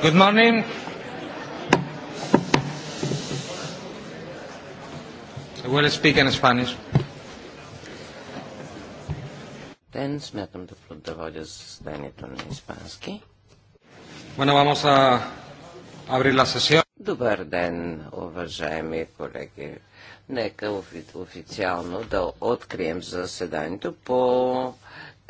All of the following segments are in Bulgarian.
Good morning. I will speak in Spanish. Те не смятам да продаводя заседанието на испански. Bueno, vamos a abrir la sesión. Добър ден, уважаеми колеги. Нека офи официално да открием заседанието по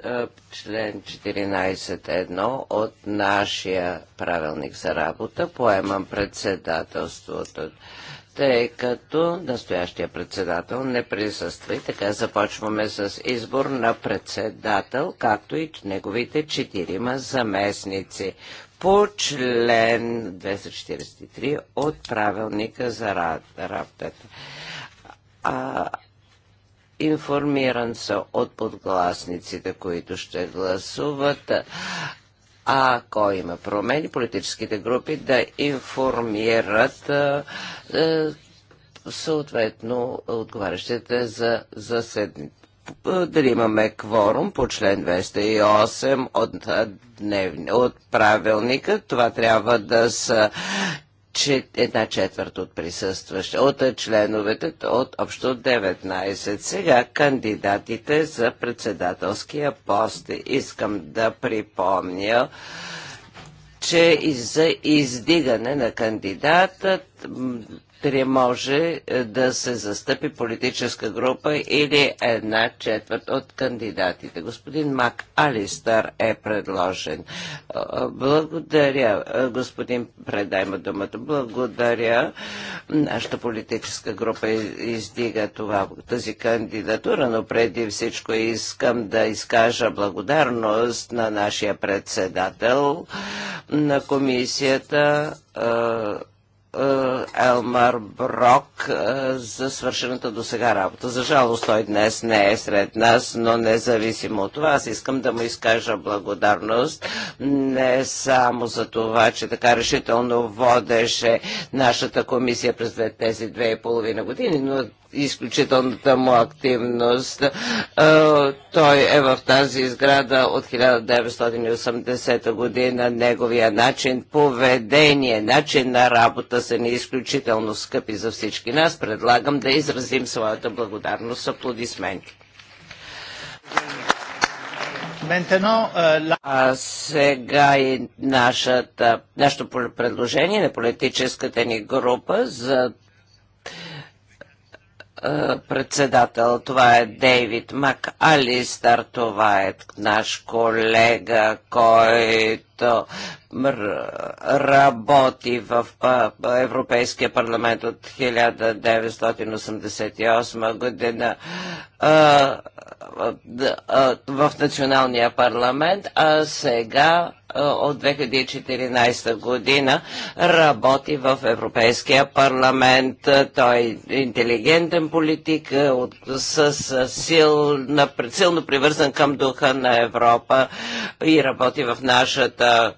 е, член 14.1 от нашия правилник за работа. Поемам председателството тъй като настоящия председател не присъства и така започваме с избор на председател, както и неговите четирима заместници по член 243 от правилника за работата. А, информиран са от подгласниците, които ще гласуват. А ако има промени, политическите групи да информират съответно отговарящите за заседните. Дали имаме кворум по член 208 от, дневни, от правилника, това трябва да са една четвърт от присъстващите, от членовете от общо 19. Сега кандидатите за председателския пост. Искам да припомня, че и за издигане на кандидатът три може е, да се застъпи политическа група или една четвърт от кандидатите. Господин Мак Алистър е предложен. Благодаря, е, господин Предайма думата. Благодаря. Нашата политическа група издига това, тази кандидатура, но преди всичко искам да изкажа благодарност на нашия председател на комисията е, е, Елмар Брок е, за свършената до сега работа. За жалост той днес не е сред нас, но независимо от това, аз искам да му изкажа благодарност не само за това, че така решително водеше нашата комисия през тези две и половина години, но изключителната му активност. Той е в тази изграда от 1980 година. Неговия начин, поведение, начин на работа са ни изключително скъпи за всички нас. Предлагам да изразим своята благодарност с аплодисменти. Euh, а сега и нашата, нашето предложение на политическата ни група за е, председател. Това е Дейвид МакАлистър. Това е наш колега, който работи в Европейския парламент от 1988 година в националния парламент, а сега от 2014 година работи в Европейския парламент. Той е интелигентен политик с, силна, силно привързан към духа на Европа и работи в нашата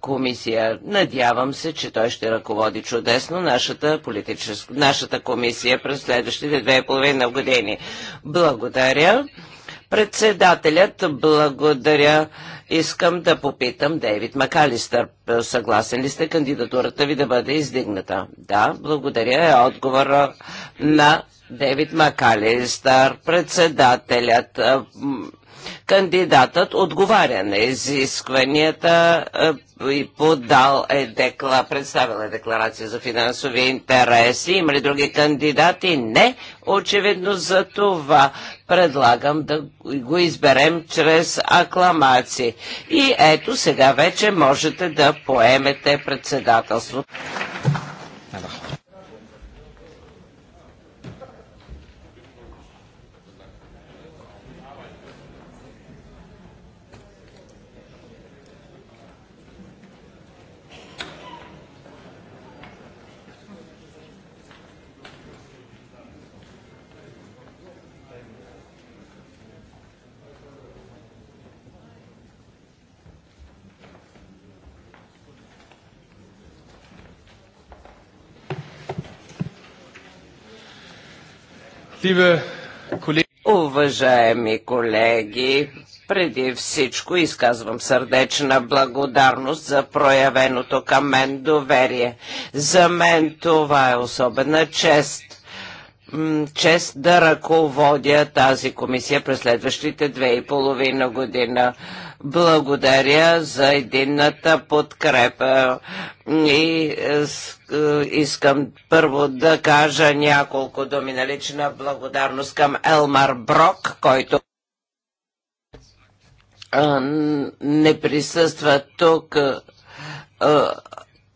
комисия. Надявам се, че той ще ръководи чудесно нашата, нашата комисия през следващите две и половина години. Благодаря. Председателят, благодаря. Искам да попитам Дейвид Макалистър. Съгласен ли сте кандидатурата ви да бъде издигната? Да, благодаря. Е отговора на Дейвид Макалистър, председателят. Кандидатът отговаря на изискванията е, и подал е декла, представил е декларация за финансови интереси. Има ли други кандидати? Не. Очевидно за това предлагам да го изберем чрез акламации. И ето сега вече можете да поемете председателството. Уважаеми колеги, преди всичко изказвам сърдечна благодарност за проявеното към мен доверие. За мен това е особена чест чест да ръководя тази комисия през следващите две и половина година. Благодаря за единната подкрепа и е, е, искам първо да кажа няколко думи на лична благодарност към Елмар Брок, който е, не присъства тук,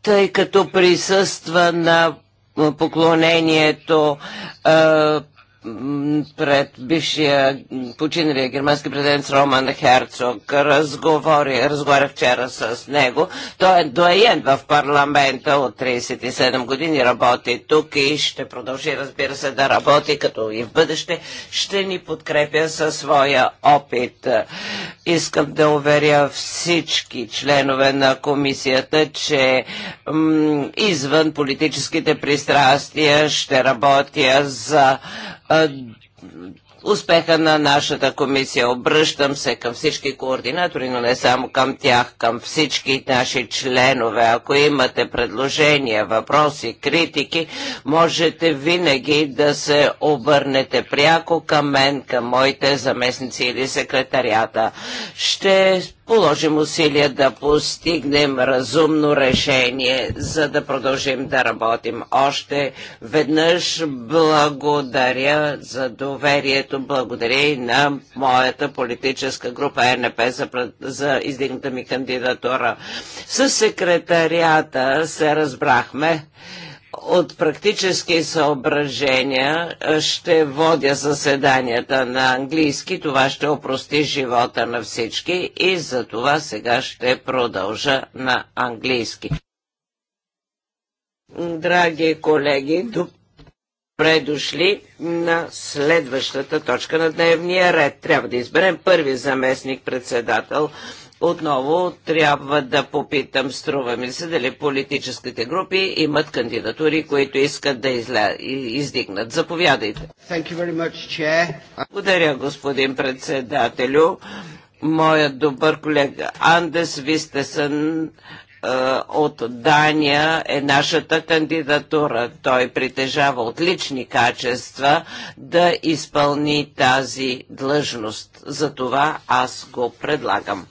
тъй като присъства на поклонението пред бившия починалия германски президент Роман Херцог. Разговори, разговаря вчера с него. Той е доен в парламента от 37 години, работи тук и ще продължи, разбира се, да работи, като и в бъдеще ще ни подкрепя със своя опит. Искам да уверя всички членове на комисията, че извън политическите пристрастия ще работя за успеха на нашата комисия. Обръщам се към всички координатори, но не само към тях, към всички наши членове. Ако имате предложения, въпроси, критики, можете винаги да се обърнете пряко към мен, към моите заместници или секретарията. Ще положим усилия да постигнем разумно решение, за да продължим да работим. Още веднъж благодаря за доверието, благодаря и на моята политическа група е НП за, за издигната ми кандидатура. С секретарията се разбрахме от практически съображения ще водя заседанията на английски. Това ще опрости живота на всички и за това сега ще продължа на английски. Драги колеги, до предошли на следващата точка на дневния ред. Трябва да изберем първи заместник председател отново трябва да попитам, струва ми се, дали политическите групи имат кандидатури, които искат да изля... издигнат. Заповядайте. Much, Благодаря, господин председателю. Моят добър колега Андес Вистесън е, от Дания е нашата кандидатура. Той притежава отлични качества да изпълни тази длъжност. Затова аз го предлагам.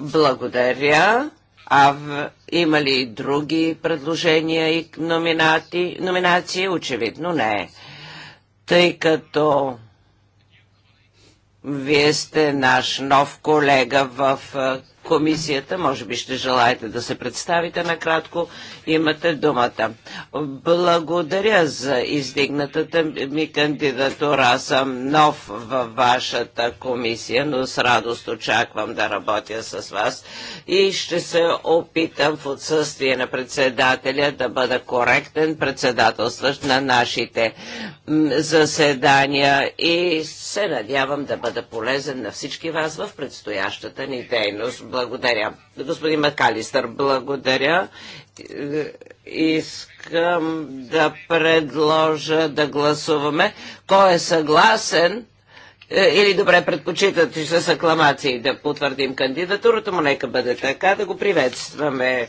Благодаря. А в... има ли и други предложения и номинати... номинации? Очевидно не. Тъй като вие сте наш нов колега в комисията. Може би ще желаете да се представите накратко. Имате думата. Благодаря за издигнатата ми кандидатура. Аз съм нов във вашата комисия, но с радост очаквам да работя с вас и ще се опитам в отсъствие на председателя да бъда коректен председателстващ на нашите заседания и се надявам да бъда полезен на всички вас в предстоящата ни дейност. Благодаря. Господин Макалистър, благодаря. Искам да предложа да гласуваме. Кой е съгласен? Е, или добре предпочитате с акламации да потвърдим кандидатурата му, нека бъде така, да го приветстваме.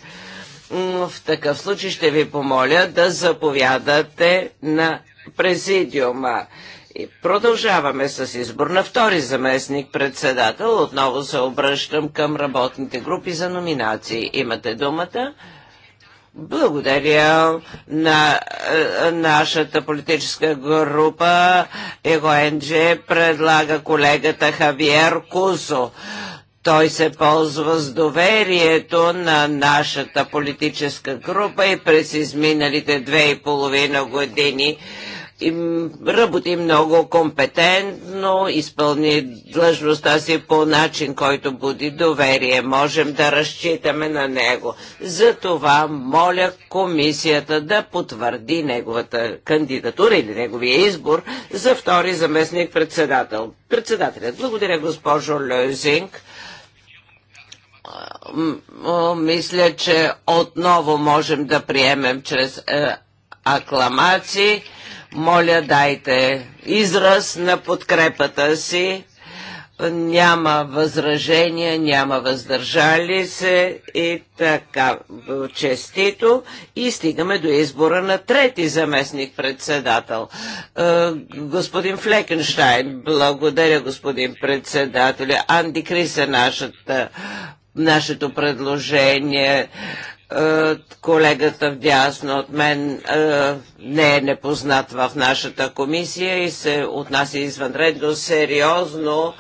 В такъв случай ще ви помоля да заповядате на президиума. И продължаваме с избор на втори заместник председател. Отново се обръщам към работните групи за номинации. Имате думата. Благодаря на е, нашата политическа група. ЕГОНЖ предлага колегата Хавиер Кусо. Той се ползва с доверието на нашата политическа група и през изминалите две и половина години работи много компетентно, изпълни длъжността си по начин, който буди доверие. Можем да разчитаме на него. Затова моля комисията да потвърди неговата кандидатура или неговия избор за втори заместник председател. Председателят, благодаря госпожо Лозинг. мисля, че отново можем да приемем чрез е, акламации моля, дайте израз на подкрепата си. Няма възражения, няма въздържали се и така честито. И стигаме до избора на трети заместник-председател. Е, господин Флекенштайн, благодаря господин председател. Анди Крис е нашата нашето предложение е, колегата вдясно от мен е, не е непознат в нашата комисия и се отнася извънредно сериозно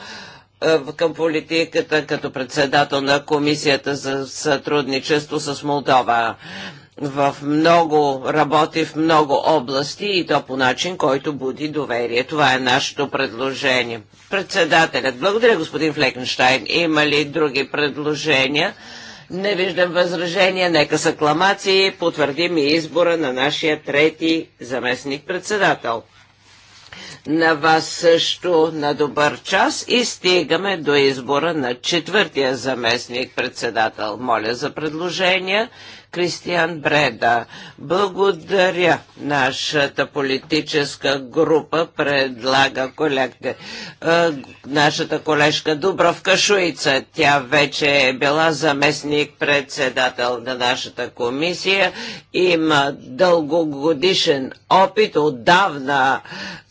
е, към политиката като председател на Комисията за сътрудничество с Молдова. В много, работи в много области и то по начин, който буди доверие. Това е нашето предложение. Председателят, благодаря господин Флекенштайн. Има ли други предложения? Не виждам възражения, нека с акламации потвърдим и избора на нашия трети заместник-председател. На вас също на добър час и стигаме до избора на четвъртия заместник-председател. Моля за предложения. Кристиан Бреда. Благодаря. Нашата политическа група предлага колегите. Е, нашата колежка Дубровка Шуица, тя вече е била заместник-председател на нашата комисия, има дългогодишен опит, отдавна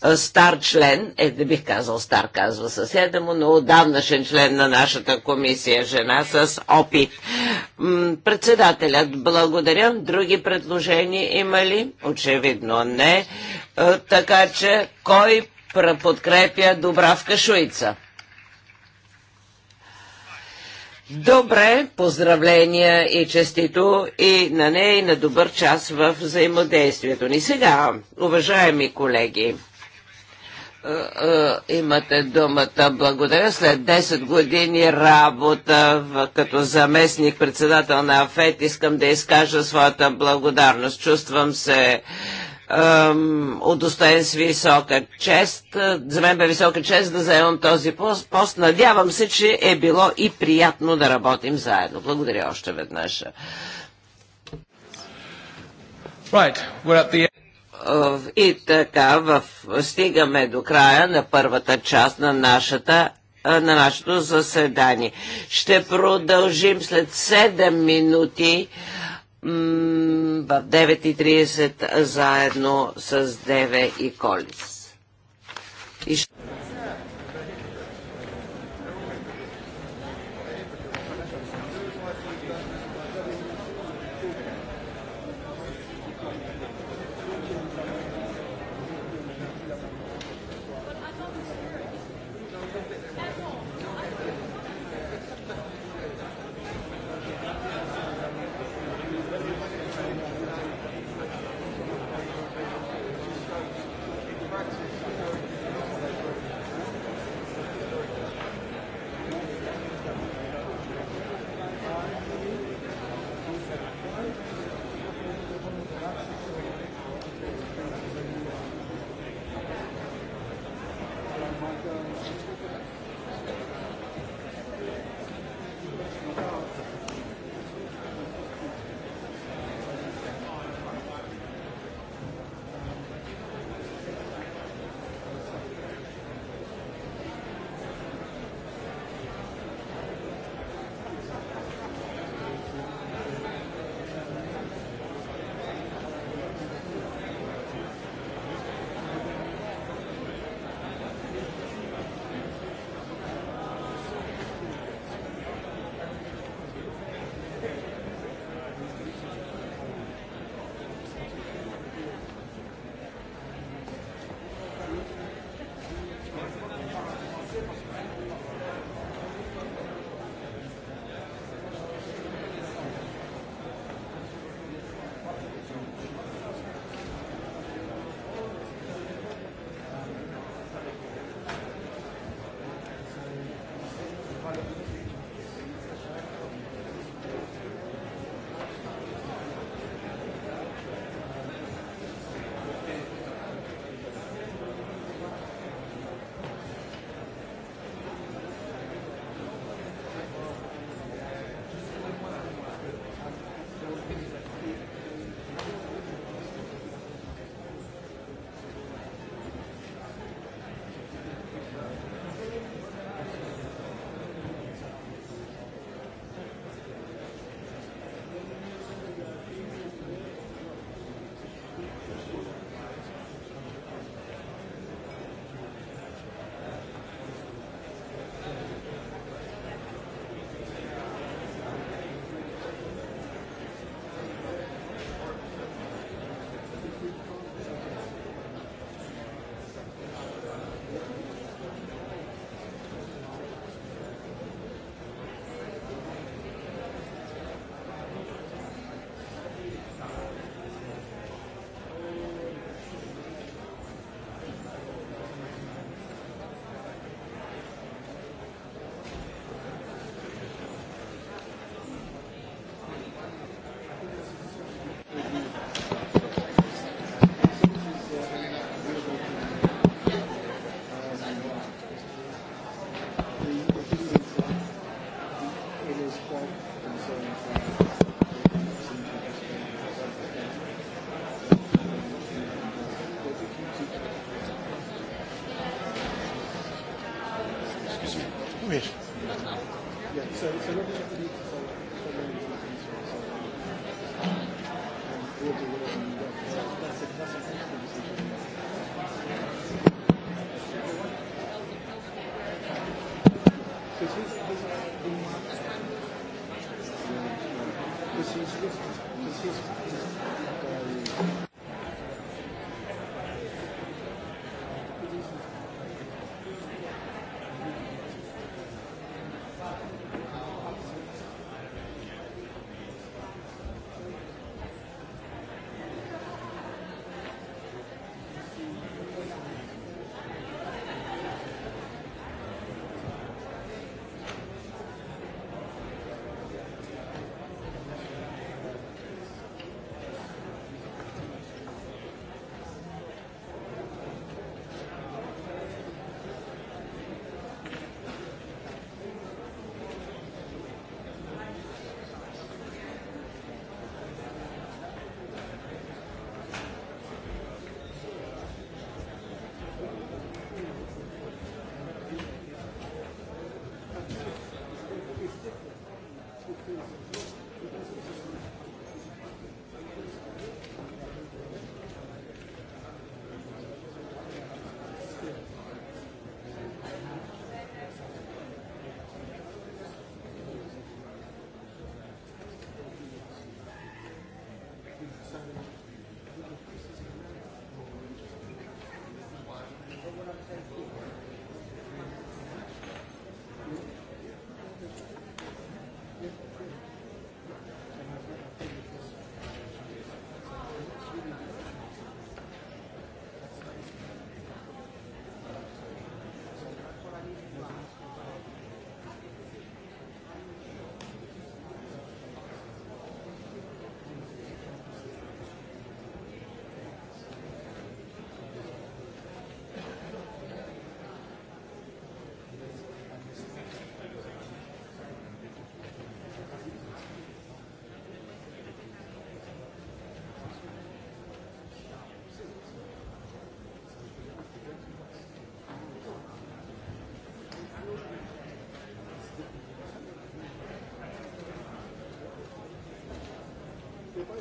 е, стар член, е, да бих казал стар, казва съседа му, но отдавнашен е член на нашата комисия, жена с опит. Председателят благодаря. Други предложения има ли? Очевидно не. Е, така че кой подкрепя Добравка Шуица? Добре, поздравления и честито и на нея и на добър час в взаимодействието ни. Сега, уважаеми колеги, е, е, имате думата. Благодаря. След 10 години работа като заместник председател на АФЕТ искам да изкажа своята благодарност. Чувствам се удостоен с висока чест. За мен бе висока чест да заемам този пост. пост. Надявам се, че е било и приятно да работим заедно. Благодаря още веднъж. Right. We're at the е, и така в, стигаме до края на първата част на нашата е, на нашето заседание. Ще продължим след 7 минути в 9.30 заедно с Деве и Колис. И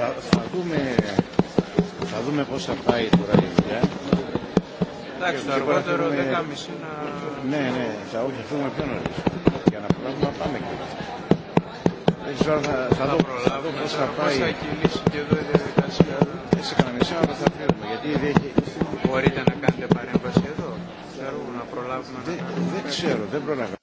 Θα, θα, δούμε, θα δούμε πώς θα πάει τώρα η δουλειά. Εντάξει, το αργότερο 10.30 να... Ναι, ναι, θα όχι, θα δούμε πιο νωρί. Για να προλάβουμε να πάμε και Δεν ξέρω, θα, θα, δω, θα δω πώς θα πάει. Πώς θα κυλήσει και εδώ η διαδικασία. Έτσι έκανα μισή ώρα θα φύγουμε, γιατί δεν έχει... Μπορείτε να κάνετε παρέμβαση εδώ. Θέλω να προλάβουμε να... Δεν ξέρω, δεν προλάβαμε.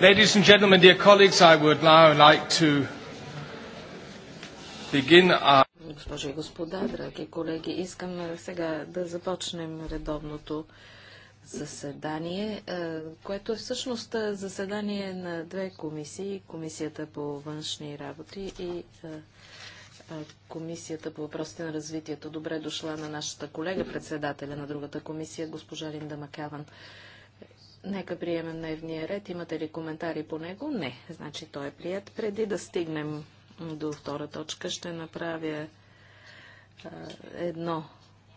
Ladies and gentlemen, dear colleagues, I would now like to begin our... Госпожи и господа, драги колеги, искам сега да започнем редовното заседание, е, което е всъщност заседание на две комисии. Комисията по външни работи и е, е, Комисията по въпросите на развитието. Добре дошла на нашата колега, председателя на другата комисия, госпожа Линда Макаван. Нека приемем дневния ред. Имате ли коментари по него? Не. Значи той е прият. Преди да стигнем до втора точка, ще направя е, едно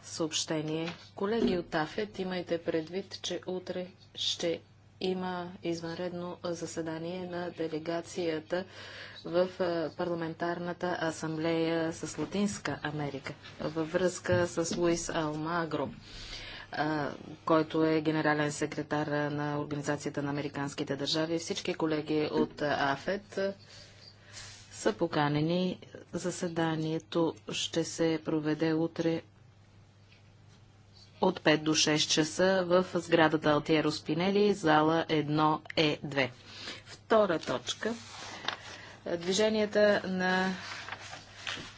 съобщение. Колеги от АФЕТ, имайте предвид, че утре ще има извънредно заседание на делегацията в Парламентарната асамблея с Латинска Америка във връзка с Луис Алмагро който е генерален секретар на Организацията на Американските държави. Всички колеги от АФЕД са поканени. Заседанието ще се проведе утре от 5 до 6 часа в сградата Алтиеро Спинели, зала 1Е2. Е Втора точка. Движенията на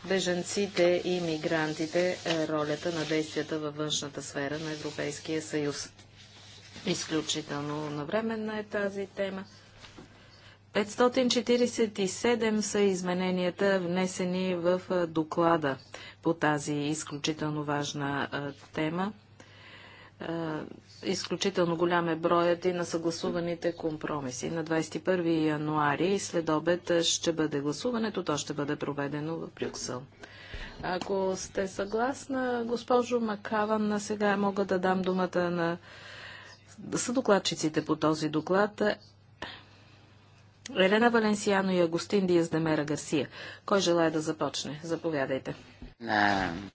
беженците и мигрантите е ролята на действията във външната сфера на Европейския съюз. Изключително навременна е тази тема. 547 са измененията внесени в е, доклада по тази изключително важна е, тема. Е, изключително голям е броят и на съгласуваните компромиси. На 21 януари след обед ще бъде гласуването, то ще бъде проведено в Брюксел. Ако сте съгласна, госпожо Макаван, на сега мога да дам думата на съдокладчиците по този доклад. Елена Валенсиано и Агустин Диас Демера Гарсия. Кой желая да започне? Заповядайте.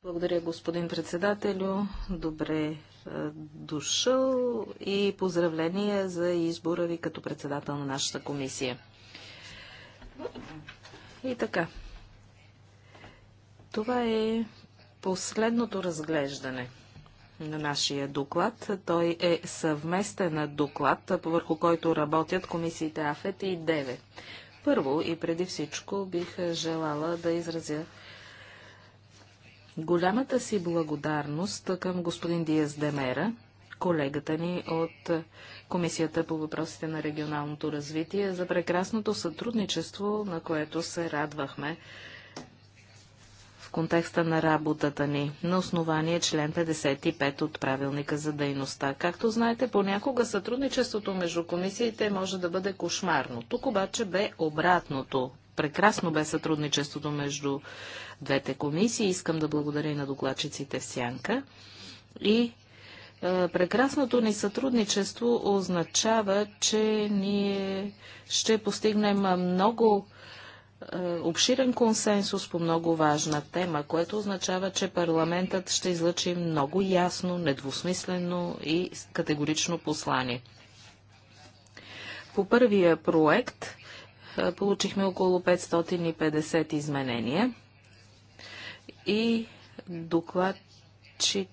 Благодаря, господин председателю. Добре е, дошъл и поздравления за избора ви като председател на нашата комисия. И така. Това е последното разглеждане на нашия доклад. Той е съвместен доклад, върху който работят комисиите АФЕТ и ДЕВЕ. Първо и преди всичко бих желала да изразя Голямата си благодарност към господин Диас Демера, колегата ни от Комисията по въпросите на регионалното развитие, за прекрасното сътрудничество, на което се радвахме в контекста на работата ни, на основание член 55 от правилника за дейността. Както знаете, понякога сътрудничеството между комисиите може да бъде кошмарно. Тук обаче бе обратното. Прекрасно бе сътрудничеството между двете комисии. Искам да благодаря и на докладчиците в Сянка. И е, Прекрасното ни сътрудничество означава, че ние ще постигнем много е, обширен консенсус по много важна тема, което означава, че парламентът ще излъчи много ясно, недвусмислено и категорично послание. По първия проект е, получихме около 550 изменения и докладчиците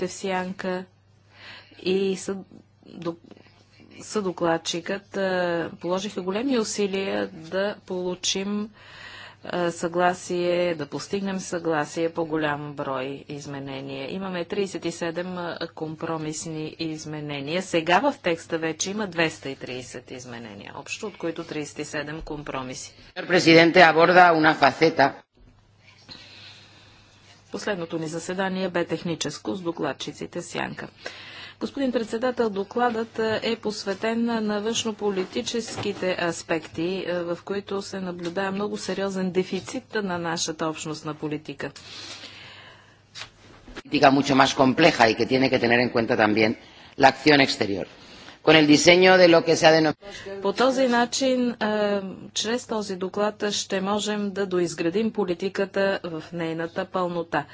в Сянка и съдокладчикът е, положиха големи усилия да получим е, съгласие, да постигнем съгласие по голям брой изменения. Имаме 37 е, компромисни изменения. Сега в текста вече има 230 изменения, общо от които 37 компромиси. Президенте аборда Последното ни заседание бе техническо с докладчиците Сянка. Господин председател, докладът е посветен на външнополитическите аспекти, е, в които се наблюдава много сериозен дефицит на нашата общност на политика. Политика mucho más compleja y que tiene que tener en cuenta también la acción exterior con el diseño de lo que se ha denominado. По този начин, е, чрез този доклад ще можем да доизградим политиката в нейната пълнота.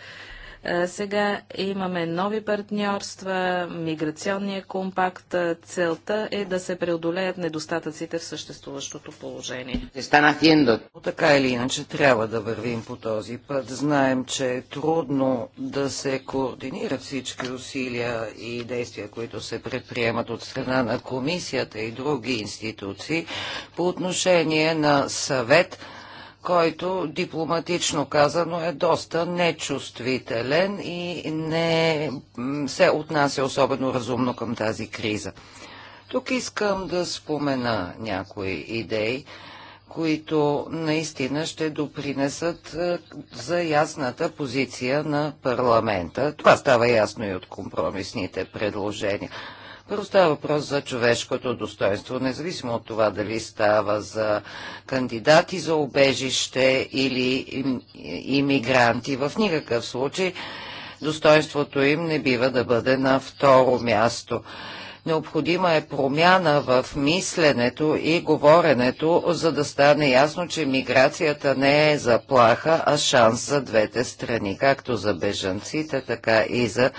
Сега имаме нови партньорства, миграционния компакт. Целта е да се преодолеят недостатъците в съществуващото положение. Така или иначе трябва да вървим по този път. Знаем, че е трудно да се координират всички усилия и действия, които се предприемат от страна на комисията и други институции по отношение на съвет който дипломатично казано е доста нечувствителен и не се отнася особено разумно към тази криза. Тук искам да спомена някои идеи, които наистина ще допринесат е, за ясната позиция на парламента. Това става ясно и от компромисните предложения. Първо става въпрос за човешкото достоинство, независимо от това дали става за кандидати за обежище или иммигранти. В никакъв случай достоинството им не бива да бъде на второ място. Необходима е промяна в мисленето и говоренето, за да стане ясно, че миграцията не е заплаха, а шанс за двете страни, както за бежанците, така и за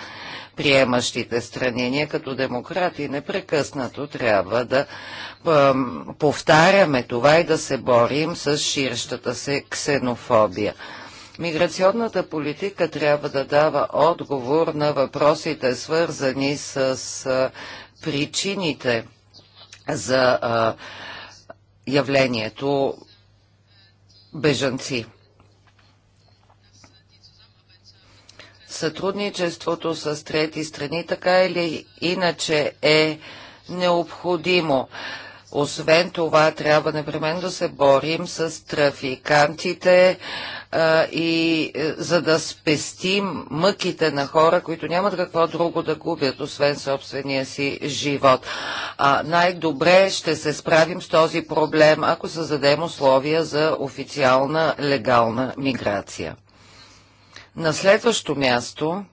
приемащите страни. Ние като демократи непрекъснато трябва да повтаряме това и да се борим с ширщата се ксенофобия. Миграционната политика трябва да дава отговор на въпросите, свързани с причините за явлението бежанци. Сътрудничеството с трети страни така или иначе е необходимо. Освен това, трябва непременно да се борим с трафикантите а, и е, за да спестим мъките на хора, които нямат какво друго да губят, освен собствения си живот. най-добре ще се справим с този проблем, ако създадем условия за официална легална миграция. На следващо място,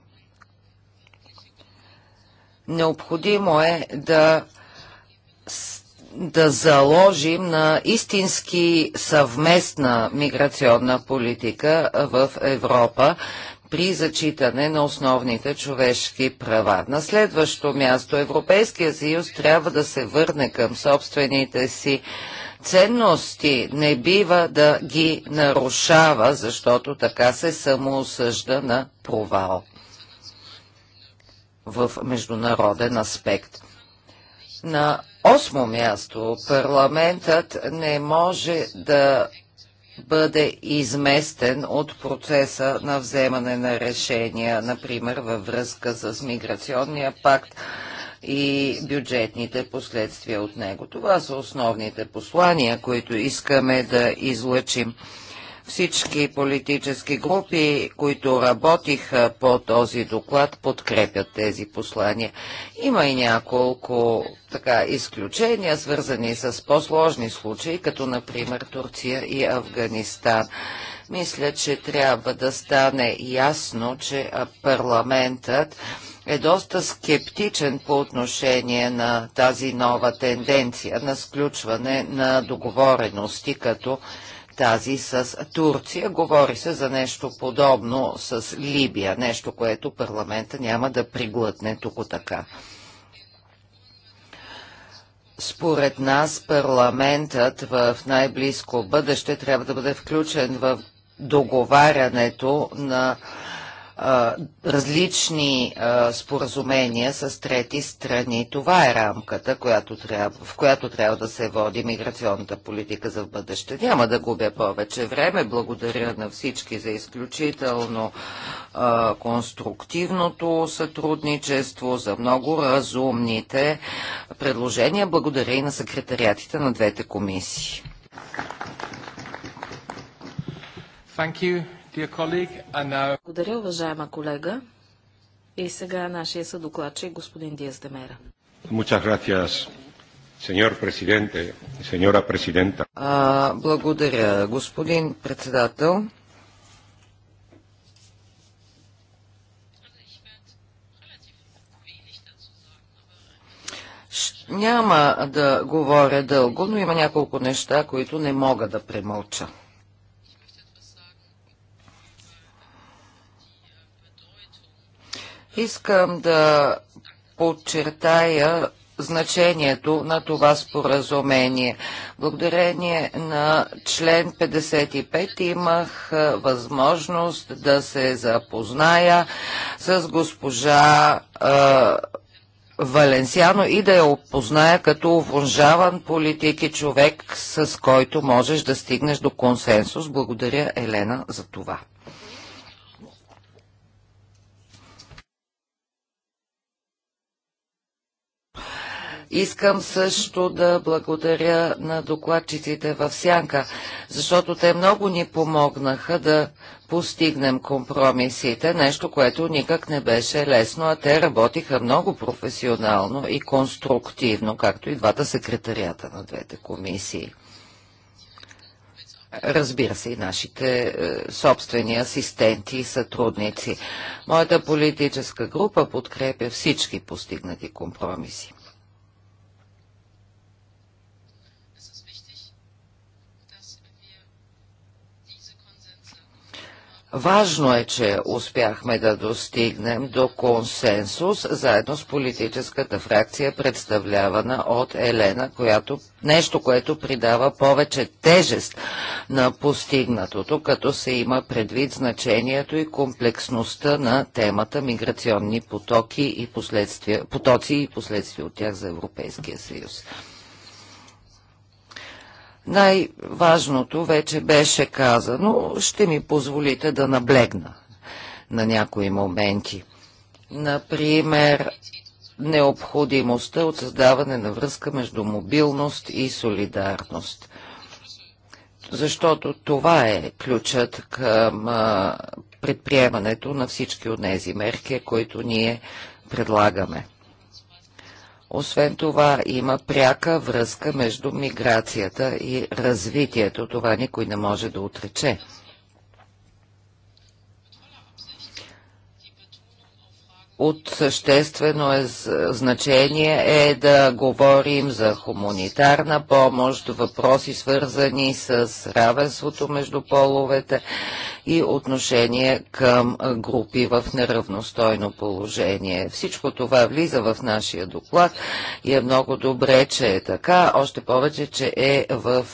необходимо е да да заложим на истински съвместна миграционна политика в Европа при зачитане на основните човешки права. На следващо място Европейския съюз трябва да се върне към собствените си ценности не бива да ги нарушава, защото така се самоосъжда на провал в международен аспект. На осмо място парламентът не може да бъде изместен от процеса на вземане на решения, например във връзка с миграционния пакт, и бюджетните последствия от него. Това са основните послания, които искаме да излъчим. Всички политически групи, които работиха по този доклад, подкрепят тези послания. Има и няколко така, изключения, свързани с по-сложни случаи, като например Турция и Афганистан. Мисля, че трябва да стане ясно, че парламентът е доста скептичен по отношение на тази нова тенденция на сключване на договорености като тази с Турция. Говори се за нещо подобно с Либия, нещо, което парламента няма да приглътне тук така. Според нас парламентът в най-близко бъдеще трябва да бъде включен в договарянето на различни споразумения с трети страни. Това е рамката, която трябва, в която трябва да се води миграционната политика за бъдеще. Няма да губя повече време. Благодаря на всички за изключително конструктивното сътрудничество, за много разумните предложения. Благодаря и на секретариатите на двете комисии. Thank you. Благодаря, уважаема колега. И сега нашия съдокладчик, господин Диас Демера. А, благодаря, господин председател. Няма да говоря дълго, но има няколко неща, които не мога да премълча. Искам да подчертая значението на това споразумение. Благодарение на член 55 имах възможност да се запозная с госпожа Валенсиано и да я опозная като уважаван политик и човек, с който можеш да стигнеш до консенсус. Благодаря, Елена, за това. Искам също да благодаря на докладчиците в Сянка, защото те много ни помогнаха да постигнем компромисите, нещо, което никак не беше лесно, а те работиха много професионално и конструктивно, както и двата секретарията на двете комисии. Разбира се, и нашите е, собствени асистенти и сътрудници. Моята политическа група подкрепя всички постигнати компромиси. Важно е, че успяхме да достигнем до консенсус заедно с политическата фракция, представлявана от Елена, която, нещо, което придава повече тежест на постигнатото, като се има предвид значението и комплексността на темата миграционни потоки и потоци и последствия от тях за Европейския съюз. Най-важното вече беше казано, ще ми позволите да наблегна на някои моменти. Например, необходимостта от създаване на връзка между мобилност и солидарност. Защото това е ключът към предприемането на всички от тези мерки, които ние предлагаме. Освен това има пряка връзка между миграцията и развитието. Това никой не може да отрече. от съществено е, значение е да говорим за хуманитарна помощ, въпроси свързани с равенството между половете и отношение към групи в неравностойно положение. Всичко това влиза в нашия доклад и е много добре, че е така, още повече, че е в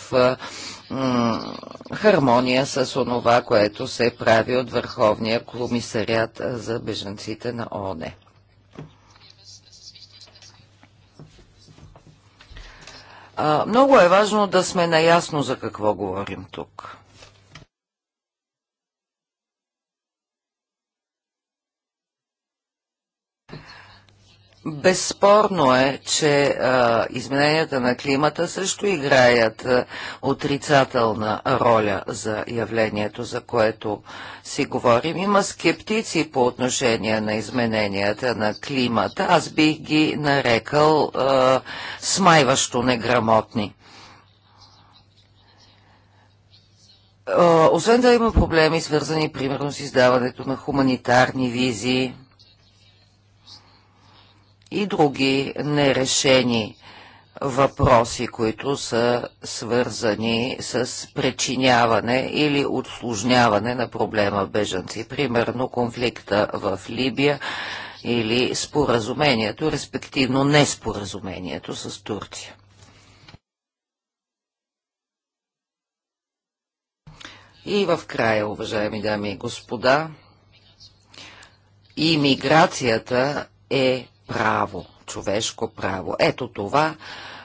хармония с онова, което се прави от Върховния комисарят за беженците на ОНЕ. много е важно да сме наясно за какво говорим тук. Безспорно е, че а, измененията на климата също играят а, отрицателна роля за явлението, за което си говорим. Има скептици по отношение на измененията на климата. Аз бих ги нарекал а, смайващо неграмотни. А, освен да има проблеми, свързани примерно с издаването на хуманитарни визии, и други нерешени въпроси, които са свързани с причиняване или отслужняване на проблема бежанци. Примерно конфликта в Либия или споразумението, респективно неспоразумението с Турция. И в края, уважаеми дами и господа, имиграцията е право, човешко право. Ето това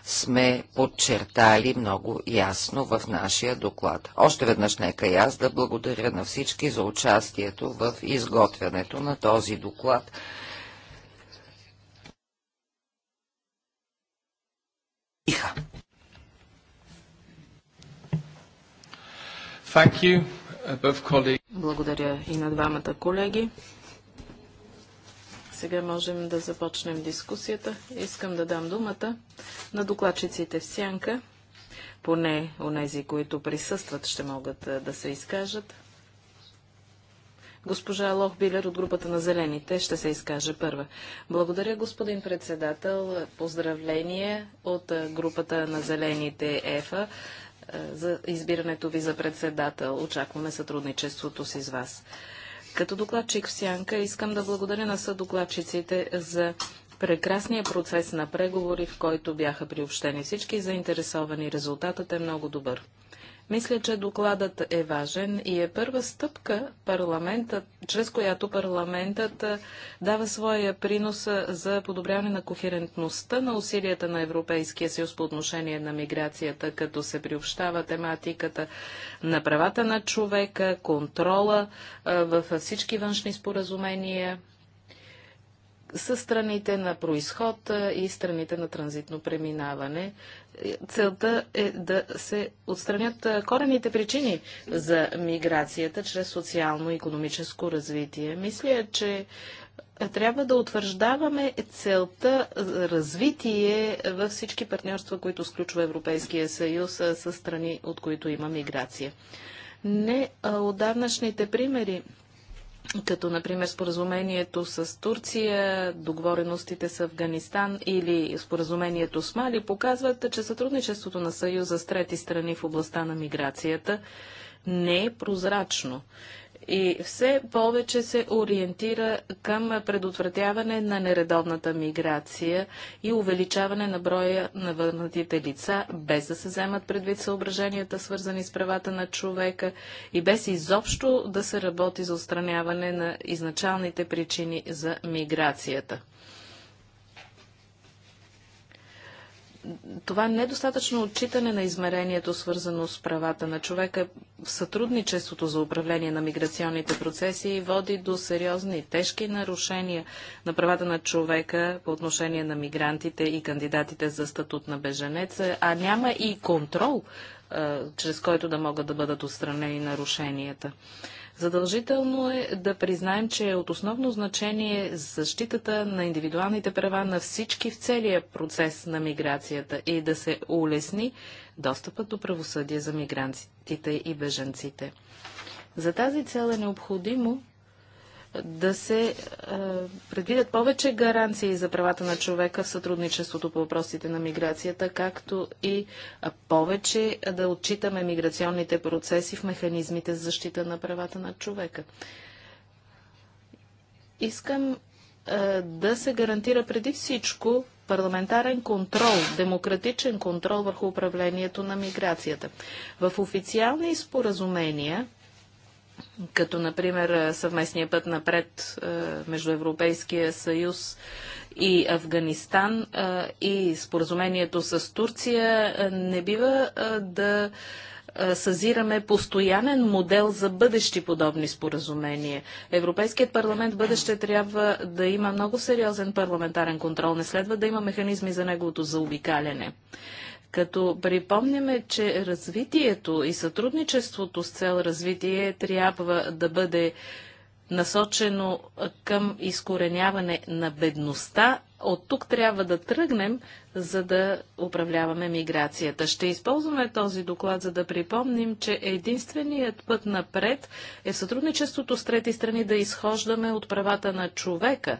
сме подчертали много ясно в нашия доклад. Още веднъж нека и аз да благодаря на всички за участието в изготвянето на този доклад. Иха. Uh, благодаря и на двамата колеги. Сега можем да започнем дискусията. Искам да дам думата на докладчиците в сянка. Поне онези, които присъстват, ще могат да се изкажат. Госпожа Лох Билер от групата на Зелените ще се изкаже първа. Благодаря, господин председател. Поздравление от групата на Зелените ЕФА за избирането ви за председател. Очакваме сътрудничеството си с вас. Като докладчик в Сянка искам да благодаря на съдокладчиците за прекрасния процес на преговори, в който бяха приобщени всички заинтересовани. Резултатът е много добър. Мисля, че докладът е важен и е първа стъпка, парламентът, чрез която парламентът дава своя принос за подобряване на кохерентността на усилията на Европейския съюз по отношение на миграцията, като се приобщава тематиката на правата на човека, контрола във всички външни споразумения са страните на происход и страните на транзитно преминаване. Целта е да се отстранят корените причини за миграцията чрез социално-економическо развитие. Мисля, че трябва да утвърждаваме целта развитие във всички партньорства, които сключва Европейския съюз с страни, от които има миграция. Не отдавнашните примери като например споразумението с Турция, договореностите с Афганистан или споразумението с Мали, показват, че сътрудничеството на Съюза с трети страни в областта на миграцията не е прозрачно и все повече се ориентира към предотвратяване на нередовната миграция и увеличаване на броя на върнатите лица, без да се вземат предвид съображенията, свързани с правата на човека и без изобщо да се работи за устраняване на изначалните причини за миграцията. това недостатъчно отчитане на измерението, свързано с правата на човека в сътрудничеството за управление на миграционните процеси, води до сериозни и тежки нарушения на правата на човека по отношение на мигрантите и кандидатите за статут на беженеца, а няма и контрол, чрез който да могат да бъдат отстранени нарушенията. Задължително е да признаем, че е от основно значение защитата на индивидуалните права на всички в целия процес на миграцията и да се улесни достъпът до правосъдие за мигрантите и бежанците. За тази цел е необходимо да се а, е, предвидят повече гаранции за правата на човека в сътрудничеството по въпросите на миграцията, както и повече да отчитаме миграционните процеси в механизмите за защита на правата на човека. Искам а, е, да се гарантира преди всичко парламентарен контрол, демократичен контрол върху управлението на миграцията. В официални споразумения като например съвместния път напред между Европейския съюз и Афганистан и споразумението с Турция, не бива да съзираме постоянен модел за бъдещи подобни споразумения. Европейският парламент бъдеще трябва да има много сериозен парламентарен контрол. Не следва да има механизми за неговото заобикаляне като припомняме, че развитието и сътрудничеството с цел развитие трябва да бъде насочено към изкореняване на бедността. От тук трябва да тръгнем, за да управляваме миграцията. Ще използваме този доклад, за да припомним, че единственият път напред е сътрудничеството с трети страни да изхождаме от правата на човека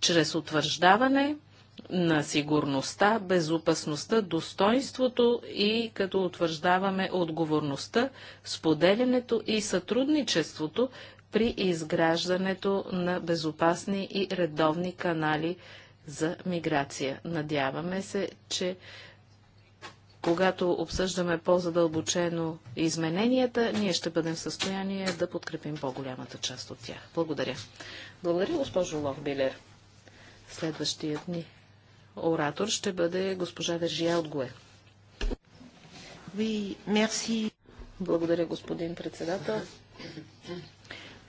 чрез утвърждаване на сигурността, безопасността, достоинството и като утвърждаваме отговорността, споделянето и сътрудничеството при изграждането на безопасни и редовни канали за миграция. Надяваме се, че когато обсъждаме по-задълбочено измененията, ние ще бъдем в състояние да подкрепим по-голямата част от тях. Благодаря. Благодаря, госпожо Лохбилер. Следващият ни оратор ще бъде госпожа Вержия от ГУЕ. Благодаря, господин председател.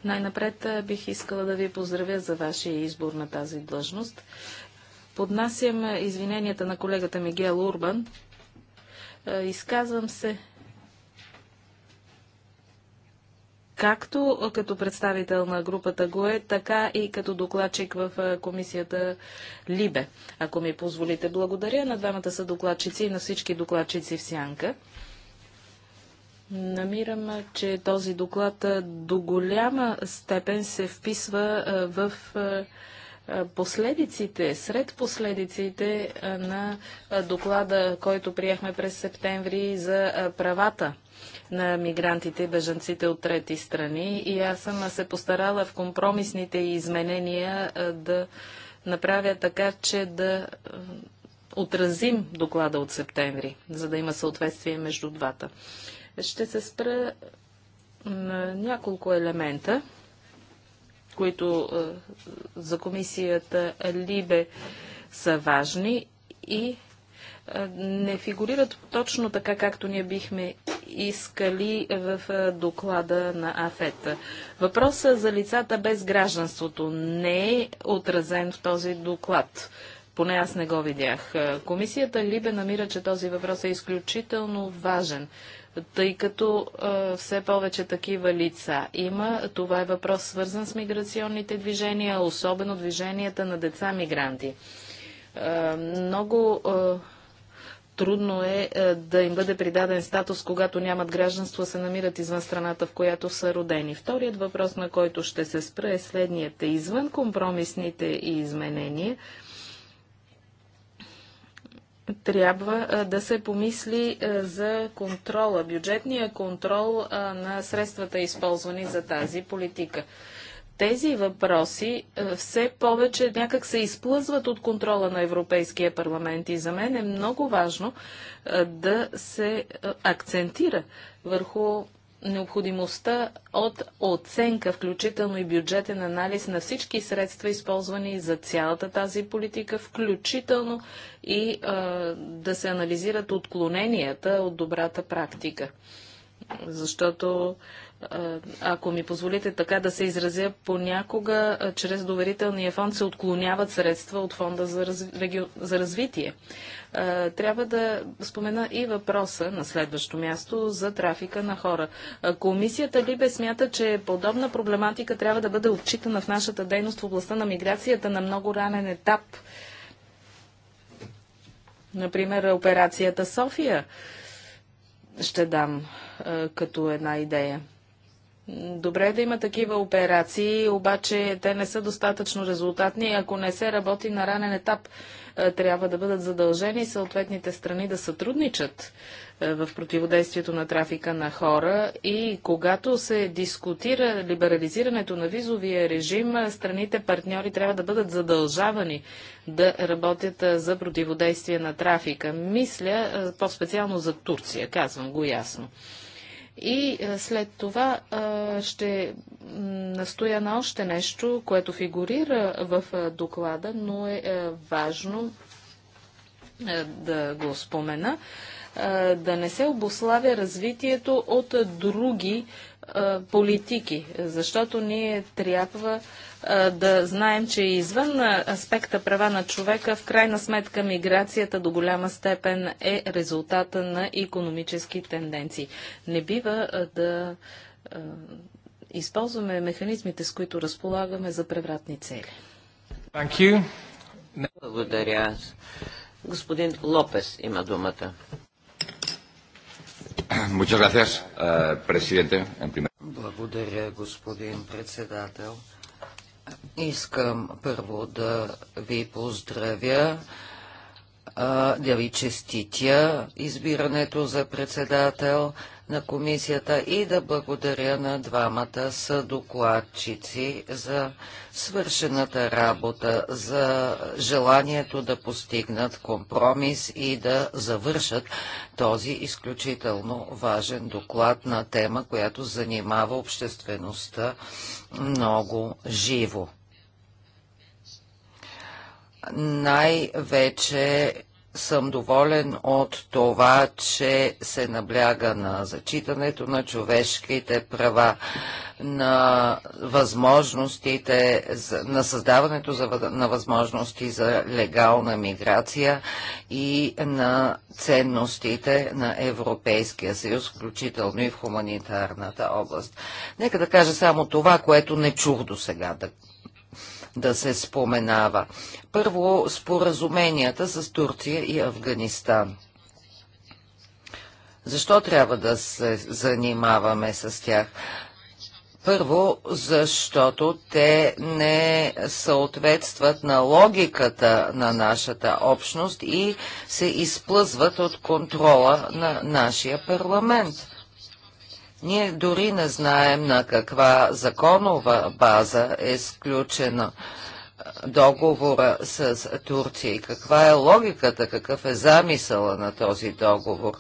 Най-напред бих искала да ви поздравя за вашия избор на тази длъжност. Поднасям извиненията на колегата Мигел Урбан. Изказвам се както като представител на групата ГОЕ, така и като докладчик в комисията Либе. Ако ми позволите, благодаря на двамата са докладчици и на всички докладчици в Сянка. Намирам, че този доклад до голяма степен се вписва в последиците, сред последиците на доклада, който приехме през септември за правата на мигрантите и бежанците от трети страни. И аз съм се постарала в компромисните изменения да направя така, че да отразим доклада от септември, за да има съответствие между двата. Ще се спра на няколко елемента, които за комисията Либе са важни и не фигурират точно така, както ние бихме искали в доклада на АФЕТ. Въпросът за лицата без гражданството не е отразен в този доклад. Поне аз не го видях. Комисията Либе намира, че този въпрос е изключително важен тъй като все повече такива лица има. Това е въпрос свързан с миграционните движения, особено движенията на деца мигранти. много трудно е, е да им бъде придаден статус, когато нямат гражданство, се намират извън страната, в която са родени. Вторият въпрос, на който ще се спра е следният. Извън компромисните и изменения, трябва е, да се помисли е, за контрола, бюджетния контрол на средствата, използвани за тази политика тези въпроси е, все повече някак се изплъзват от контрола на Европейския парламент и за мен е много важно е, да се е, акцентира върху необходимостта от оценка, включително и бюджетен анализ на всички средства, използвани за цялата тази политика, включително и а, да се анализират отклоненията от добрата практика. Защото е, ако ми позволите така да се изразя, понякога е, чрез доверителния фонд се отклоняват средства от фонда за, разви... реги... за развитие. Е, трябва да спомена и въпроса на следващо място за трафика на хора. Комисията Либе смята, че подобна проблематика трябва да бъде отчитана в нашата дейност в областта на миграцията на много ранен етап. Например, операцията София ще дам като една идея. Добре е да има такива операции, обаче те не са достатъчно резултатни. Ако не се работи на ранен етап, е, трябва да бъдат задължени съответните страни да сътрудничат е, в противодействието на трафика на хора и когато се дискутира либерализирането на визовия режим, е, страните партньори трябва да бъдат задължавани да работят за противодействие на трафика. Мисля по-специално за Турция, казвам го ясно. И е, след това е, ще настоя на още нещо, което фигурира в е, доклада, но е важно да го спомена, да не се обославя развитието от други политики, защото ние трябва да знаем, че извън аспекта права на човека, в крайна сметка миграцията до голяма степен е резултата на економически тенденции. Не бива да използваме механизмите, с които разполагаме за превратни цели. Благодаря. Господин Лопес има думата. Э, Благодаря, господин председател. Искам първо да ви поздравя, да ви честитя избирането за председател на комисията и да благодаря на двамата съдокладчици за свършената работа, за желанието да постигнат компромис и да завършат този изключително важен доклад на тема, която занимава обществеността много живо най-вече съм доволен от това, че се набляга на зачитането на човешките права, на възможностите, на създаването на възможности за легална миграция и на ценностите на Европейския съюз, включително и в хуманитарната област. Нека да кажа само това, което не чух до сега да да се споменава. Първо, споразуменията с Турция и Афганистан. Защо трябва да се занимаваме с тях? Първо, защото те не съответстват на логиката на нашата общност и се изплъзват от контрола на нашия парламент. Ние дори не знаем на каква законова база е сключена договора с Турция и каква е логиката, какъв е замисъла на този договор.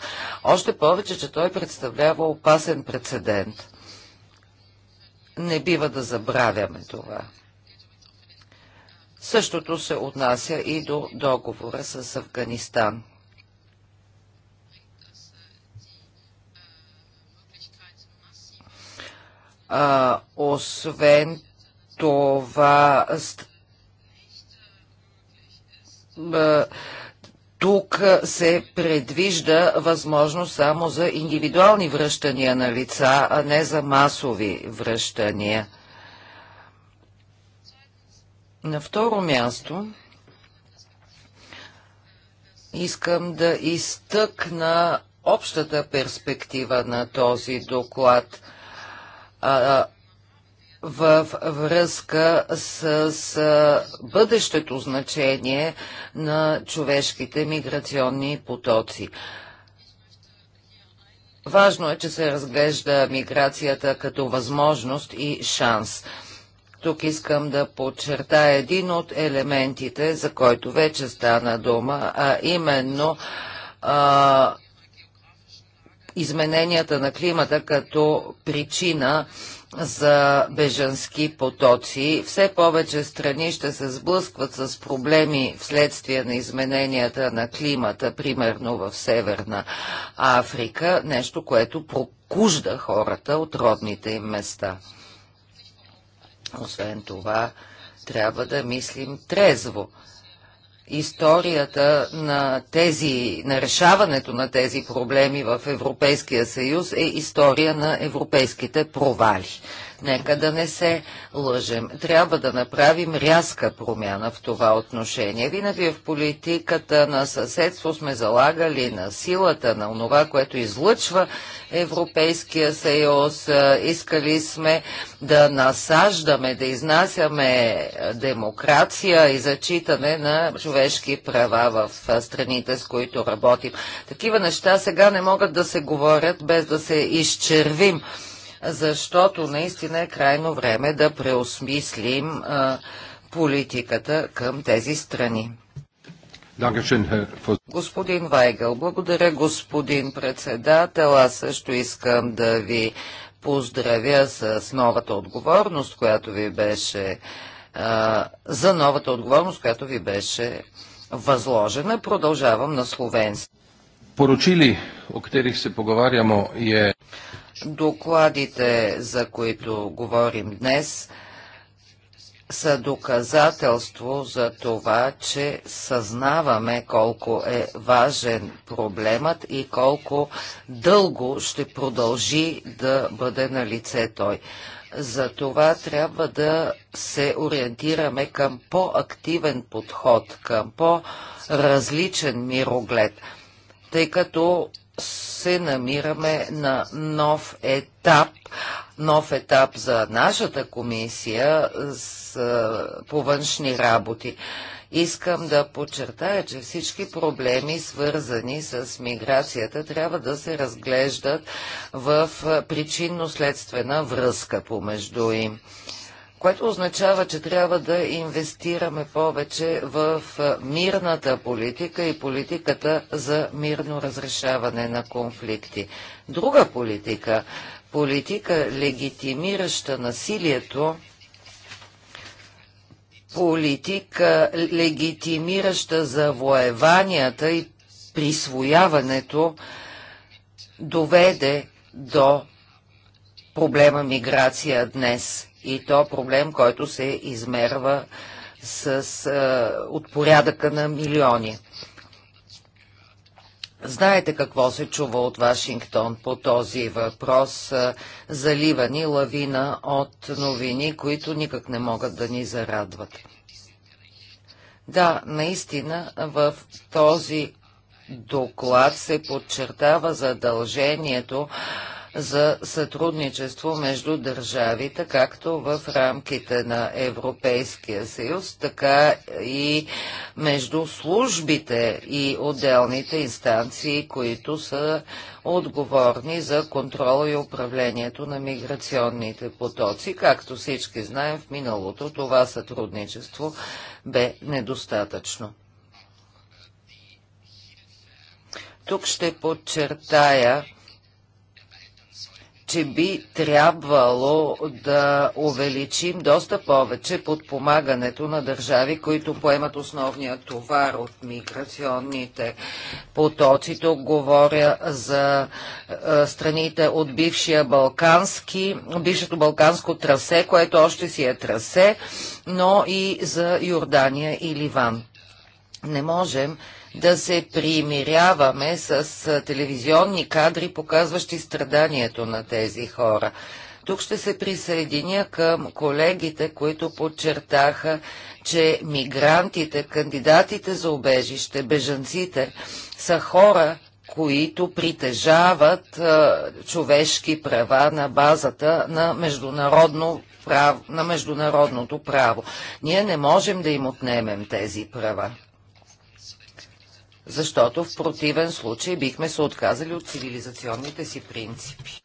Още повече, че той представлява опасен прецедент. Не бива да забравяме това. Същото се отнася и до договора с Афганистан. А, освен това, тук се предвижда възможност само за индивидуални връщания на лица, а не за масови връщания. На второ място искам да изтъкна общата перспектива на този доклад – в връзка с, с бъдещето значение на човешките миграционни потоци. Важно е, че се разглежда миграцията като възможност и шанс. Тук искам да подчертая един от елементите, за който вече стана дума, а именно а, измененията на климата като причина за бежански потоци. Все повече страни ще се сблъскват с проблеми вследствие на измененията на климата, примерно в Северна Африка, нещо, което прокужда хората от родните им места. Освен това, трябва да мислим трезво – историята на тези, на решаването на тези проблеми в Европейския съюз е история на европейските провали. Нека да не се лъжем. Трябва да направим рязка промяна в това отношение. Винаги в политиката на съседство сме залагали на силата на онова, което излъчва Европейския съюз. Искали сме да насаждаме, да изнасяме демокрация и зачитане на човешки права в страните, с които работим. Такива неща сега не могат да се говорят без да се изчервим защото наистина е крайно време да преосмислим а, политиката към тези страни. Господин Вайгъл, благодаря господин председател. Аз също искам да ви поздравя с новата отговорност, която ви беше а, за новата отговорност, която ви беше възложена. Продължавам на словенски. Поручили, о которых се поговарямо, е... Докладите, за които говорим днес, са доказателство за това, че съзнаваме колко е важен проблемът и колко дълго ще продължи да бъде на лице той. За това трябва да се ориентираме към по-активен подход, към по-различен мироглед, тъй като се намираме на нов етап, нов етап за нашата комисия с, по външни работи. Искам да подчертая, че всички проблеми, свързани с миграцията, трябва да се разглеждат в причинно-следствена връзка помежду им което означава, че трябва да инвестираме повече в мирната политика и политиката за мирно разрешаване на конфликти. Друга политика, политика легитимираща насилието, политика легитимираща завоеванията и присвояването, доведе до проблема миграция днес – и то проблем, който се измерва с, а, от порядъка на милиони. Знаете какво се чува от Вашингтон по този въпрос, заливани лавина от новини, които никак не могат да ни зарадват. Да, наистина в този доклад се подчертава задължението за сътрудничество между държавите, както в рамките на Европейския съюз, така и между службите и отделните инстанции, които са отговорни за контрол и управлението на миграционните потоци. Както всички знаем, в миналото това сътрудничество бе недостатъчно. Тук ще подчертая, че би трябвало да увеличим доста повече подпомагането на държави, които поемат основния товар от миграционните потоци. Тук говоря за е, страните от бившия Балкански, бившето Балканско трасе, което още си е трасе, но и за Йордания и Ливан. Не можем да се примиряваме с телевизионни кадри, показващи страданието на тези хора. Тук ще се присъединя към колегите, които подчертаха, че мигрантите, кандидатите за обежище, бежанците са хора, които притежават а, човешки права на базата на, международно на международното право. Ние не можем да им отнемем тези права защото в противен случай бихме се отказали от цивилизационните си принципи.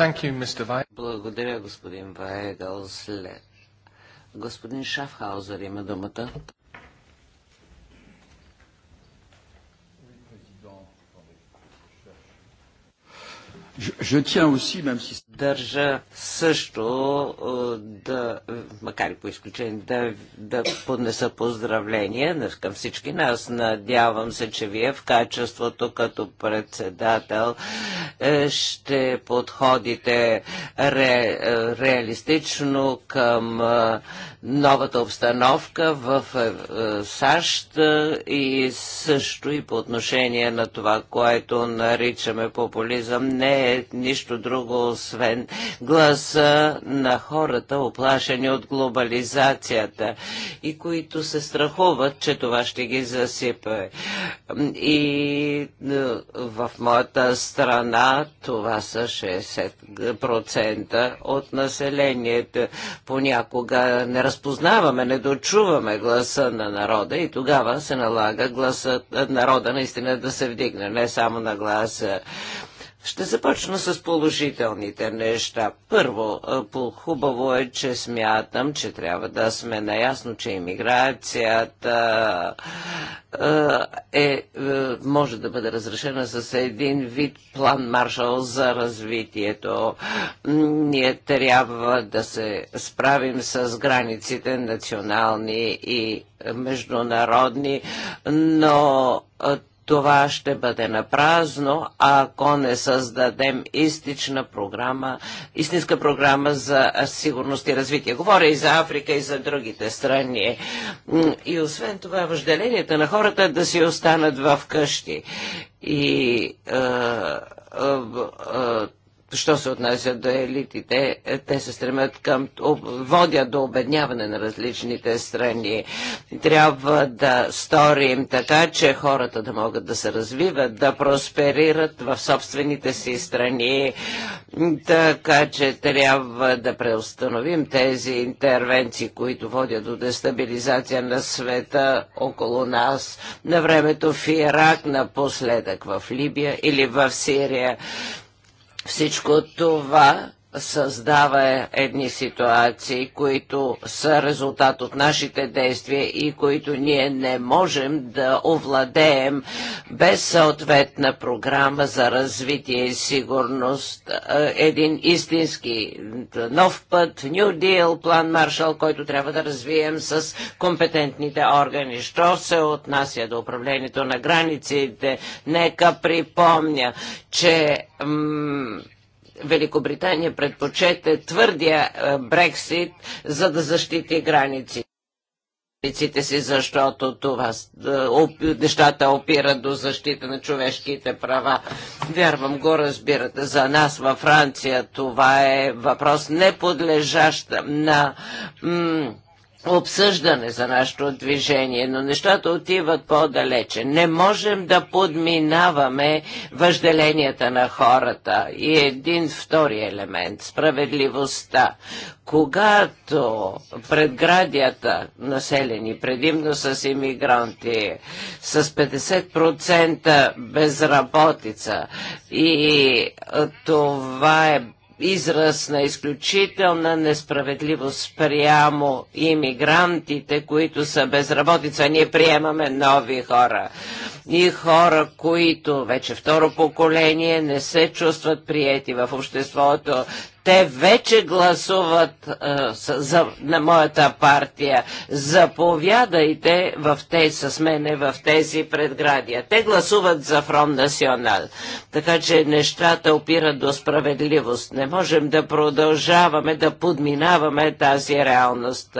You, Благодаря, господин Вайгъл. Господин Шафхаузер има думата. Държа също е, да, макар и по изключение, да, да поднеса поздравления към всички нас. Надявам се, че вие в качеството като председател е, ще подходите ре, е, реалистично към новата обстановка в е, е, САЩ е, и също и по отношение на това, което наричаме популизъм, не е нищо друго, освен гласа на хората, оплашени от глобализацията и които се страхуват, че това ще ги засипе. И в моята страна това са 60% от населението. Понякога не разпознаваме, не дочуваме гласа на народа и тогава се налага гласа народа наистина да се вдигне, не само на гласа. Ще започна с положителните неща. Първо, хубаво е, че смятам, че трябва да сме наясно, че иммиграцията е, е, може да бъде разрешена с един вид план Маршал за развитието. Ние трябва да се справим с границите национални и международни, но това ще бъде напразно, ако не създадем истична програма, истинска програма за сигурност и развитие. Говоря и за Африка, и за другите страни. И освен това, въжделенията на хората е да си останат в къщи. И е, е, е, що се отнася до елитите, е, те се стремят към, водят до обедняване на различните страни. Трябва да сторим така, че хората да могат да се развиват, да просперират в собствените си страни, така че трябва да преустановим тези интервенции, които водят до дестабилизация на света около нас, на времето в Ирак, напоследък в Либия или в Сирия. Всичко това създава едни ситуации, които са резултат от нашите действия и които ние не можем да овладеем без съответна програма за развитие и сигурност. Е, един истински е, нов път, New Deal, план Маршал, който трябва да развием с компетентните органи. Що се отнася до управлението на границите, нека припомня, че Великобритания предпочете твърдия е, Брексит, за да защити граници границите си, защото това е, нещата опира до защита на човешките права. Вярвам го, разбирате. За нас във Франция това е въпрос не подлежащ на обсъждане за нашето движение, но нещата отиват по-далече. Не можем да подминаваме въжделенията на хората. И един втори елемент – справедливостта. Когато предградията, населени предимно с иммигранти, с 50% безработица и това е израз на изключителна несправедливост прямо иммигрантите, които са безработица. Ние приемаме нови хора. И хора, които вече второ поколение не се чувстват приети в обществото. Те вече гласуват а, е, за, на моята партия. Заповядайте в те, с мене в тези предградия. Те гласуват за Фрон Национал. Така че нещата опират до справедливост. Не можем да продължаваме да подминаваме тази реалност.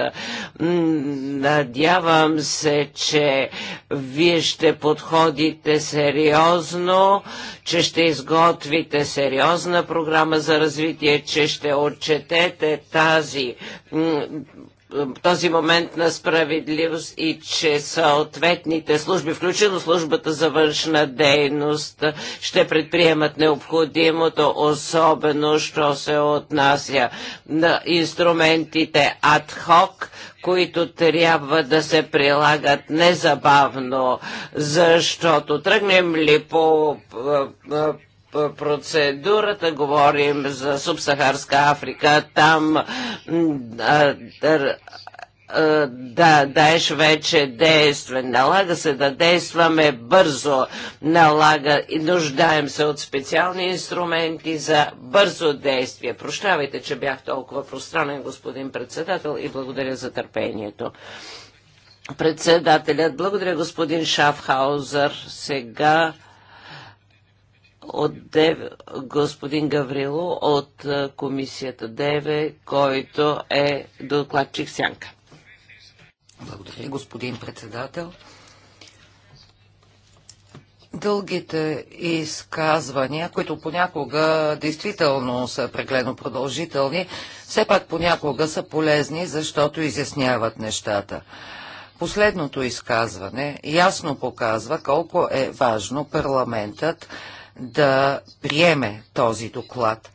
Надявам се, че вие ще подходите сериозно, че ще изготвите сериозна програма за развитие, че ще отчетете тази този момент на справедливост и че съответните служби, включително службата за външна дейност, ще предприемат необходимото, особено, що се отнася на инструментите адхок, които трябва да се прилагат незабавно, защото тръгнем ли по процедурата, говорим за Субсахарска Африка, там да, Даеш вече действа. Налага се да действаме бързо. Налага и нуждаем се от специални инструменти за бързо действие. Прощавайте, че бях толкова пространен, господин председател, и благодаря за търпението. Председателят, благодаря господин Шафхаузър. Сега от Дев, господин Гаврило от комисията ДЕВЕ, който е докладчик Сянка. Благодаря, господин председател. Дългите изказвания, които понякога действително са прегледно продължителни, все пак понякога са полезни, защото изясняват нещата. Последното изказване ясно показва колко е важно парламентът да приеме този доклад.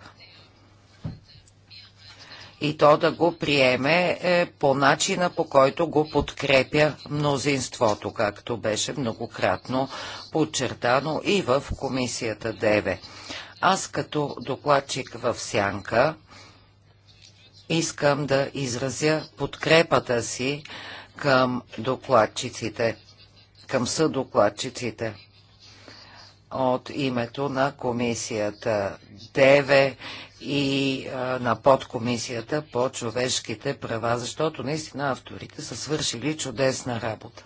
И то да го приеме е по начина, по който го подкрепя мнозинството, както беше многократно подчертано и в комисията ДЕВЕ. Аз като докладчик в Сянка искам да изразя подкрепата си към докладчиците, към съдокладчиците от името на комисията ДЕВЕ и а, на подкомисията по човешките права, защото наистина авторите са свършили чудесна работа.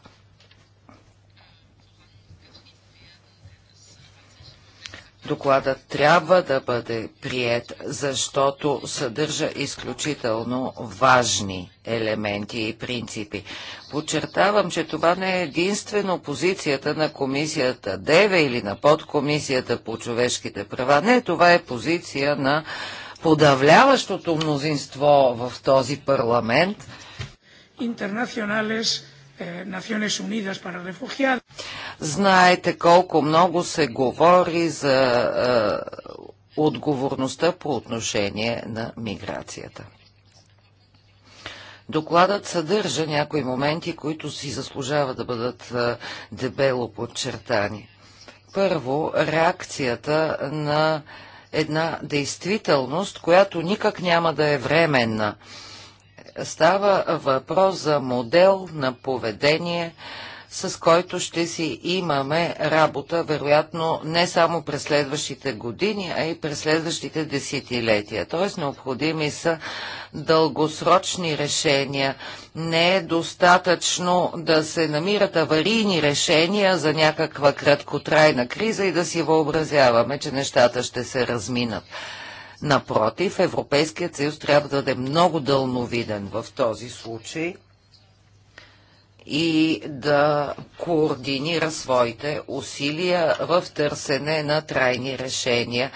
Докладът трябва да бъде прият, защото съдържа изключително важни елементи и принципи. Подчертавам, че това не е единствено позицията на комисията ДЕВЕ или на подкомисията по човешките права. Не, това е позиция на подавляващото мнозинство в този парламент. Интернационалес е, Знаете колко много се говори за е, отговорността по отношение на миграцията. Докладът съдържа някои моменти, които си заслужава да бъдат е, дебело подчертани. Първо, реакцията на една действителност, която никак няма да е временна – Става въпрос за модел на поведение, с който ще си имаме работа, вероятно, не само през следващите години, а и през следващите десетилетия. Т.е. необходими са дългосрочни решения. Не е достатъчно да се намират аварийни решения за някаква краткотрайна криза и да си въобразяваме, че нещата ще се разминат. Напротив, Европейският съюз трябва да е много дълновиден в този случай и да координира своите усилия в търсене на трайни решения.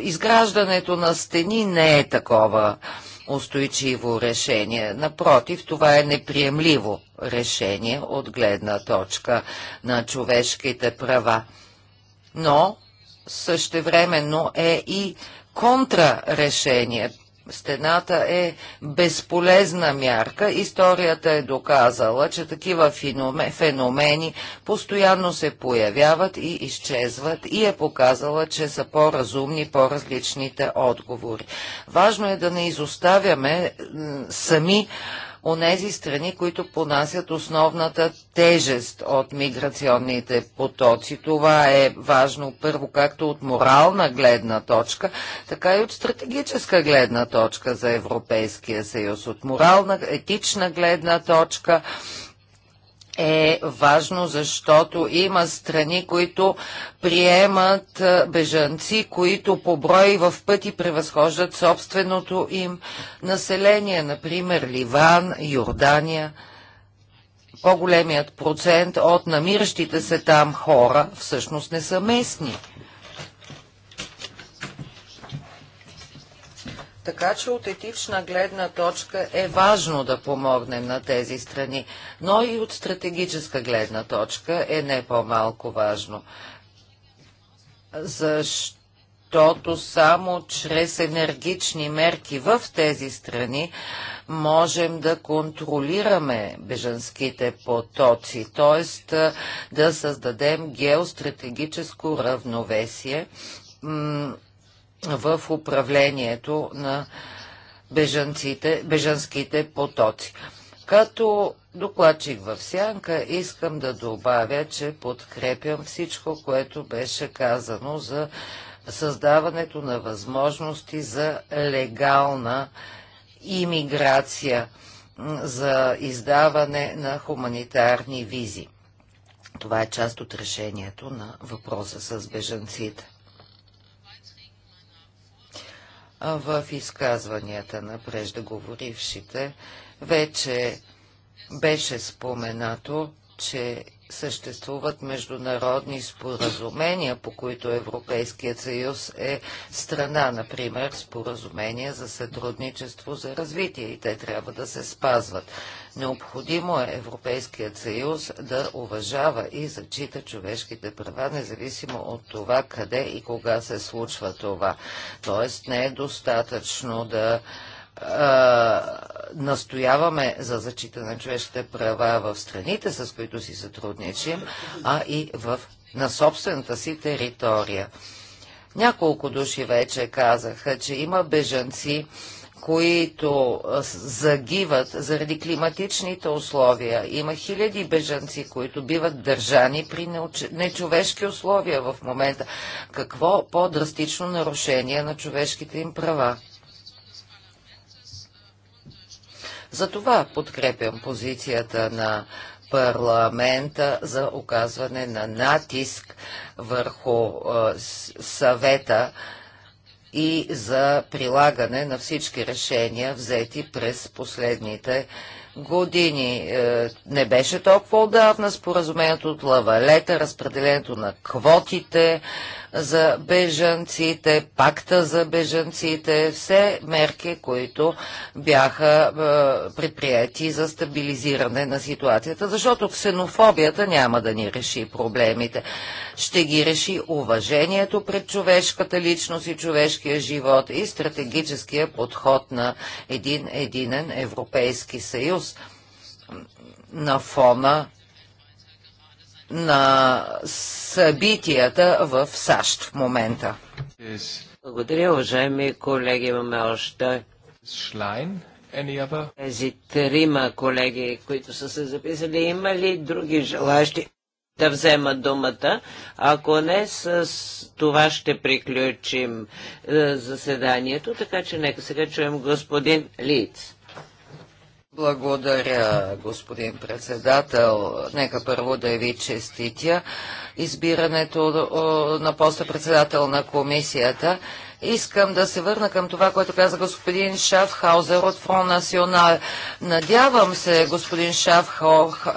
Изграждането на стени не е такова устойчиво решение. Напротив, това е неприемливо решение от гледна точка на човешките права. Но същевременно е и контрарешение. Стената е безполезна мярка. Историята е доказала, че такива феномени постоянно се появяват и изчезват и е показала, че са по-разумни по-различните отговори. Важно е да не изоставяме сами онези страни, които понасят основната тежест от миграционните потоци. Това е важно първо както от морална гледна точка, така и от стратегическа гледна точка за Европейския съюз. От морална, етична гледна точка – е важно, защото има страни, които приемат е, бежанци, които по брой в пъти превъзхождат собственото им население, например Ливан, Йордания. По-големият процент от намиращите се там хора всъщност не са местни. Така че от етична гледна точка е важно да помогнем на тези страни, но и от стратегическа гледна точка е не по-малко важно. Защото само чрез енергични мерки в тези страни можем да контролираме бежанските потоци, т.е. да създадем геостратегическо равновесие в управлението на бежанците, бежанските потоци. Като докладчик в сянка искам да добавя, че подкрепям всичко, което беше казано за създаването на възможности за легална имиграция, за издаване на хуманитарни визи. Това е част от решението на въпроса с бежанците. в изказванията на преждеговорившите. Вече беше споменато, че съществуват международни споразумения, по които Европейският съюз е страна, например споразумения за сътрудничество за развитие и те трябва да се спазват. Необходимо е Европейският съюз да уважава и зачита човешките права, независимо от това къде и кога се случва това. Тоест не е достатъчно да настояваме за защита на човешките права в страните, с които си сътрудничим, а и в, на собствената си територия. Няколко души вече казаха, че има бежанци, които загиват заради климатичните условия. Има хиляди бежанци, които биват държани при нечовешки условия в момента. Какво по-драстично нарушение на човешките им права? Затова подкрепям позицията на парламента за оказване на натиск върху съвета и за прилагане на всички решения, взети през последните години. Е, не беше толкова отдавна споразумението от Лавалета, разпределението на квотите, за бежанците, пакта за бежанците, все мерки, които бяха е, предприяти за стабилизиране на ситуацията, защото ксенофобията няма да ни реши проблемите. Ще ги реши уважението пред човешката личност и човешкия живот и стратегическия подход на един единен Европейски съюз на фона на събитията в САЩ в момента. Благодаря, уважаеми колеги. Имаме още тези трима колеги, които са се записали. Има ли други желащи? да взема думата. Ако не, с това ще приключим е, заседанието, така че нека сега чуем господин Лиц. Благодаря, господин председател. Нека първо да ви честитя избирането на поста председател на комисията. Искам да се върна към това, което каза господин Шафхаузер от Фрон Национал. Надявам се, господин Шафхох, е,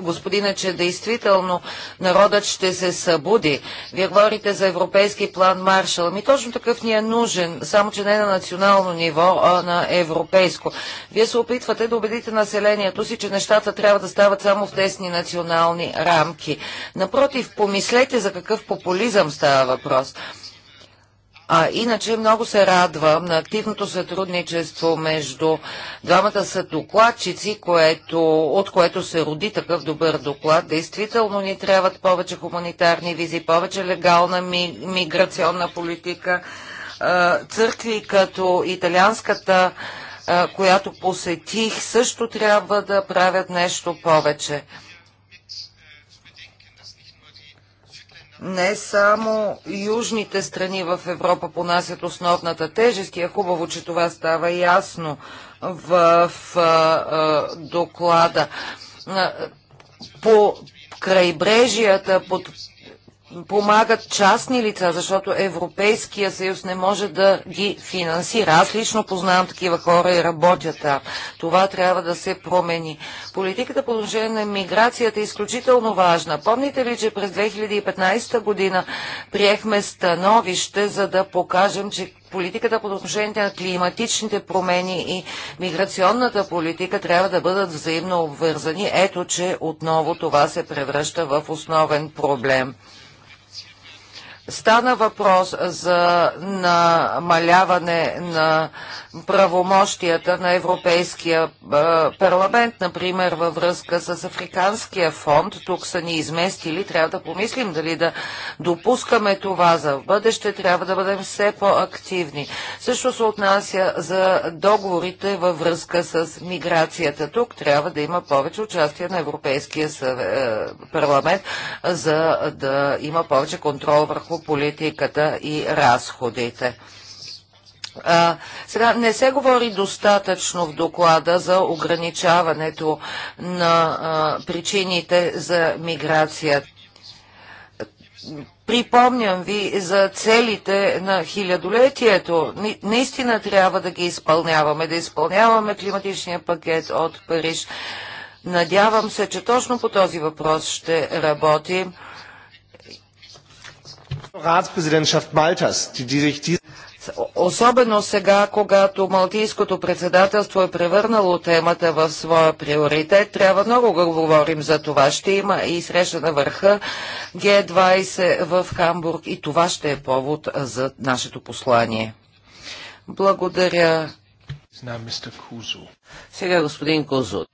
господина, че действително народът ще се събуди. Вие говорите за европейски план Маршал. Ми точно такъв ни е нужен, само че не на национално ниво, а на европейско. Вие се опитвате да убедите населението си, че нещата трябва да стават само в тесни национални рамки. Напротив, помислете за какъв популизъм става въпрос. А, иначе много се радвам на активното сътрудничество между двамата са докладчици, което, от което се роди такъв добър доклад. Действително ни трябват повече хуманитарни визи, повече легална ми, миграционна политика. А, църкви като италианската, а, която посетих, също трябва да правят нещо повече. Не само южните страни в Европа понасят основната тежест и е хубаво, че това става ясно в а, доклада. По крайбрежията, под помагат частни лица, защото Европейския съюз не може да ги финансира. Аз лично познавам такива хора и работя там. Това трябва да се промени. Политиката по отношение на миграцията е изключително важна. Помните ли, че през 2015 година приехме становище, за да покажем, че политиката по отношение на климатичните промени и миграционната политика трябва да бъдат взаимно обвързани. Ето, че отново това се превръща в основен проблем. Стана въпрос за намаляване на правомощията на Европейския е, парламент, например във връзка с Африканския фонд. Тук са ни изместили. Трябва да помислим дали да допускаме това за в бъдеще. Трябва да бъдем все по-активни. Също се отнася за договорите във връзка с миграцията. Тук трябва да има повече участие на Европейския е, парламент, за да има повече контрол върху политиката и разходите. А, сега не се говори достатъчно в доклада за ограничаването на а, причините за миграция. Припомням ви за целите на хилядолетието. Наистина трябва да ги изпълняваме, да изпълняваме климатичния пакет от Париж. Надявам се, че точно по този въпрос ще работим Особено сега, когато Малтийското председателство е превърнало темата в своя приоритет, трябва много да говорим за това. Ще има и среща на върха Г20 в Хамбург и това ще е повод за нашето послание. Благодаря. Сега господин Кузо.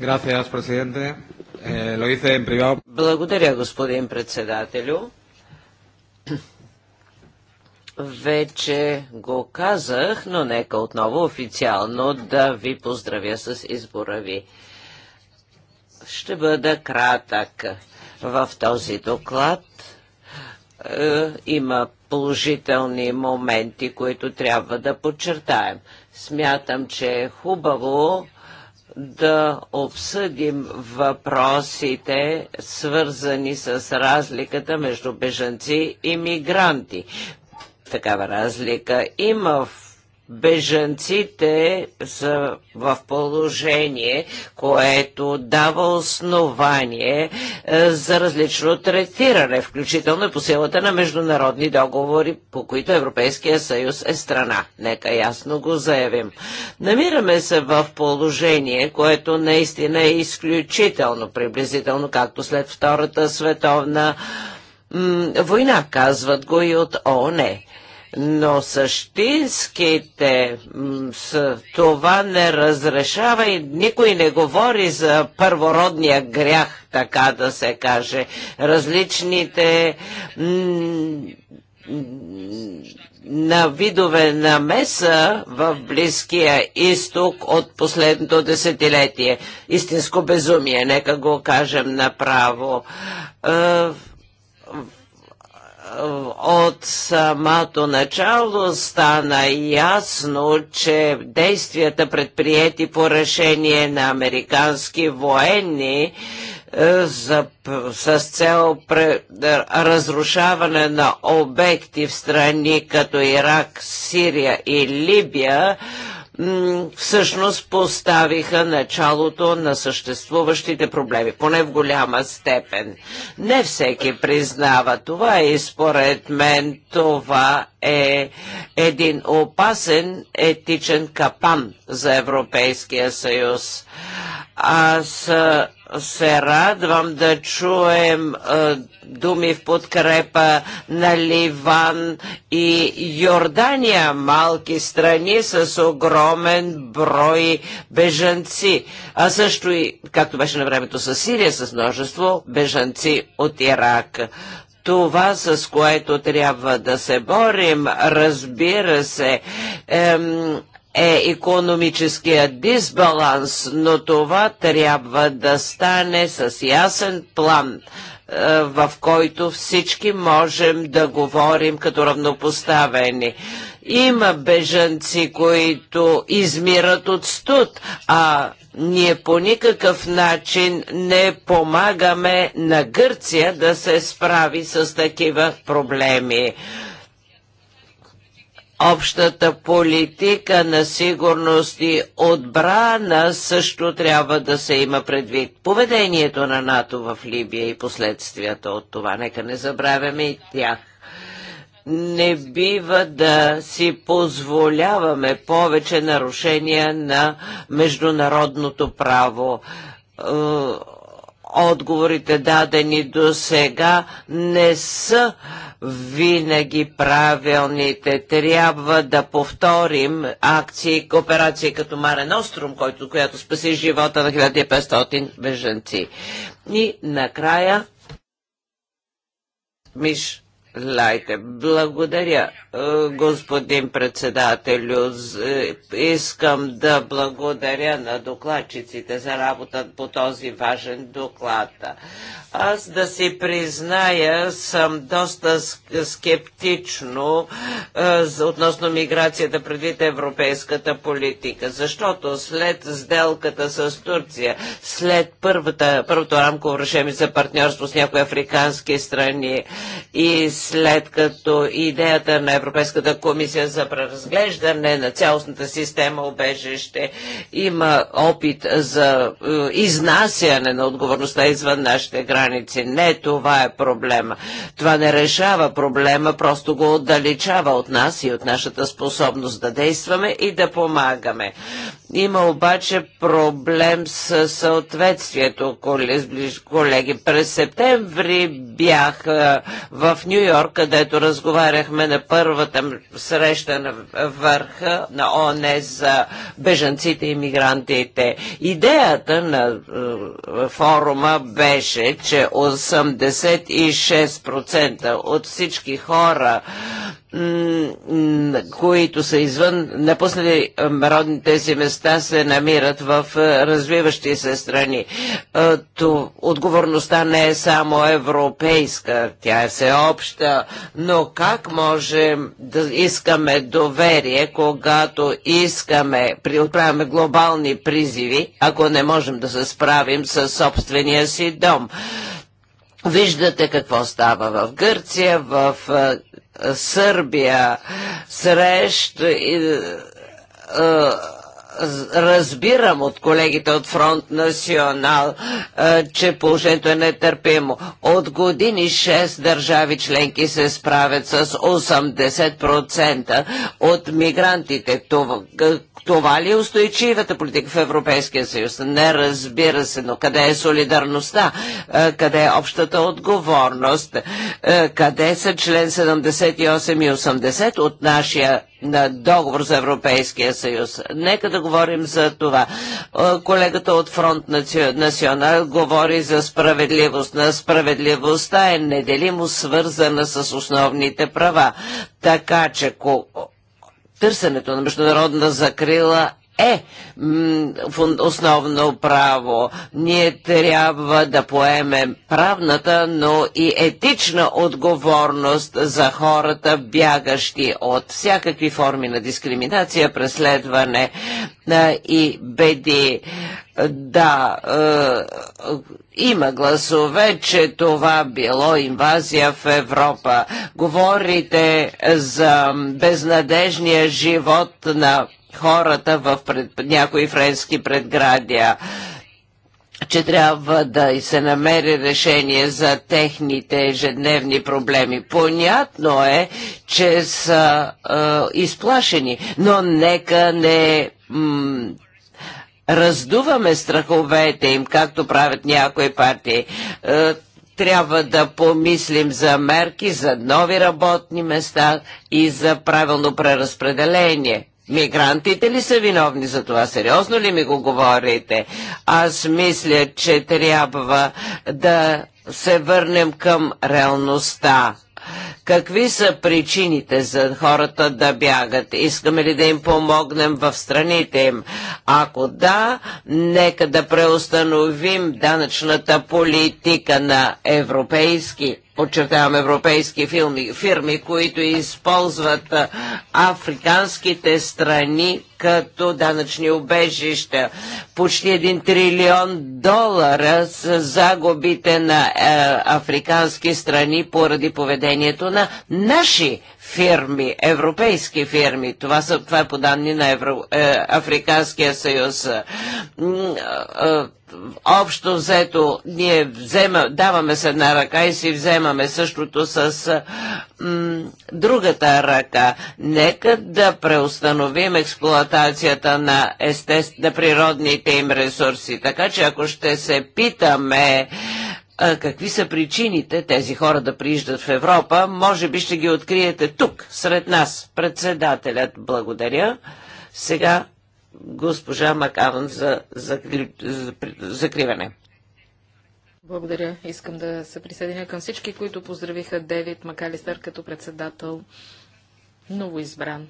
Eh, Благодаря, господин председателю. Вече го казах, но нека отново официално да ви поздравя с избора ви. Ще бъда кратък. В този доклад е, има положителни моменти, които трябва да подчертаем. Смятам, че е хубаво да обсъдим въпросите, свързани с разликата между бежанци и мигранти. Такава разлика има в бежанците са в положение, което дава основание е, за различно третиране, включително и по силата на международни договори, по които Европейския съюз е страна. Нека ясно го заявим. Намираме се в положение, което наистина е изключително приблизително, както след Втората световна война, казват го и от ООН. Е но същинските с това не разрешава и никой не говори за първородния грях, така да се каже. Различните на видове на меса в Близкия изток от последното десетилетие. Истинско безумие, нека го кажем направо е, от самото начало стана ясно, че действията предприяти по решение на американски военни е, за, с цел пре, разрушаване на обекти в страни като Ирак, Сирия и Либия всъщност поставиха началото на съществуващите проблеми, поне в голяма степен. Не всеки признава това и според мен това е един опасен етичен капан за Европейския съюз. Аз се радвам да чуем думи в подкрепа на Ливан и Йордания, малки страни с огромен брой бежанци, а също и, както беше на времето с Сирия, с множество бежанци от Ирак. Това, с което трябва да се борим, разбира се, е економическия дисбаланс, но това трябва да стане с ясен план, е, в който всички можем да говорим като равнопоставени. Има бежанци, които измират от студ, а ние по никакъв начин не помагаме на Гърция да се справи с такива проблеми. Общата политика на сигурност и отбрана също трябва да се има предвид. Поведението на НАТО в Либия и последствията от това. Нека не забравяме и тях не бива да си позволяваме повече нарушения на международното право. Е, отговорите дадени до сега не са винаги правилните. Трябва да повторим акции, кооперации като Марен Острум, който, която спаси живота на 1500 беженци. И накрая Миш Лайте. Благодаря, е, господин председателю. Е, искам да благодаря на докладчиците за работа по този важен доклад. Аз да си призная, съм доста скептично е, относно миграцията предвид европейската политика, защото след сделката с Турция, след първата, първото рамково решение за партньорство с някои африкански страни и с след като идеята на Европейската комисия за преразглеждане на цялостната система обежище има опит за е, изнасяне на отговорността извън нашите граници. Не това е проблема. Това не решава проблема, просто го отдалечава от нас и от нашата способност да действаме и да помагаме. Има обаче проблем с съответствието, колеги. През септември бях в Нью йорк Йорк, където разговаряхме на първата среща на върха на ООН за бежанците и мигрантите. Идеята на е, форума беше, че 86% от всички хора, които са извън, напуснали е, родните си места, се намират в е, развиващи се страни. Отговорността не е само европейска, тя е всеобща равнища, но как можем да искаме доверие, когато искаме, отправяме глобални призиви, ако не можем да се справим с собствения си дом? Виждате какво става в Гърция, в Сърбия, срещу разбирам от колегите от Фронт Национал, че положението е нетърпимо. От години 6 държави членки се справят с 80% от мигрантите. Това, това ли е устойчивата политика в Европейския съюз? Не разбира се, но къде е солидарността? Къде е общата отговорност? Къде са член 78 и 80 от нашия на договор за Европейския съюз. Нека да говорим за това. Колегата от Фронт Национал говори за справедливост. На справедливостта е неделимо свързана с основните права. Така че търсенето на международна закрила е основно право. Ние трябва да поемем правната, но и етична отговорност за хората, бягащи от всякакви форми на дискриминация, преследване и беди. Да, е, има гласове, че това било инвазия в Европа. Говорите за безнадежния живот на хората в пред, някои френски предградия че трябва да и се намери решение за техните ежедневни проблеми. Понятно е, че са е, изплашени, но нека не раздуваме страховете им, както правят някои партии. Е, трябва да помислим за мерки, за нови работни места и за правилно преразпределение Мигрантите ли са виновни за това? Сериозно ли ми го говорите? Аз мисля, че трябва да се върнем към реалността. Какви са причините за хората да бягат? Искаме ли да им помогнем в страните им? Ако да, нека да преустановим данъчната политика на европейски подчертавам европейски фирми, фирми, които използват африканските страни като данъчни убежища. Почти 1 трилион долара с загубите на е, африкански страни поради поведението на наши фирми, европейски фирми. Това, са, това е по данни на Евро, е, Африканския съюз. Общо взето, ние взема, даваме се на ръка и си вземаме същото с е, другата ръка. Нека да преустановим експлуатацията на, естест, на природните им ресурси. Така че ако ще се питаме, какви са причините тези хора да прииждат в Европа, може би ще ги откриете тук, сред нас, председателят. Благодаря. Сега госпожа Макаван за, за закриване. Благодаря. Искам да се присъединя към всички, които поздравиха Девид Макалистър като председател, новоизбран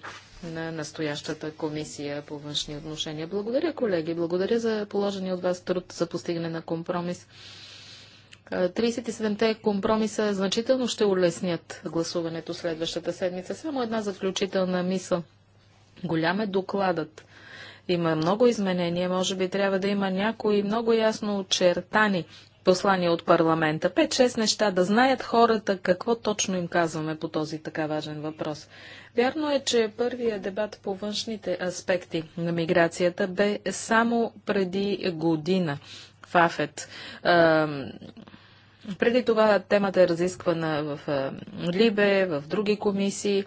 на настоящата комисия по външни отношения. Благодаря, колеги. Благодаря за положения от вас труд за постигане на компромис. 37-те е, компромиса значително ще улеснят гласуването следващата седмица. Само една заключителна мисъл. Голям е докладът. Има много изменения, може би трябва да има някои много ясно очертани послания от парламента. 5-6 неща да знаят хората какво точно им казваме по този така важен въпрос. Вярно е, че първият дебат по външните аспекти на миграцията бе само преди година в Афет. Преди това темата е разисквана в Либе, в други комисии,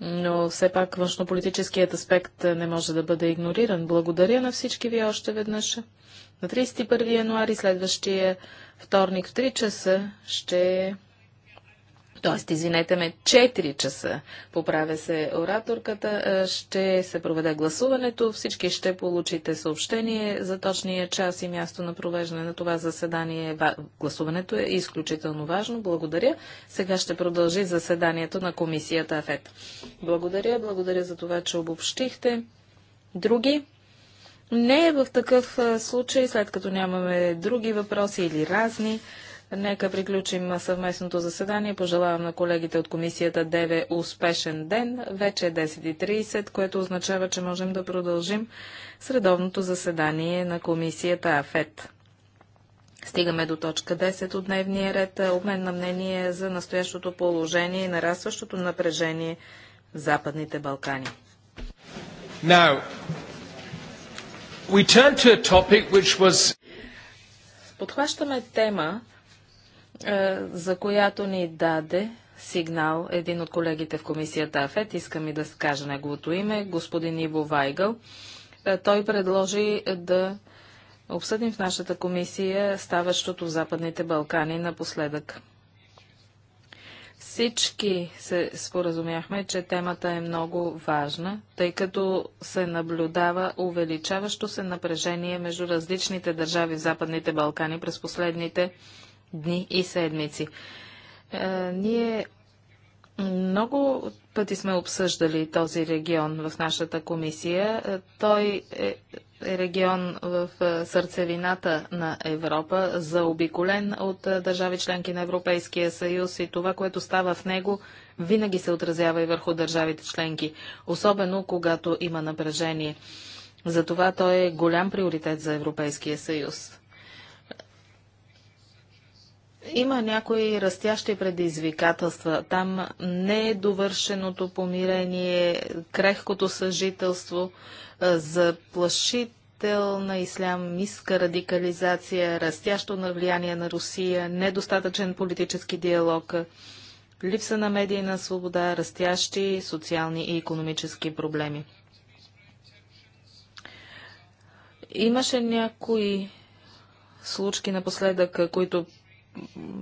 но все пак външнополитическият аспект не може да бъде игнориран. Благодаря на всички ви още веднъж. На 31 януари, следващия вторник в 3 часа, ще Тоест, извинете ме, 4 часа, поправя се ораторката, е, ще се проведе гласуването. Всички ще получите съобщение за точния час и място на провеждане на това заседание. Гласуването е изключително важно. Благодаря. Сега ще продължи заседанието на комисията АФЕТ. Благодаря, благодаря за това, че обобщихте. Други? Не, е в такъв е, случай, след като нямаме други въпроси или разни, Нека приключим съвместното заседание. Пожелавам на колегите от комисията ДВ успешен ден. Вече е 10.30, което означава, че можем да продължим средовното заседание на комисията АФЕТ. Стигаме до точка 10 от дневния ред. Обмен на мнение за настоящото положение и нарастващото напрежение в Западните Балкани. Now, we turn to a topic which was... Подхващаме тема, е, за която ни даде сигнал един от колегите в комисията АФЕТ. Искам и да кажа неговото име, господин Иво Вайгъл. Е, той предложи да обсъдим в нашата комисия ставащото в Западните Балкани напоследък. Всички се споразумяхме, че темата е много важна, тъй като се наблюдава увеличаващо се напрежение между различните държави в Западните Балкани през последните дни и седмици. Е, ние много пъти сме обсъждали този регион в нашата комисия. Е, той е, е регион в сърцевината на Европа, заобиколен от държави членки на Европейския съюз и това, което става в него, винаги се отразява и върху държавите членки, особено когато има напрежение. Затова той е голям приоритет за Европейския съюз. Има някои растящи предизвикателства. Там недовършеното помирение, крехкото съжителство, заплашителна ислямистка радикализация, растящо на влияние на Русия, недостатъчен политически диалог, липса на медийна свобода, растящи социални и економически проблеми. Имаше някои случки напоследък, които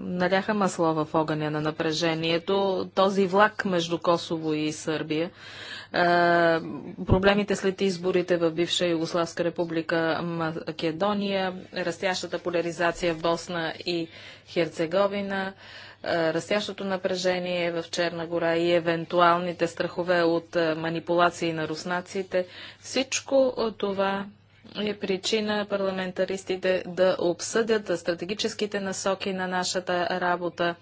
наляха масло в огъня на напрежението. Този влак между Косово и Сърбия, проблемите след изборите в бивша Югославска република Македония, растящата поляризация в Босна и Херцеговина, растящото напрежение в Черна гора и евентуалните страхове от манипулации на руснаците. Всичко това е причина парламентаристите да обсъдят стратегическите насоки на нашата работа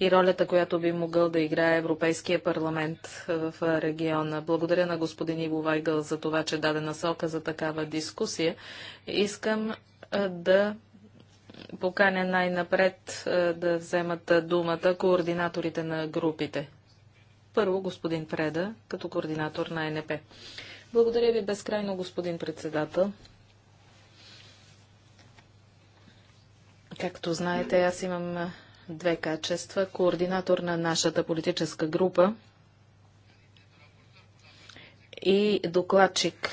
и ролята, която би могъл да играе Европейския парламент в региона. Благодаря на господин Иво Вайгъл за това, че даде насока за такава дискусия. Искам да поканя най-напред да вземат думата координаторите на групите. Първо господин Преда, като координатор на НП. Благодаря ви безкрайно, господин председател. Както знаете, аз имам две качества. Координатор на нашата политическа група и докладчик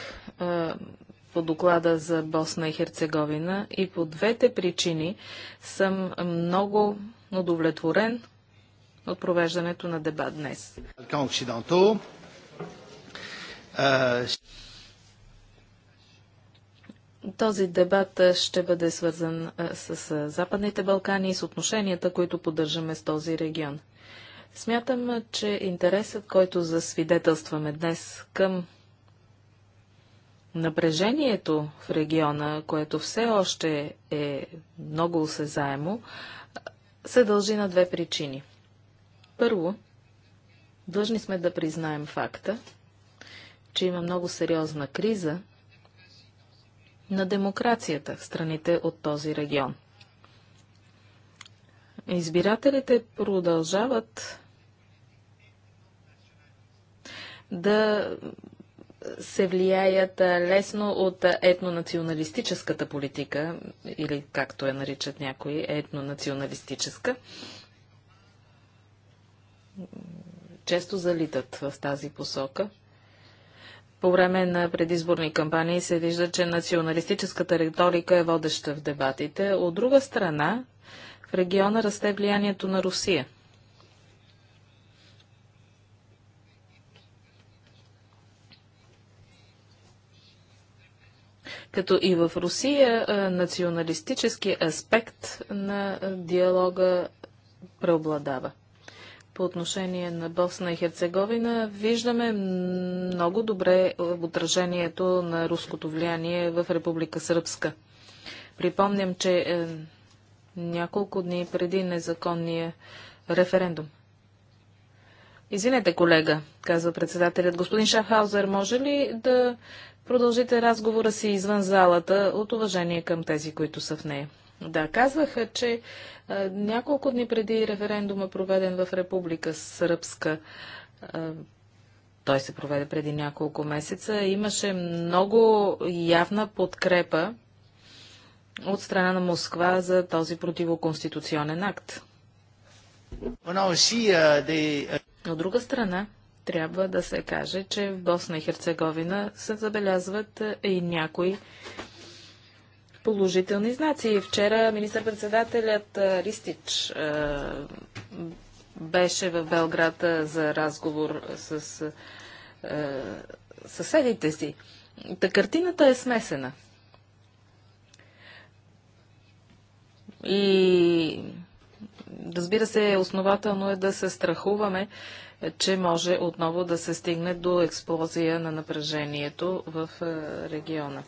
по доклада за Босна и Херцеговина. И по двете причини съм много удовлетворен от провеждането на дебат днес. Този дебат ще бъде свързан с Западните Балкани и с отношенията, които поддържаме с този регион. Смятам, че интересът, който засвидетелстваме днес към напрежението в региона, което все още е много осезаемо, се дължи на две причини. Първо, длъжни сме да признаем факта, че има много сериозна криза на демокрацията в страните от този регион. Избирателите продължават да се влияят лесно от етнонационалистическата политика, или както я наричат някои, етнонационалистическа. Често залитат в тази посока – по време на предизборни кампании се вижда, че националистическата риторика е водеща в дебатите. От друга страна, в региона расте влиянието на Русия. като и в Русия националистически аспект на диалога преобладава по отношение на Босна и Херцеговина виждаме много добре отражението на руското влияние в Република Сръбска. Припомням, че е, няколко дни преди незаконния референдум. Извинете, колега, казва председателят. Господин Шафхаузер, може ли да продължите разговора си извън залата от уважение към тези, които са в нея? Да, казваха, че а, няколко дни преди референдума, проведен в Република Сръбска, а, той се проведе преди няколко месеца, имаше много явна подкрепа от страна на Москва за този противоконституционен акт. Uh, uh, от друга страна, трябва да се каже, че в Босна и Херцеговина се забелязват и някои положителни знаци. Вчера министър-председателят Ристич беше в Белград за разговор с съседите си. Та картината е смесена. И разбира се, основателно е да се страхуваме, че може отново да се стигне до експлозия на напрежението в региона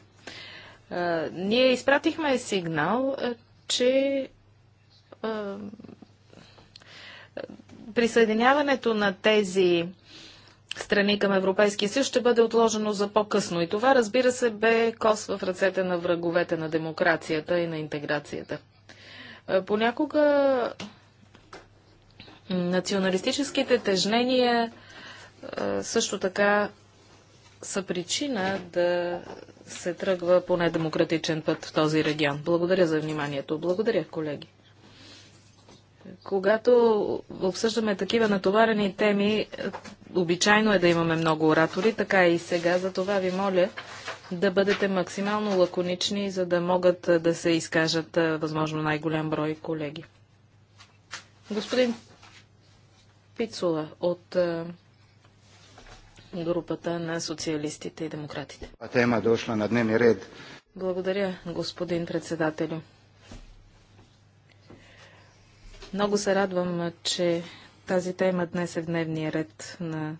ние изпратихме сигнал, че присъединяването на тези страни към Европейския съюз ще бъде отложено за по-късно. И това, разбира се, бе кос в ръцете на враговете на демокрацията и на интеграцията. Понякога националистическите тежнения също така са причина да се тръгва по недемократичен път в този регион. Благодаря за вниманието. Благодаря, колеги. Когато обсъждаме такива натоварени теми, обичайно е да имаме много оратори, така и сега. За това ви моля да бъдете максимално лаконични, за да могат да се изкажат възможно най-голям брой колеги. Господин Пицула от групата на социалистите и демократите. Тема дошла на дневни ред. Благодаря, господин председателю. Много се радвам, че тази тема днес е в дневния ред на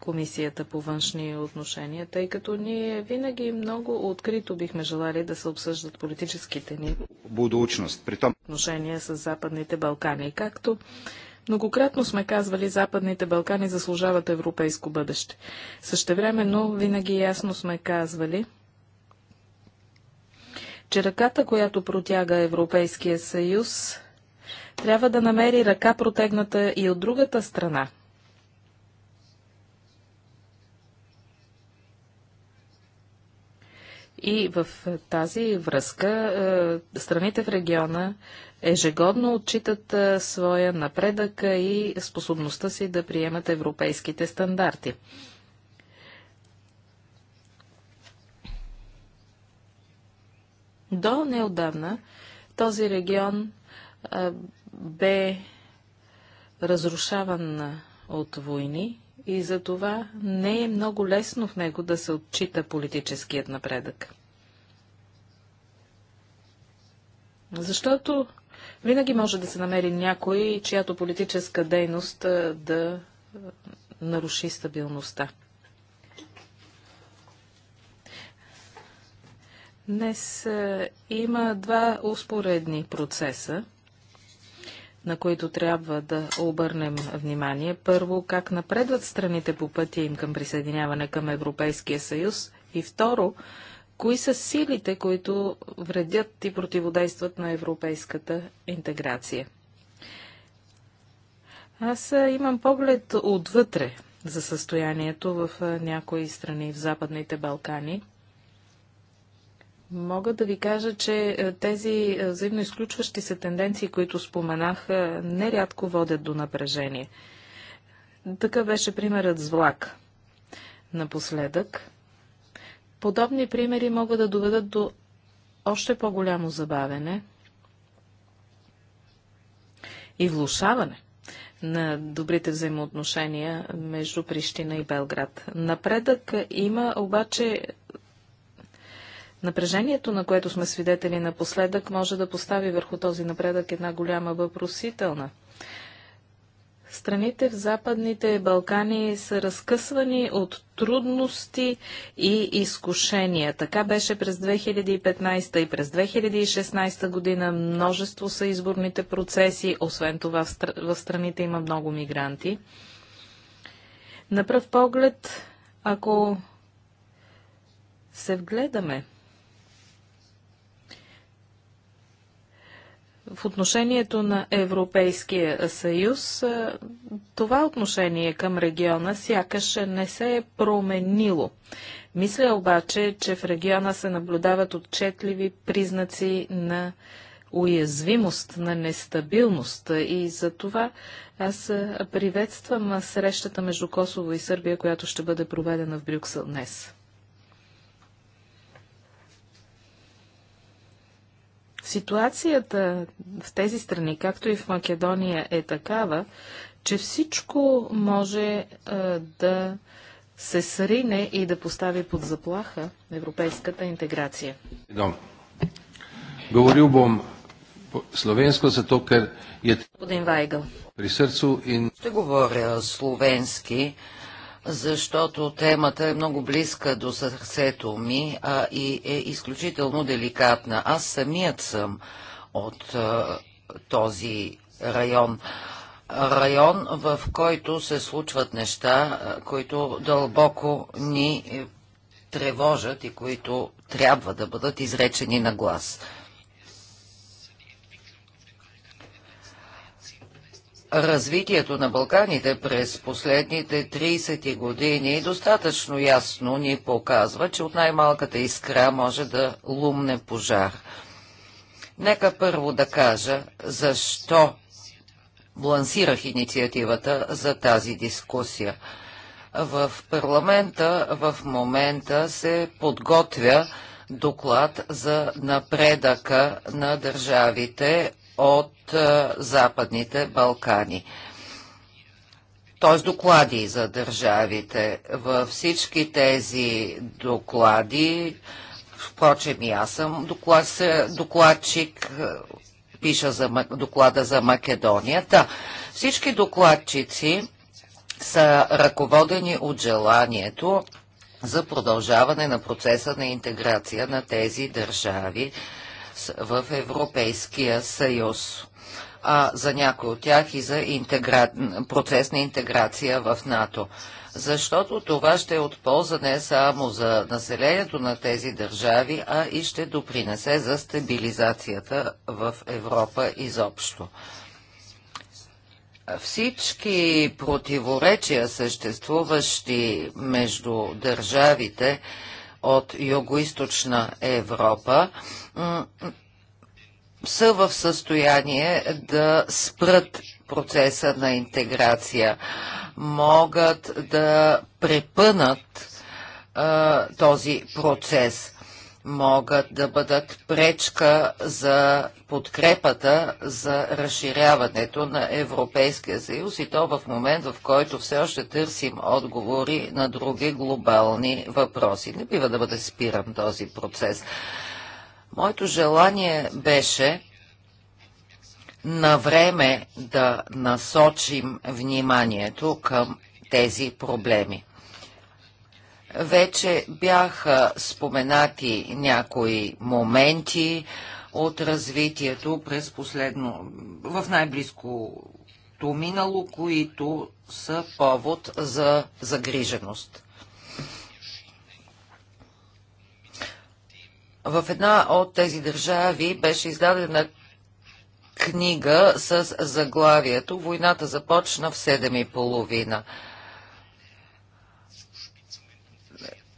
Комисията по външни отношения, тъй като ние винаги много открито бихме желали да се обсъждат политическите ни Будучност. том... отношения с Западните Балкани. Както Многократно сме казвали, Западните Балкани заслужават европейско бъдеще. Същевременно винаги ясно сме казвали, че ръката, която протяга Европейския съюз, трябва да намери ръка протегната и от другата страна. И в тази връзка е, страните в региона ежегодно отчитат своя напредък и способността си да приемат европейските стандарти. До неодавна този регион бе разрушаван от войни и затова не е много лесно в него да се отчита политическият напредък. Защото винаги може да се намери някой, чиято политическа дейност да наруши стабилността. Днес има два успоредни процеса, на които трябва да обърнем внимание. Първо, как напредват страните по пътя им към присъединяване към Европейския съюз и второ, Кои са силите, които вредят и противодействат на европейската интеграция? Аз имам поглед отвътре за състоянието в някои страни в Западните Балкани. Мога да ви кажа, че тези взаимно изключващи се тенденции, които споменах, нерядко водят до напрежение. Така беше примерът с влак. Напоследък Подобни примери могат да доведат до още по-голямо забавене и влушаване на добрите взаимоотношения между Прищина и Белград. Напредък има обаче Напрежението, на което сме свидетели напоследък, може да постави върху този напредък една голяма въпросителна – Страните в Западните Балкани са разкъсвани от трудности и изкушения. Така беше през 2015 и през 2016 година. Множество са изборните процеси. Освен това в, страните има много мигранти. На пръв поглед, ако се вгледаме в отношението на Европейския съюз, това отношение към региона сякаш не се е променило. Мисля обаче, че в региона се наблюдават отчетливи признаци на уязвимост, на нестабилност. И за това аз приветствам срещата между Косово и Сърбия, която ще бъде проведена в Брюксел днес. Ситуацията в тези страни, както и в Македония, е такава, че всичко може а, да се срине и да постави под заплаха европейската интеграция. Дом. Говорил бом Slovensko zato, ker Вайгъл. При сърцу и... Ще говоря словенски, защото темата е много близка до сърцето ми а и е изключително деликатна. Аз самият съм от а, този район. Район, в който се случват неща, които дълбоко ни тревожат и които трябва да бъдат изречени на глас. развитието на Балканите през последните 30 години достатъчно ясно ни показва, че от най-малката искра може да лумне пожар. Нека първо да кажа защо лансирах инициативата за тази дискусия. В парламента в момента се подготвя доклад за напредъка на държавите от е, Западните Балкани т.е. доклади за държавите. Във всички тези доклади, впрочем и аз съм доклад, докладчик, е, пиша за доклада за Македонията. Всички докладчици са ръководени от желанието за продължаване на процеса на интеграция на тези държави в Европейския съюз а за някои от тях и за интегра... процес на интеграция в НАТО. Защото това ще е от полза не само за населението на тези държави, а и ще допринесе за стабилизацията в Европа изобщо. Всички противоречия, съществуващи между държавите, от югоизточна Европа са в състояние да спрат процеса на интеграция, могат да препънат а, този процес могат да бъдат пречка за подкрепата за разширяването на Европейския съюз и то в момент, в който все още търсим отговори на други глобални въпроси. Не бива да бъде спирам този процес. Моето желание беше на време да насочим вниманието към тези проблеми. Вече бяха споменати някои моменти от развитието през последно, в най-близкото минало, които са повод за загриженост. В една от тези държави беше издадена книга с заглавието «Войната започна в 7.30».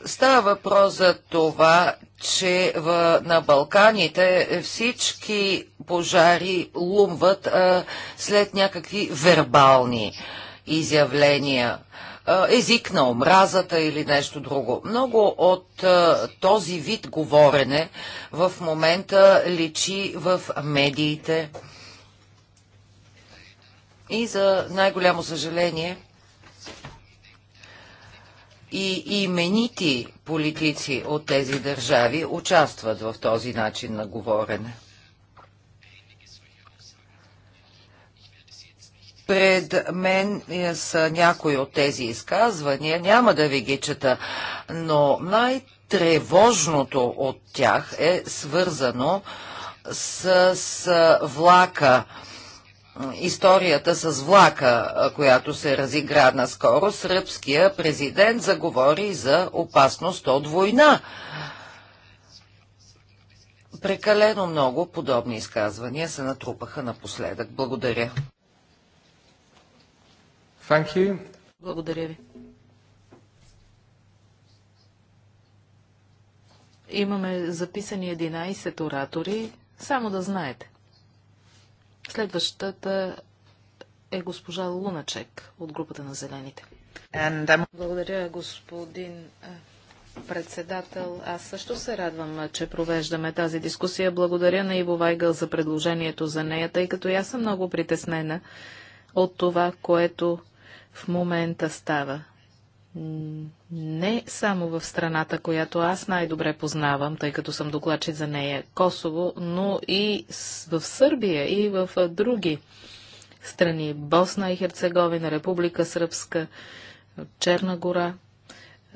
Става въпрос за това, че в, на Балканите всички пожари лумват а, след някакви вербални изявления. език на омразата или нещо друго. Много от а, този вид говорене в момента личи в медиите. И за най-голямо съжаление и именити политици от тези държави участват в този начин на говорене. Пред мен са някои от тези изказвания, няма да ви ги чета, но най-тревожното от тях е свързано с, с влака историята с влака, която се разигра наскоро, сръбския президент заговори за опасност от война. Прекалено много подобни изказвания се натрупаха напоследък. Благодаря. Thank you. Благодаря ви. Имаме записани 11 оратори, само да знаете. Следващата е госпожа Луначек от групата на Зелените. Благодаря, господин председател. Аз също се радвам, че провеждаме тази дискусия. Благодаря на Иво Вайгъл за предложението за нея, тъй като я съм много притеснена от това, което в момента става не само в страната, която аз най-добре познавам, тъй като съм докладчик за нея, Косово, но и в Сърбия и в други страни. Босна и Херцеговина, Република Сръбска, Черна гора.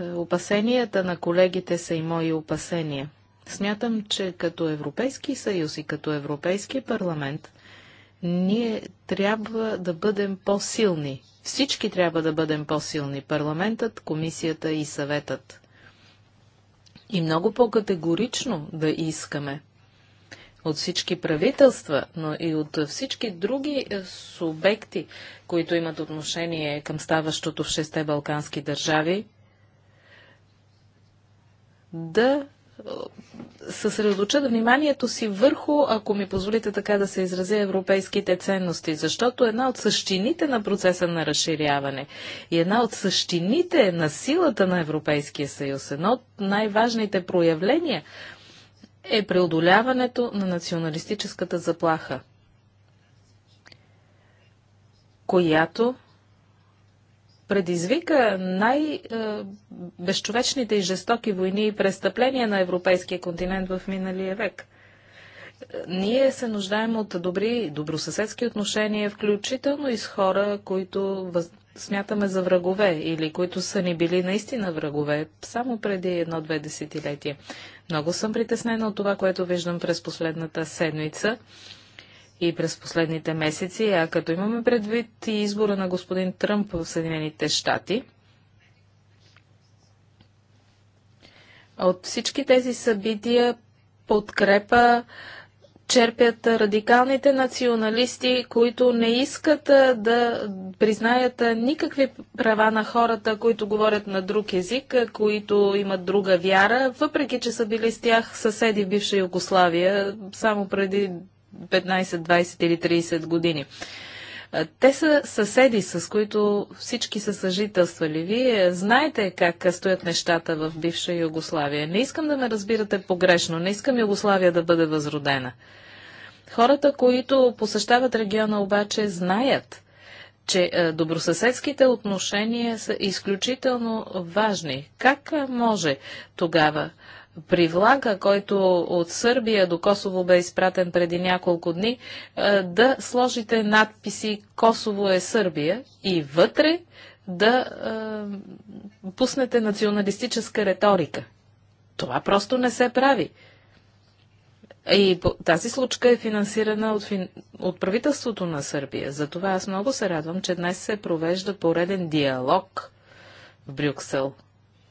Е, опасенията на колегите са и мои опасения. Смятам, че като Европейски съюз и като Европейски парламент, ние трябва да бъдем по-силни всички трябва да бъдем по-силни. Парламентът, комисията и съветът. И много по-категорично да искаме от всички правителства, но и от всички други е, субекти, които имат отношение към ставащото в шесте балкански държави, да съсредоточат вниманието си върху, ако ми позволите така да се изразя, европейските ценности, защото една от същините на процеса на разширяване и една от същините на силата на Европейския съюз, едно от най-важните проявления е преодоляването на националистическата заплаха, която предизвика най-безчовечните и жестоки войни и престъпления на европейския континент в миналия век. Ние се нуждаем от добри добросъседски отношения, включително и с хора, които въз... смятаме за врагове или които са ни били наистина врагове само преди едно-две десетилетия. Много съм притеснена от това, което виждам през последната седмица и през последните месеци, а като имаме предвид и избора на господин Тръмп в Съединените щати, от всички тези събития подкрепа черпят радикалните националисти, които не искат да признаят никакви права на хората, които говорят на друг език, които имат друга вяра, въпреки че са били с тях съседи бивша Югославия само преди 15, 20 или 30 години. Те са съседи, с които всички са съжителствали. Вие знаете как стоят нещата в бивша Югославия. Не искам да ме разбирате погрешно. Не искам Югославия да бъде възродена. Хората, които посещават региона обаче, знаят, че добросъседските отношения са изключително важни. Как може тогава при влака, който от Сърбия до Косово бе изпратен преди няколко дни, да сложите надписи Косово е Сърбия и вътре да е, пуснете националистическа риторика. Това просто не се прави. И тази случка е финансирана от, фин... от правителството на Сърбия. Затова аз много се радвам, че днес се провежда пореден диалог в Брюксел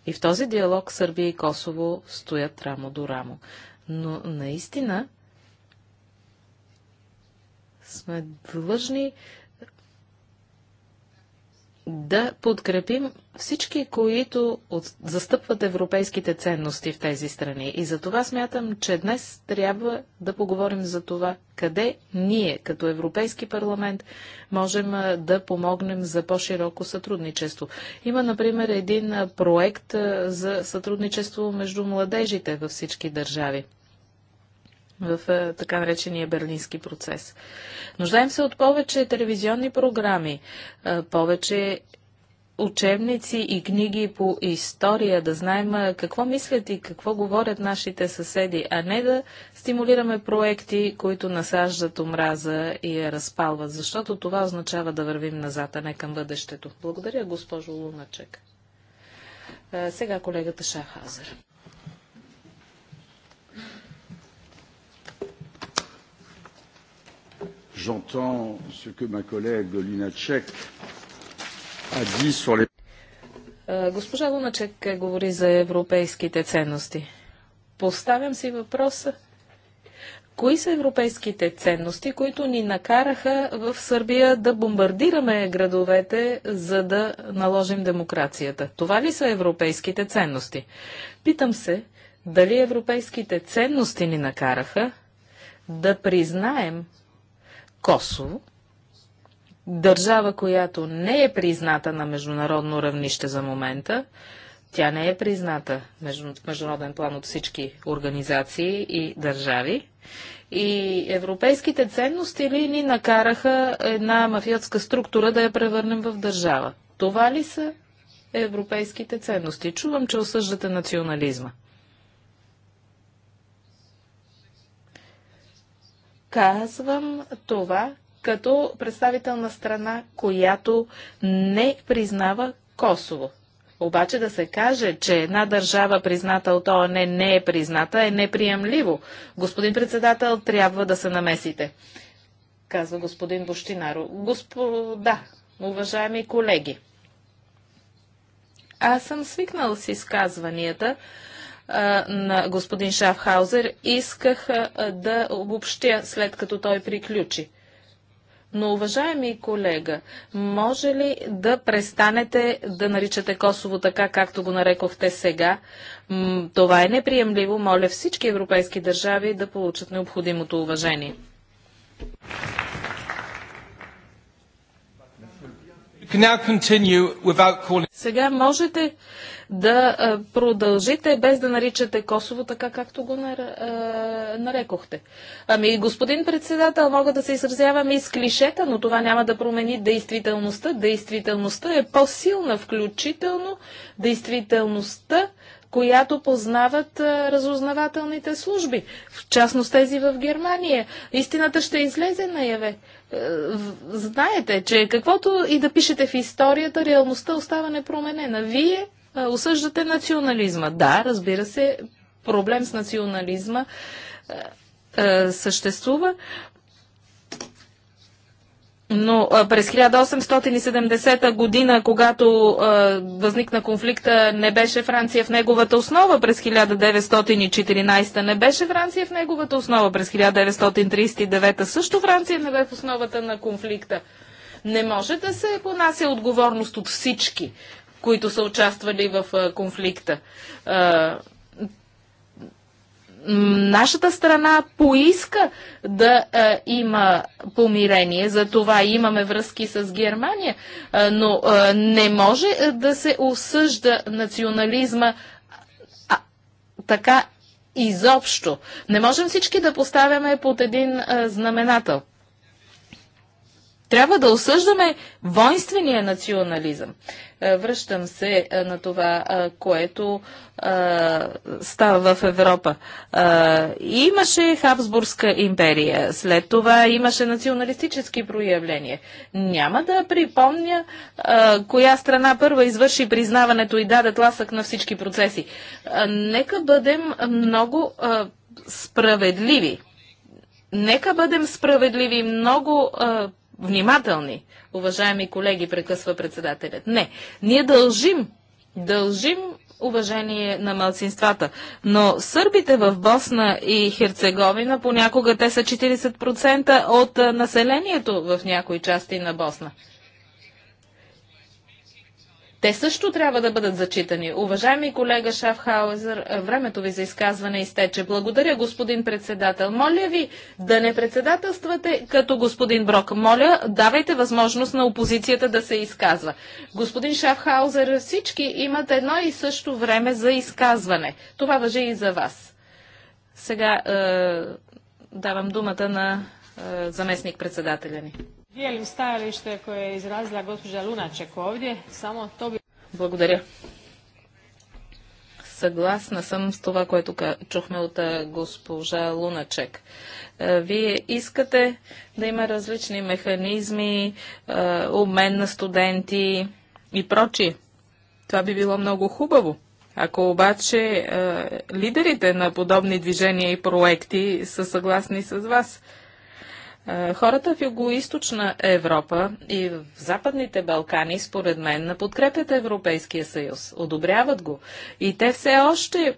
и в този диалог Сърбия и Косово стоят рамо до рамо. Но наистина сме длъжни да подкрепим всички, които от... застъпват европейските ценности в тези страни. И за това смятам, че днес трябва да поговорим за това, къде ние, като Европейски парламент, можем да помогнем за по-широко сътрудничество. Има, например, един проект за сътрудничество между младежите във всички държави в е, така наречения берлински процес. Нуждаем се от повече телевизионни програми, е, повече учебници и книги по история, да знаем е, какво мислят и какво говорят нашите съседи, а не да стимулираме проекти, които насаждат омраза и я разпалват, защото това означава да вървим назад, а не към бъдещето. Благодаря, госпожо Луначек. Сега колегата Шахазер. J'entends ce que ma collègue Lunacek a dit sur les... Е, госпожа Луначек говори за европейските ценности. Поставям си въпроса, кои са европейските ценности, които ни накараха в Сърбия да бомбардираме градовете, за да наложим демокрацията? Това ли са европейските ценности? Питам се, дали европейските ценности ни накараха да признаем Косово, държава, която не е призната на международно равнище за момента, тя не е призната в международен план от всички организации и държави. И европейските ценности ли ни накараха една мафиотска структура да я превърнем в държава? Това ли са европейските ценности? Чувам, че осъждате национализма. Казвам това като представител на страна, която не признава Косово. Обаче да се каже, че една държава, призната от ООН, не, не е призната, е неприемливо. Господин председател, трябва да се намесите, казва господин Бощинаро. Господа, уважаеми колеги, аз съм свикнал с изказванията, на господин Шафхаузер, исках да обобщя след като той приключи. Но, уважаеми колега, може ли да престанете да наричате Косово така, както го нарекохте сега? Това е неприемливо. Моля всички европейски държави да получат необходимото уважение. Сега можете да продължите без да наричате Косово така, както го нарекохте. Ами, господин председател, мога да се изразявам и с клишета, но това няма да промени действителността. Действителността е по-силна, включително действителността която познават разузнавателните служби, в частност тези в Германия. Истината ще излезе наяве. Знаете, че каквото и да пишете в историята, реалността остава непроменена. Вие осъждате национализма. Да, разбира се, проблем с национализма съществува, но през 1870 година, когато а, възникна конфликта, не беше Франция в неговата основа през 1914, не беше Франция в неговата основа през 1939, също Франция не бе в основата на конфликта. Не може да се понася отговорност от всички които са участвали в конфликта. Нашата страна поиска да а, има помирение, за това имаме връзки с Германия, а, но а, не може да се осъжда национализма а, така изобщо. Не можем всички да поставяме под един а, знаменател трябва да осъждаме воинствения национализъм. Е, връщам се е, на това, е, което става в Европа. Имаше Хабсбургска империя, след това имаше националистически проявления. Няма да припомня коя страна първа извърши признаването и даде тласък на всички процеси. Нека бъдем много справедливи. Нека бъдем справедливи. Много а, внимателни, уважаеми колеги, прекъсва председателят. Не, ние дължим, дължим уважение на малцинствата. Но сърбите в Босна и Херцеговина понякога те са 40% от населението в някои части на Босна. Те също трябва да бъдат зачитани. Уважаеми колега Шафхаузер, времето ви за изказване изтече. Благодаря, господин председател. Моля ви да не председателствате като господин Брок. Моля, давайте възможност на опозицията да се изказва. Господин Шафхаузер, всички имат едно и също време за изказване. Това въжи и за вас. Сега е, давам думата на е, заместник председателя ни. Дијелим стајалиште које је изразила госпођа Луначек ovdje, само то би... Благодаря. Съгласна съм с това, което чухме от госпожа Луначек. Е, вие искате да има различни механизми, е, обмен на студенти и прочие. Това би било много хубаво. Ако обаче е, лидерите на подобни движения и проекти са съгласни с вас, е, хората в Юго-Источна Европа и в Западните Балкани, според мен, не подкрепят Европейския съюз, одобряват го и те все още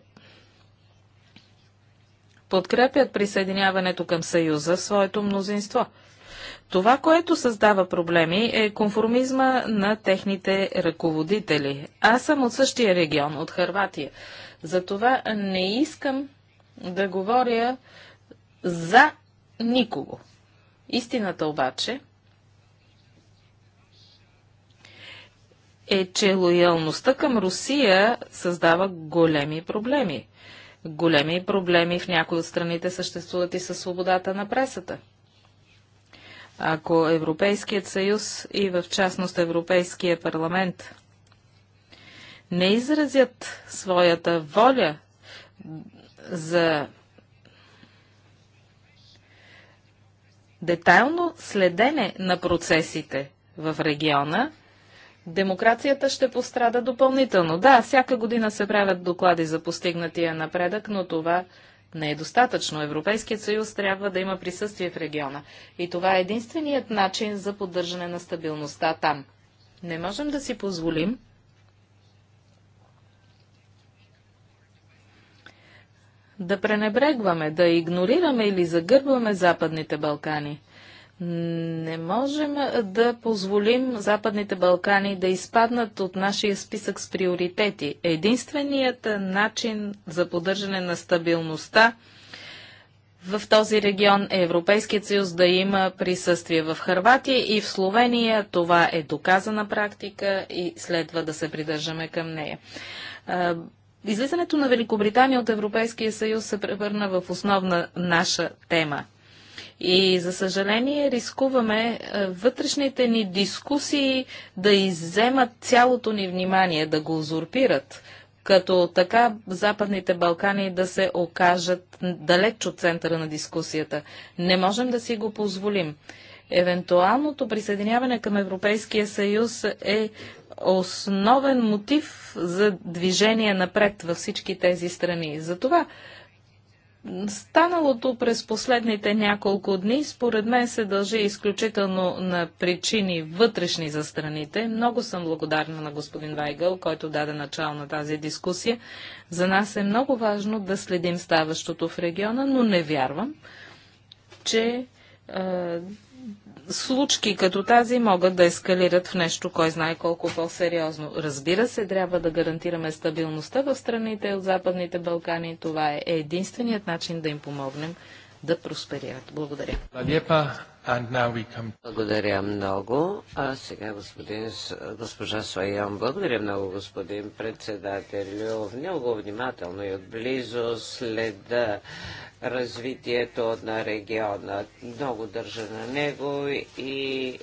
подкрепят присъединяването към Съюза в своето мнозинство. Това, което създава проблеми, е конформизма на техните ръководители. Аз съм от същия регион, от Харватия. Затова не искам да говоря за никого. Истината обаче е, че лоялността към Русия създава големи проблеми. Големи проблеми в някои от страните съществуват и със свободата на пресата. Ако Европейският съюз и в частност Европейския парламент не изразят своята воля за детайлно следене на процесите в региона, демокрацията ще пострада допълнително. Да, всяка година се правят доклади за постигнатия напредък, но това не е достатъчно. Европейският съюз трябва да има присъствие в региона. И това е единственият начин за поддържане на стабилността там. Не можем да си позволим да пренебрегваме, да игнорираме или загърбваме Западните Балкани. Не можем да позволим Западните Балкани да изпаднат от нашия списък с приоритети. Единственият начин за поддържане на стабилността в този регион е Европейският съюз да има присъствие в Харватия и в Словения. Това е доказана практика и следва да се придържаме към нея. Излизането на Великобритания от Европейския съюз се превърна в основна наша тема. И за съжаление рискуваме е, вътрешните ни дискусии да изземат цялото ни внимание, да го узурпират, като така Западните Балкани да се окажат далеч от центъра на дискусията. Не можем да си го позволим. Евентуалното присъединяване към Европейския съюз е основен мотив за движение напред във всички тези страни. Затова Станалото през последните няколко дни, според мен, се дължи изключително на причини вътрешни за страните. Много съм благодарна на господин Вайгъл, който даде начало на тази дискусия. За нас е много важно да следим ставащото в региона, но не вярвам, че е, случки като тази могат да ескалират в нещо, кой знае колко по-сериозно. Разбира се, трябва да гарантираме стабилността в страните от Западните Балкани. Това е единственият начин да им помогнем да просперират. Благодаря. Благодаря много. А сега господин, госпожа Соян, благодаря много господин председател. Много внимателно и отблизо следа развитието на региона. Много държа на него и е,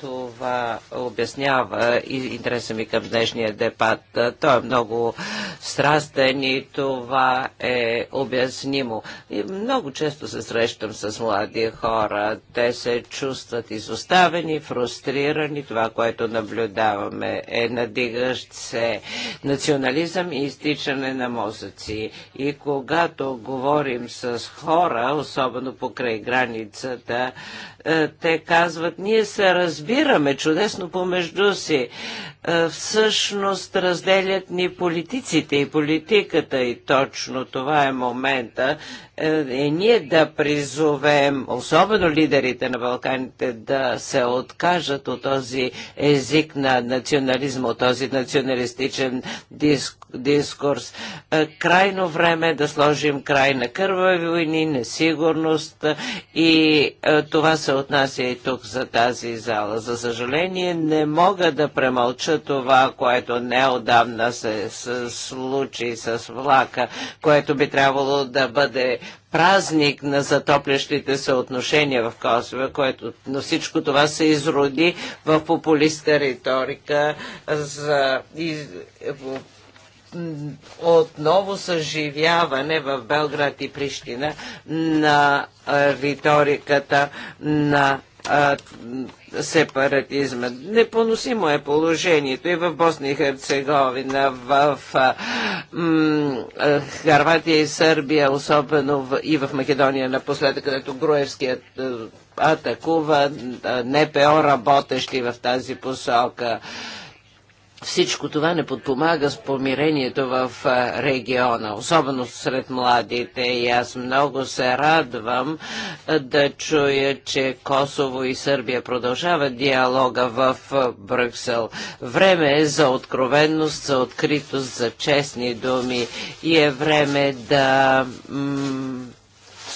това обяснява и интереса ми към днешния дебат. Той е много страстен и това е обяснимо. И много често се срещам с млади хора. Те се чувстват изоставени, фрустрирани. Това, което наблюдаваме е надигащ се национализъм и изтичане на мозъци. И когато говорим с с хора, особено покрай границата, е, те казват, ние се разбираме чудесно помежду си. Е, всъщност разделят ни политиците и политиката и точно това е момента. Е, и ние да призовем, особено лидерите на Балканите, да се откажат от този език на национализма, от този националистичен диск, дискурс. крайно време да сложим край на кървави войни, несигурност и това се отнася и тук за тази зала. За съжаление, не мога да премълча това, което неодавна се случи с влака, което би трябвало да бъде празник на затоплящите се отношения в Косово, което, но всичко това се изроди в популистка риторика за отново съживяване в Белград и Прищина на риториката на сепаратизма. Непоносимо е положението и в Босния и Херцеговина, в Харватия и Сърбия, особено в, и в Македония напоследък, където Груевският атакува НПО работещи в тази посока. Всичко това не подпомага с помирението в региона, особено сред младите. И аз много се радвам да чуя, че Косово и Сърбия продължават диалога в Брюксел. Време е за откровенност, за откритост, за честни думи и е време да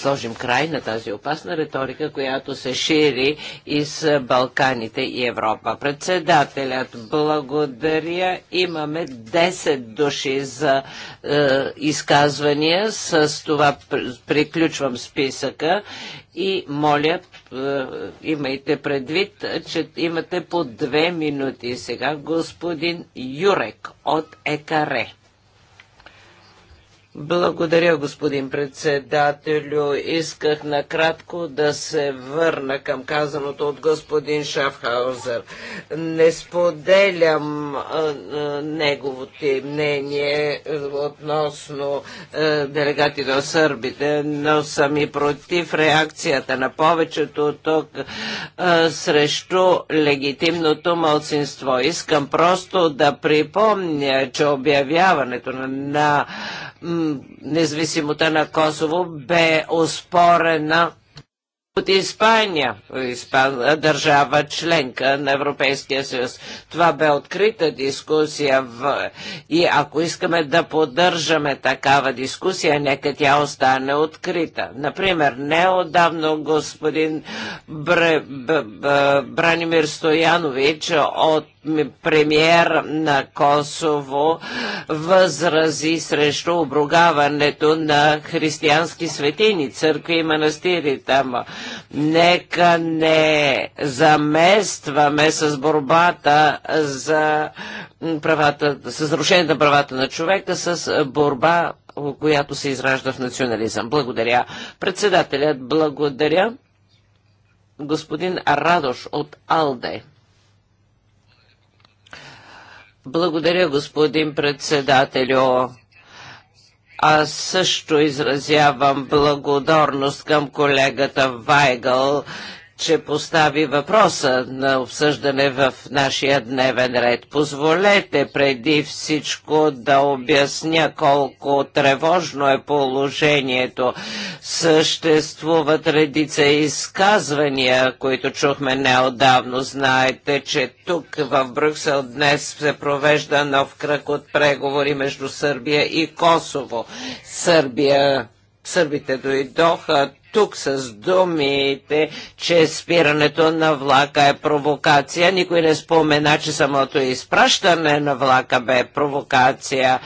сложим край на тази опасна риторика, която се шири из Балканите и Европа. Председателят, благодаря. Имаме 10 души за е, изказвания. С това приключвам списъка и моля, е, имайте предвид, че имате по две минути. Сега господин Юрек от ЕКАРЕ. Благодаря, господин председателю. Исках накратко да се върна към казаното от господин Шафхаузер. Не споделям а, неговото мнение е, относно а, е, делегати на сърбите, но съм и против реакцията на повечето тук а, е, срещу легитимното мълцинство. Искам просто да припомня, че обявяването на, на независимостта на Косово бе оспорена от Испания, Испан, държава членка на Европейския съюз. Това бе открита дискусия в... и ако искаме да поддържаме такава дискусия, нека тя остане открита. Например, неодавно господин Бр... Бр... Бр... Бранимир Стоянович от премьер на Косово възрази срещу обругаването на християнски светини, църкви и манастири там. Нека не заместваме с борбата за правата, с нарушението на правата на човека, с борба, която се изражда в национализъм. Благодаря. Председателят, благодаря. Господин Радош от Алде. Благодаря, господин председателю. Аз също изразявам благодарност към колегата Вайгъл че постави въпроса на обсъждане в нашия дневен ред. Позволете преди всичко да обясня колко тревожно е положението. Съществуват редица изказвания, които чухме неодавно. Знаете, че тук в Брюксел днес се провежда нов кръг от преговори между Сърбия и Косово. Сърбия Сърбите дойдоха тук с думите, че спирането на влака е провокация. Никой не спомена, че самото изпращане на влака бе провокация.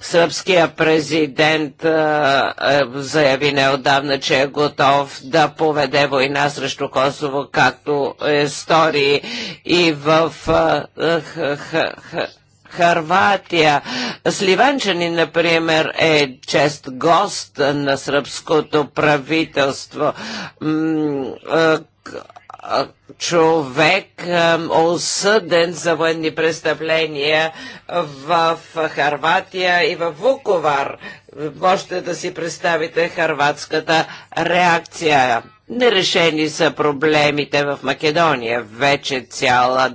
Сръбския президент а, заяви неодавна, че е готов да поведе война срещу Косово, както е стори и в а, х, х, х, Харватия. Сливанчани, например, е чест гост на сръбското правителство. Човек осъден за военни престъпления в Харватия и в Вуковар. Можете да си представите харватската реакция. Нерешени са проблемите в Македония. Вече цяла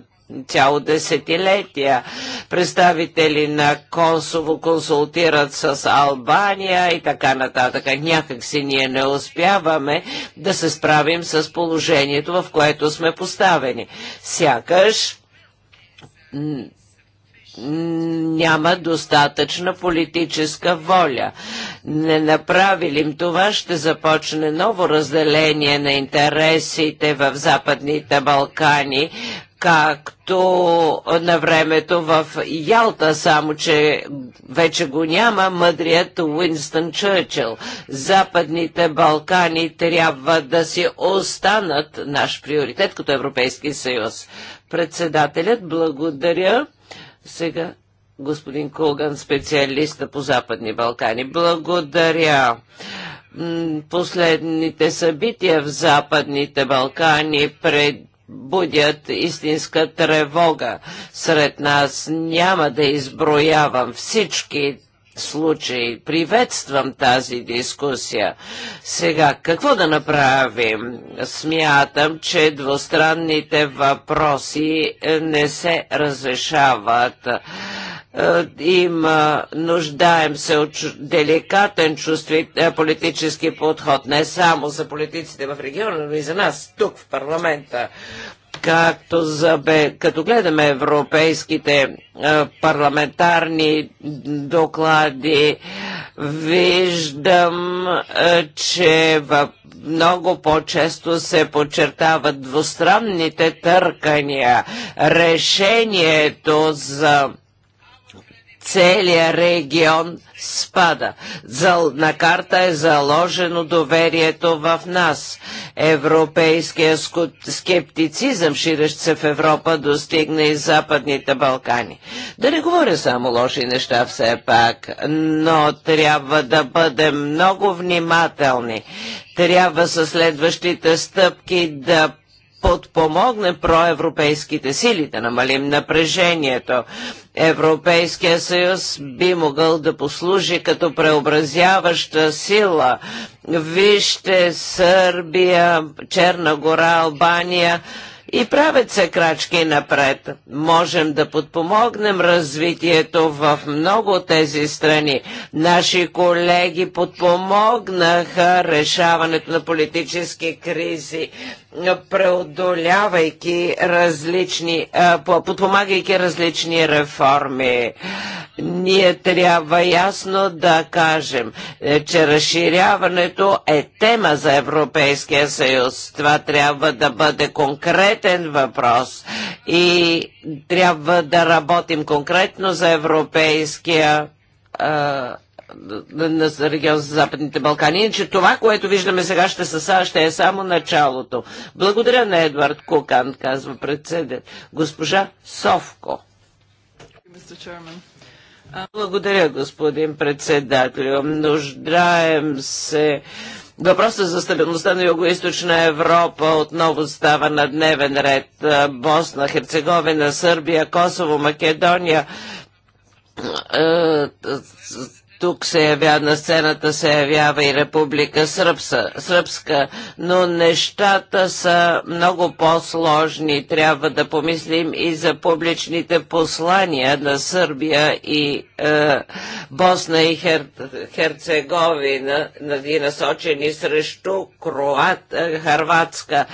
цяло десетилетия. Представители на Косово консултират с Албания и така нататък. Някак си ние не успяваме да се справим с положението, в което сме поставени. Сякаш няма достатъчна политическа воля. Не направили им това, ще започне ново разделение на интересите в Западните Балкани както на времето в Ялта, само че вече го няма мъдрият Уинстън Чърчил. Западните Балкани трябва да си останат наш приоритет като Европейски съюз. Председателят, благодаря. Сега господин Кулган, специалиста по Западни Балкани. Благодаря последните събития в Западните Балкани пред будят истинска тревога. Сред нас няма да изброявам всички случаи. Приветствам тази дискусия. Сега, какво да направим? Смятам, че двустранните въпроси е, не се разрешават. Е, има, нуждаем се от деликатен чувстви, е, политически подход, не само за политиците в региона, но и за нас тук в парламента. Както за, като гледаме европейските е, парламентарни доклади, виждам, че в много по-често се подчертават двустранните търкания. Решението за Целият регион спада. На карта е заложено доверието в нас. Европейския скептицизъм, ширещ се в Европа, достигна и Западните Балкани. Да не говоря само лоши неща все пак, но трябва да бъдем много внимателни. Трябва със следващите стъпки да подпомогне проевропейските сили, да намалим напрежението. Европейския съюз би могъл да послужи като преобразяваща сила. Вижте Сърбия, Черна гора, Албания и правят се крачки напред. Можем да подпомогнем развитието в много от тези страни. Наши колеги подпомогнаха решаването на политически кризи преодолявайки различни, подпомагайки различни реформи. Ние трябва ясно да кажем, е, че разширяването е тема за Европейския съюз. Това трябва да бъде конкретен въпрос и трябва да работим конкретно за Европейския на регион за Западните Балкани. Иначе това, което виждаме сега, ще, са, ще е само началото. Благодаря на Едвард Кокан, казва председател. Госпожа Совко. Благодаря, господин председател. Нуждаем се Въпросът за стабилността на Юго-Источна Европа отново става на дневен ред. Босна, Херцеговина, Сърбия, Косово, Македония тук се явя, на сцената се явява и Република Сръбса, Сръбска, но нещата са много по-сложни. Трябва да помислим и за публичните послания на Сърбия и е, Босна и Хер, Херцеговина, нали, насочени срещу Кроат, е, Харватска.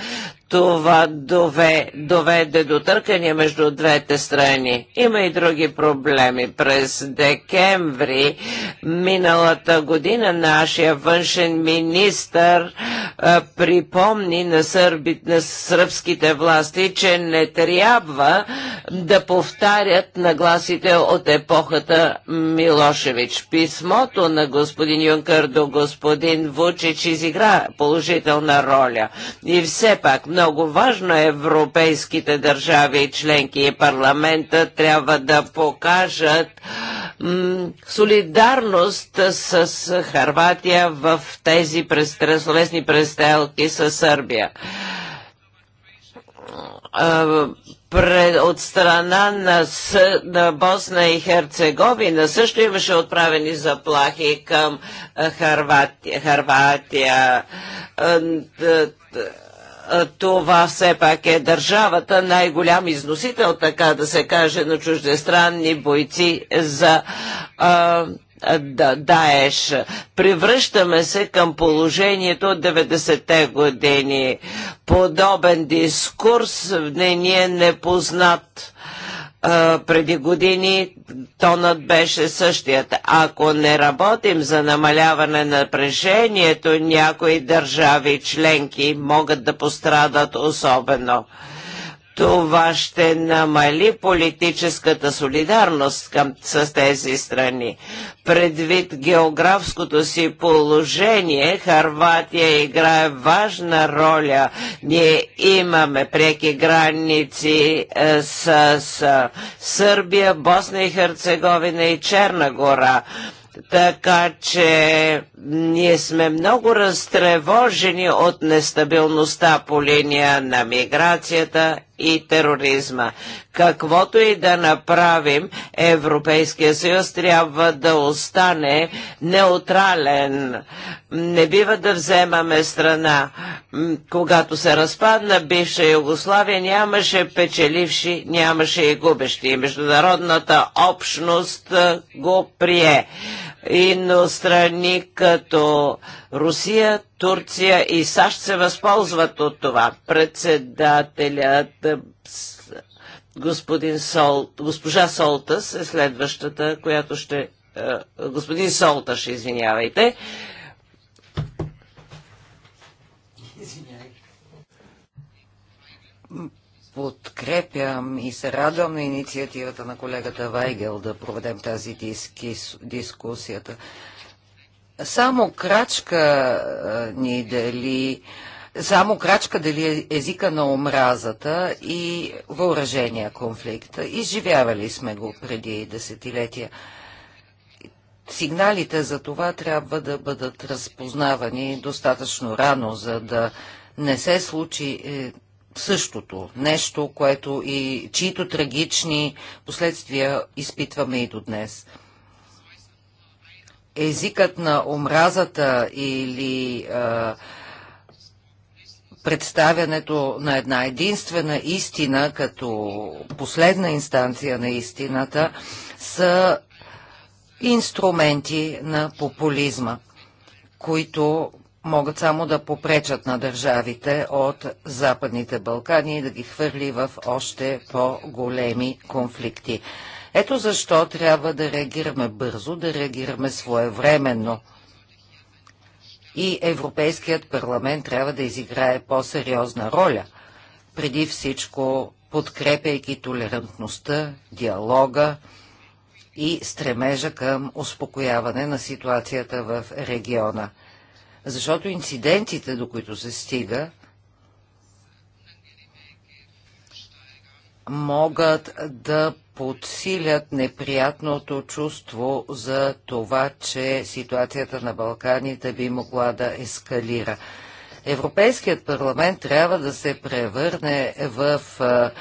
Това дове, доведе до търкания между двете страни. Има и други проблеми. През декември миналата година нашия външен министр а, припомни на, сърби, на сръбските власти, че не трябва да повтарят нагласите от епохата Милошевич. Писмото на господин Юнкър до господин Вучич изигра положителна роля. И все пак много важно европейските държави и членки и парламента трябва да покажат солидарност с Харватия в тези словесни престелки с Сърбия от страна на, С, на Босна и Херцеговина също имаше отправени заплахи към Харватия. Харватия това все пак е държавата най-голям износител, така да се каже, на чуждестранни бойци за а, да, Даеш. Превръщаме се към положението от 90-те години. Подобен дискурс не ни е непознат. А, преди години тонът беше същият. Ако не работим за намаляване на напрежението, някои държави членки могат да пострадат особено. Това ще намали политическата солидарност към, с тези страни. Предвид географското си положение, Харватия играе важна роля. Ние имаме преки граници е, с, с е, Сърбия, Босна и Херцеговина и Черна гора. Така че ние сме много разтревожени от нестабилността по линия на миграцията и тероризма. Каквото и да направим, Европейския съюз трябва да остане неутрален. Не бива да вземаме страна. Когато се разпадна бивша Югославия, нямаше печеливши, нямаше и губещи. международната общност го прие. И на страни като Русия, Турция и САЩ се възползват от това. Председателят е, господин Сол, госпожа Солтас е следващата, която ще е, господин Солташ, извинявайте, подкрепям и се радвам на инициативата на колегата Вайгел да проведем тази дискис, дискусията. Само крачка ни дали само крачка дали езика на омразата и въоръжения конфликта. Изживявали сме го преди десетилетия. Сигналите за това трябва да бъдат разпознавани достатъчно рано, за да не се случи е, същото нещо, което и чието трагични последствия изпитваме и до днес. Езикът на омразата или а, представянето на една единствена истина като последна инстанция на истината са инструменти на популизма, които могат само да попречат на държавите от Западните Балкани и да ги хвърли в още по-големи конфликти. Ето защо трябва да реагираме бързо, да реагираме своевременно. И Европейският парламент трябва да изиграе по-сериозна роля, преди всичко подкрепяйки толерантността, диалога и стремежа към успокояване на ситуацията в региона защото инцидентите, до които се стига, могат да подсилят неприятното чувство за това, че ситуацията на Балканите би могла да ескалира. Европейският парламент трябва да се превърне в а,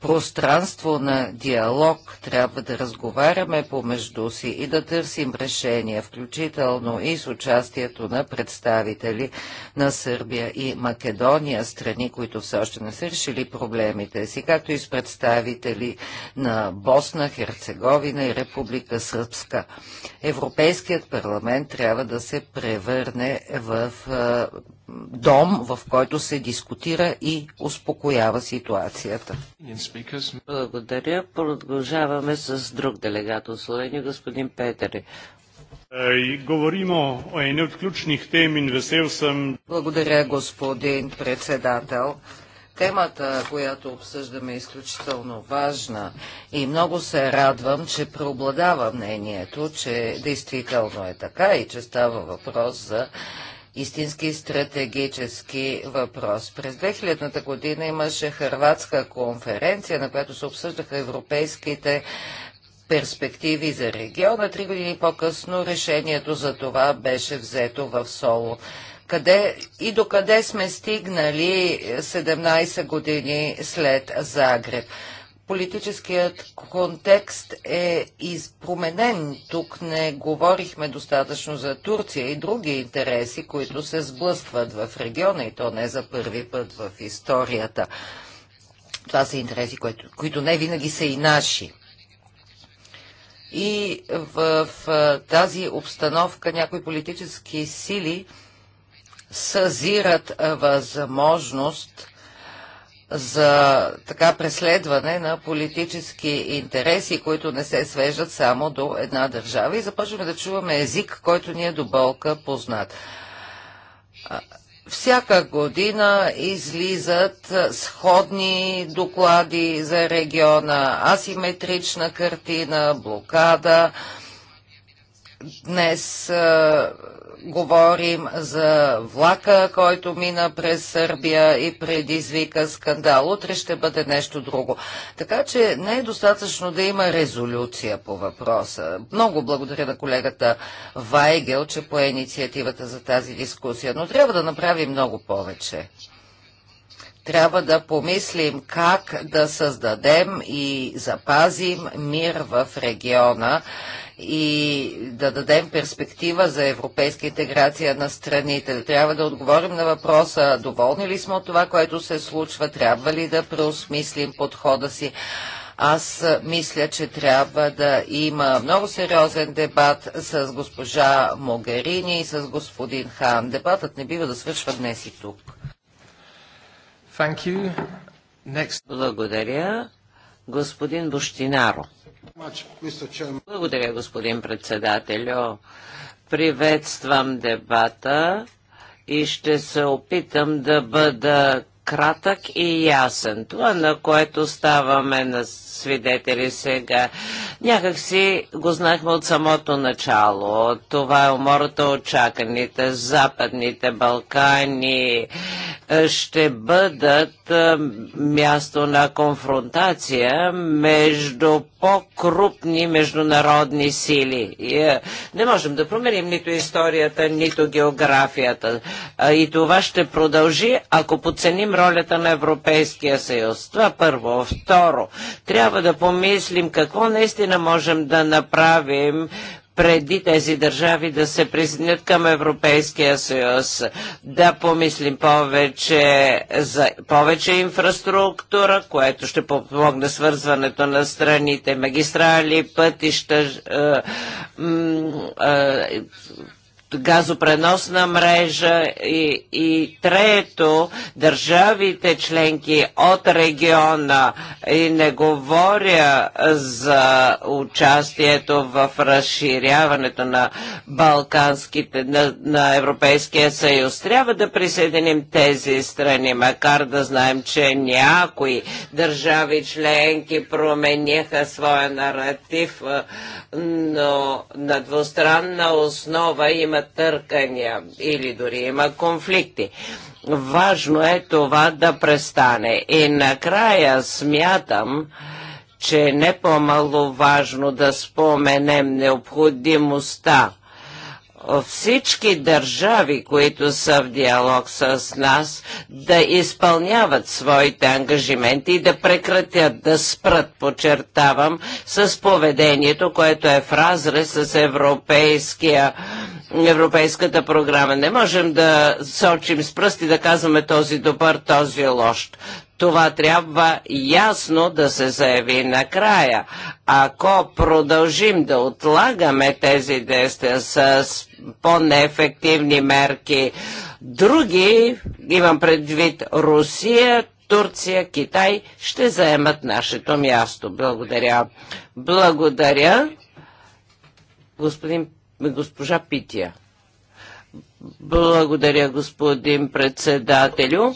пространство на диалог трябва да разговаряме помежду си и да търсим решения, включително и с участието на представители на Сърбия и Македония, страни, които все още не са решили проблемите си, както и с представители на Босна, Херцеговина и Република Сръбска. Европейският парламент трябва да се превърне в дом, в който се дискутира и успокоява ситуацията. Благодаря. Продължаваме с друг делегат от Словения, господин Петър. Е, Говоримо о от ключних тем съм. Благодаря, господин председател. Темата, която обсъждаме, е изключително важна и много се радвам, че преобладава мнението, че действително е така и че става въпрос за истински стратегически въпрос. През 2000-та година имаше хърватска конференция, на която се обсъждаха европейските перспективи за региона. Три години по-късно решението за това беше взето в Соло. Къде и докъде сме стигнали 17 години след Загреб? политическият контекст е изпроменен. Тук не говорихме достатъчно за Турция и други интереси, които се сблъскват в региона и то не за първи път в историята. Това са интереси, които, които не винаги са и наши. И в, в тази обстановка някои политически сили съзират възможност за така преследване на политически интереси, които не се свеждат само до една държава и започваме да чуваме език, който ни е до болка познат. Всяка година излизат сходни доклади за региона, асиметрична картина, блокада. Днес говорим за влака, който мина през Сърбия и предизвика скандал. Утре ще бъде нещо друго. Така че не е достатъчно да има резолюция по въпроса. Много благодаря на колегата Вайгел, че пое инициативата за тази дискусия, но трябва да направим много повече трябва да помислим как да създадем и запазим мир в региона и да дадем перспектива за европейска интеграция на страните. Трябва да отговорим на въпроса, доволни ли сме от това, което се случва, трябва ли да преосмислим подхода си. Аз мисля, че трябва да има много сериозен дебат с госпожа Могарини и с господин Хан. Дебатът не бива да свършва днес и тук. Благодаря. Господин Бощинаро. Благодаря, господин председателю. Приветствам дебата и ще се опитам да бъда кратък и ясен. Това, на което ставаме на свидетели сега, някак си го знахме от самото начало. Това е умората от чаканите. Западните Балкани е, ще бъдат е, място на конфронтация между по-крупни международни сили. Е, не можем да променим нито историята, нито географията. И това ще продължи, ако подценим ролята на Европейския съюз. Това първо. Второ, трябва да помислим какво наистина можем да направим преди тези държави да се присъединят към Европейския съюз, да помислим повече за повече инфраструктура, което ще помогне свързването на страните, магистрали, пътища, е, е, газопреносна мрежа и, и трето, държавите членки от региона и не говоря за участието в разширяването на Балканските, на, на Европейския съюз. Трябва да присъединим тези страни, макар да знаем, че някои държави членки промениха своя наратив, но на двустранна основа има има търкания или дори има конфликти. Важно е това да престане. И накрая смятам, че е не по-маловажно да споменем необходимостта всички държави, които са в диалог с нас, да изпълняват своите ангажименти и да прекратят, да спрат, подчертавам, с поведението, което е в разрез с европейския европейската програма. Не можем да сочим с пръсти да казваме този добър, този е лош. Това трябва ясно да се заяви накрая. Ако продължим да отлагаме тези действия с по-неефективни мерки, други, имам предвид Русия, Турция, Китай, ще заемат нашето място. Благодаря. Благодаря. Господин госпожа Пития. Благодаря, господин председателю.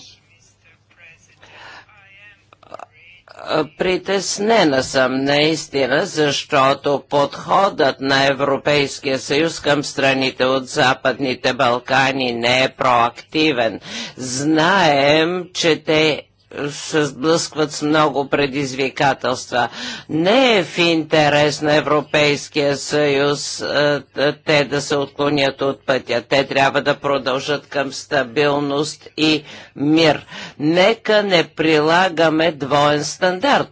Притеснена съм наистина, защото подходът на Европейския съюз към страните от Западните Балкани не е проактивен. Знаем, че те се сблъскват с много предизвикателства. Не е в интерес на Европейския съюз е, е, те да се отклонят от пътя. Те трябва да продължат към стабилност и мир. Нека не прилагаме двоен стандарт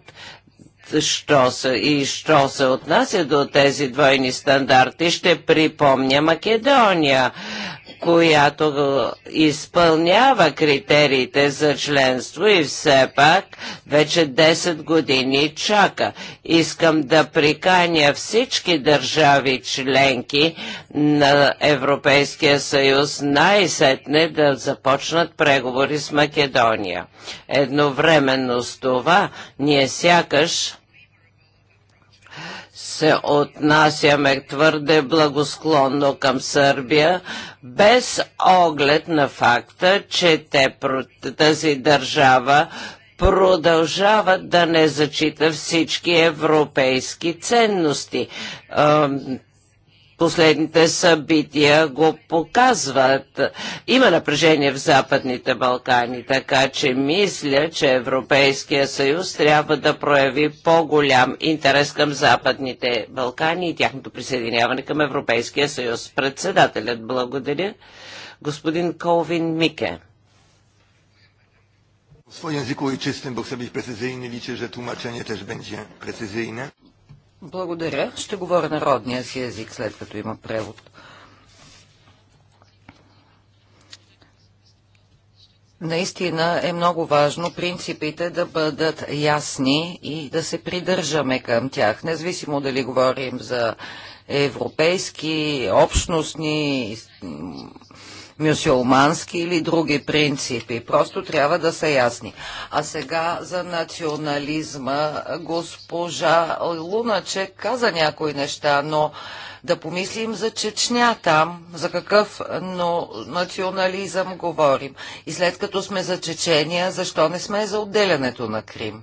що се, и що се отнася до тези двойни стандарти, ще припомня Македония която изпълнява критериите за членство и все пак вече 10 години чака. Искам да приканя всички държави членки на Европейския съюз най-сетне да започнат преговори с Македония. Едновременно с това ние сякаш се отнасяме твърде благосклонно към Сърбия, без оглед на факта, че те, тази държава продължава да не зачита всички европейски ценности. Последните събития го показват. Има напрежение в Западните Балкани, така че мисля, че Европейския съюз трябва да прояви по-голям интерес към Западните Балкани и тяхното присъединяване към Европейския съюз. Председателят благодаря. Господин Колвин Мике. Своя swoim języku ojczystym, bo chcę być precyzyjny, liczę, że tłumaczenie też będzie precyzyjne. Благодаря. Ще говоря народния си език, след като има превод. Наистина е много важно принципите да бъдат ясни и да се придържаме към тях, независимо дали говорим за европейски, общностни, мюсюлмански или други принципи. Просто трябва да са ясни. А сега за национализма госпожа Луначе каза някои неща, но да помислим за Чечня там, за какъв но национализъм говорим. И след като сме за Чечения, защо не сме за отделянето на Крим?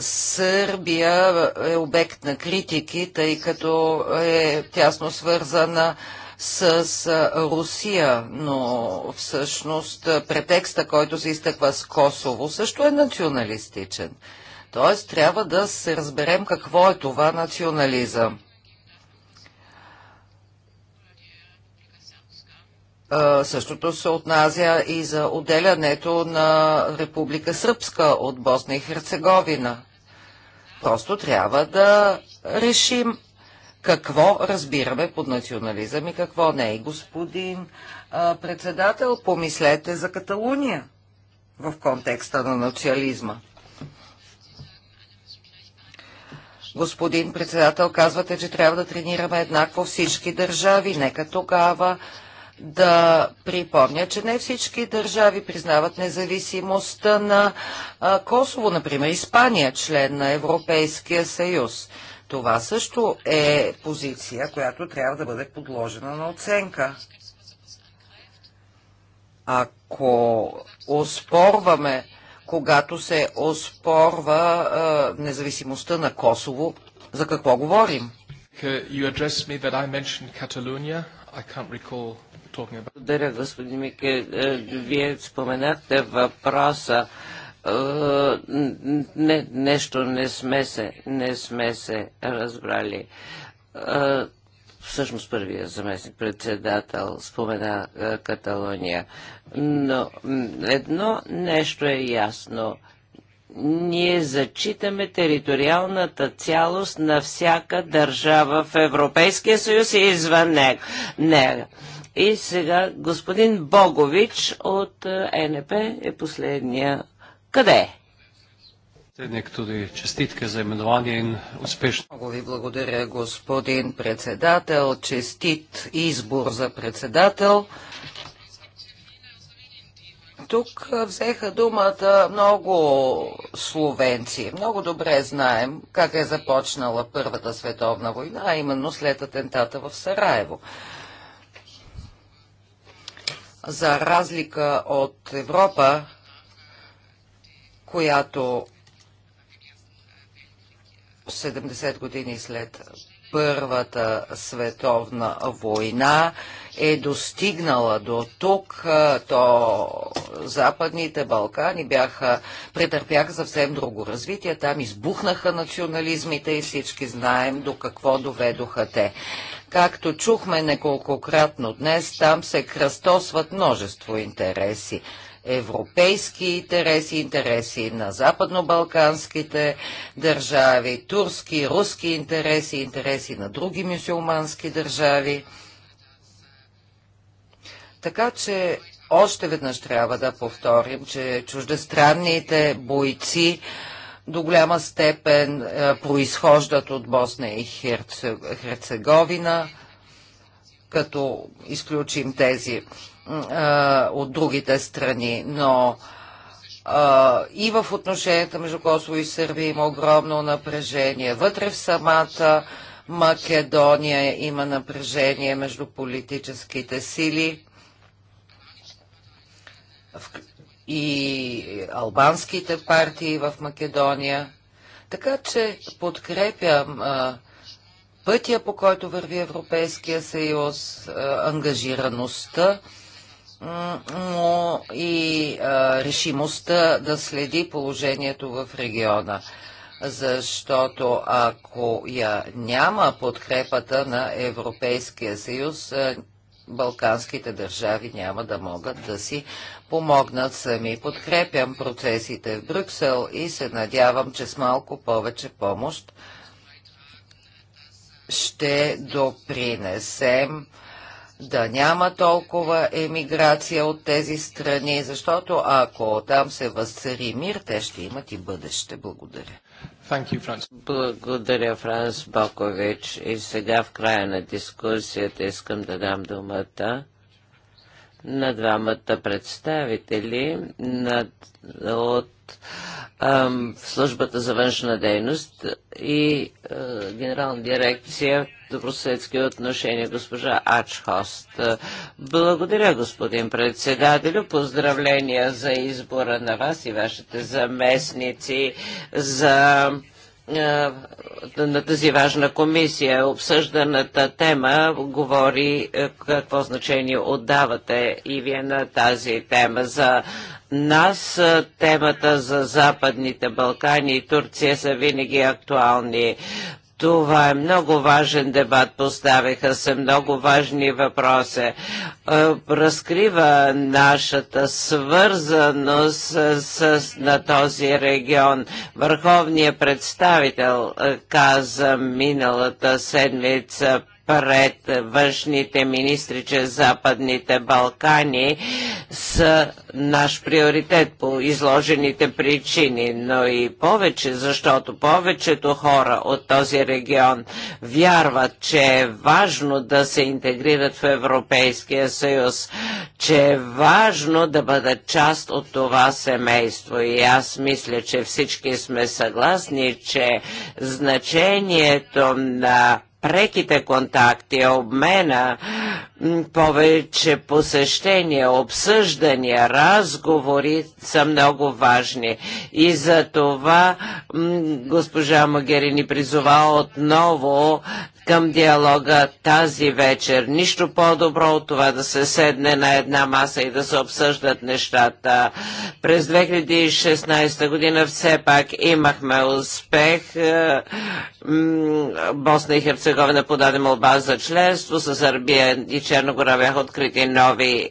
Сърбия е обект на критики, тъй като е тясно свързана с с Русия, но всъщност претекста, който се изтъква с Косово, също е националистичен. Тоест трябва да се разберем какво е това национализъм. Същото се отнася и за отделянето на Република Сръбска от Босна и Херцеговина. Просто трябва да решим какво разбираме под национализъм и какво не. И господин а, председател, помислете за Каталуния в контекста на национализма. Господин председател, казвате, че трябва да тренираме еднакво всички държави. Нека тогава да припомня, че не всички държави признават независимостта на а, Косово, например Испания, член на Европейския съюз. Това също е позиция, която трябва да бъде подложена на оценка. Ако оспорваме, когато се оспорва е, независимостта на Косово, за какво говорим? Благодаря, господин Мике. Е, вие споменахте въпроса не, нещо не сме се, не сме се разбрали. Всъщност първия заместник председател спомена Каталония. Но едно нещо е ясно ние зачитаме териториалната цялост на всяка държава в Европейския съюз и извън него. Не. И сега господин Богович от ЕНП е последния къде Председник, туди честитка за именование и успешно. Много ви благодаря, господин председател. Честит избор за председател. Тук взеха думата много словенци. Много добре знаем как е започнала Първата световна война, а именно след атентата в Сараево. За разлика от Европа, която 70 години след Първата световна война е достигнала до тук, то Западните Балкани бяха, претърпяха съвсем друго развитие, там избухнаха национализмите и всички знаем до какво доведоха те. Както чухме неколкократно днес, там се кръстосват множество интереси европейски интереси, интереси на западно-балканските държави, турски, руски интереси, интереси на други мюсюлмански държави. Така че още веднъж трябва да повторим, че чуждестранните бойци до голяма степен е, произхождат от Босна и Херцеговина, като изключим тези а, от другите страни, но а, и в отношенията между Косово и Сърбия има огромно напрежение. Вътре в самата Македония има напрежение между политическите сили и албанските партии в Македония. Така че подкрепям а, пътя, по който върви Европейския съюз, а, ангажираността но и решимостта да следи положението в региона. Защото ако я няма подкрепата на Европейския съюз, балканските държави няма да могат да си помогнат сами. Подкрепям процесите в Брюксел и се надявам, че с малко повече помощ ще допринесем да няма толкова емиграция от тези страни, защото ако там се възцари мир, те ще имат и бъдеще. Благодаря. You, Франц. Благодаря, Франс Бокович. И сега в края на дискусията искам да дам думата на двамата представители на, от в службата за външна дейност и генерална дирекция добросъседски отношения госпожа Ачхост. Благодаря, господин председателю. Поздравления за избора на вас и вашите заместници за е, на тази важна комисия. Обсъжданата тема говори е, какво значение отдавате и вие на тази тема. За нас е, темата за Западните Балкани и Турция са винаги актуални. Това е много важен дебат. Поставиха се много важни въпроси. Е, разкрива нашата свързаност с, с, на този регион. Върховният представител е, каза миналата седмица пред външните министри, че Западните Балкани са наш приоритет по изложените причини, но и повече, защото повечето хора от този регион вярват, че е важно да се интегрират в Европейския съюз, че е важно да бъдат част от това семейство. И аз мисля, че всички сме съгласни, че значението на преките контакти, обмена, повече посещения, обсъждания, разговори са много важни. И за това госпожа Магерини призова отново към диалога тази вечер. Нищо по-добро от това да се седне на една маса и да се обсъждат нещата. През 2016 година все пак имахме успех. Е, Босна и Херцеговина Херцеговина подаде молба за членство, с Сърбия и Черногора бяха открити нови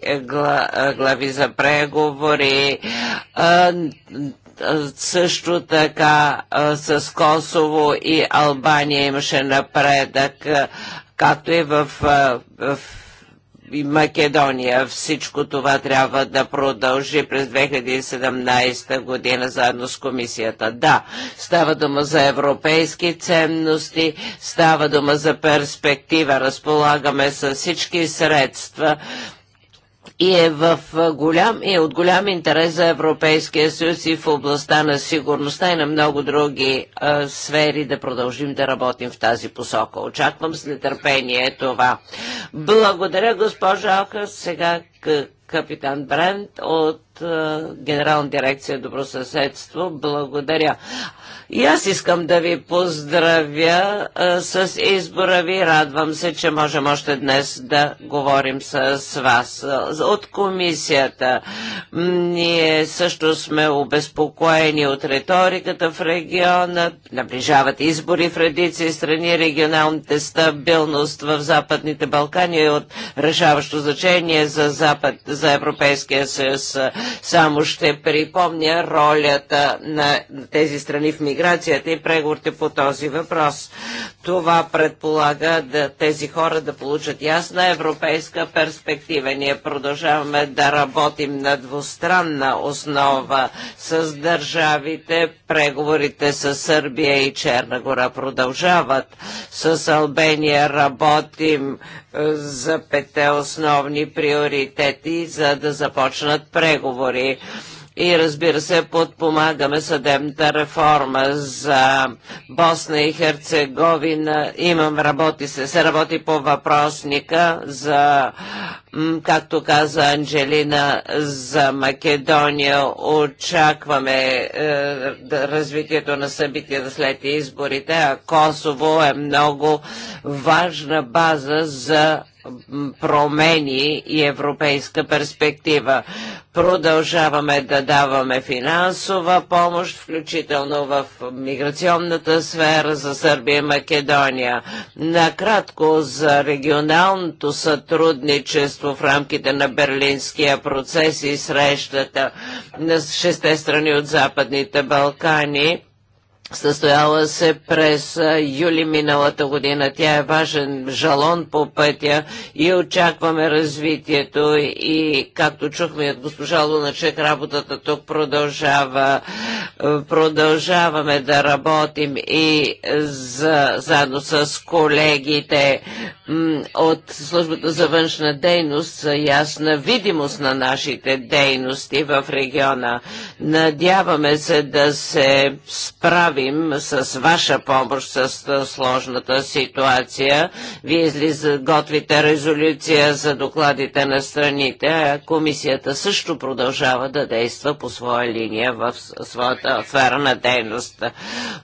глави за преговори също така с Косово и Албания имаше напредък, както и в, в и Македония. Всичко това трябва да продължи през 2017 година заедно с комисията. Да, става дума за европейски ценности, става дума за перспектива. Разполагаме с всички средства, и е, в голям, е от голям интерес за Европейския съюз и в областта на сигурността и на много други а, сфери да продължим да работим в тази посока. Очаквам с нетърпение това. Благодаря, госпожа Алка. Сега капитан Брент от е, Генерална дирекция Добросъседство. Благодаря. И аз искам да ви поздравя а, е, с избора ви. Радвам се, че можем още днес да говорим с, с вас. Е, от комисията ние също сме обезпокоени от риториката в региона. Наближават избори в редици страни, регионалната стабилност в Западните Балкани е от решаващо значение за, Запад, за Европейския съюз. Само ще припомня ролята на тези страни в миграцията и преговорите по този въпрос. Това предполага да тези хора да получат ясна европейска перспектива. Ние продължаваме да работим на двустранна основа с държавите. Преговорите с Сърбия и Черна гора продължават. С Албения работим за пете основни приоритети, за да започнат преговори. И разбира се, подпомагаме съдебната реформа за Босна и Херцеговина. Имам работи се, се работи по въпросника за, както каза Анджелина, за Македония. Очакваме е, развитието на събитията след изборите, а Косово е много важна база за промени и европейска перспектива. Продължаваме да даваме финансова помощ, включително в миграционната сфера за Сърбия и Македония. Накратко за регионалното сътрудничество в рамките на Берлинския процес и срещата на шесте страни от Западните Балкани – състояла се през юли миналата година. Тя е важен жалон по пътя и очакваме развитието и, както чухме от госпожа Луначек, работата тук продължава. Е, продължаваме да работим и за, заедно с колегите от Службата за външна дейност за е, ясна видимост на нашите дейности в региона. Надяваме се да се справи борим с ваша помощ с сложната ситуация. Вие излиза, готвите резолюция за докладите на страните, а комисията също продължава да действа по своя линия в своята сфера на дейност.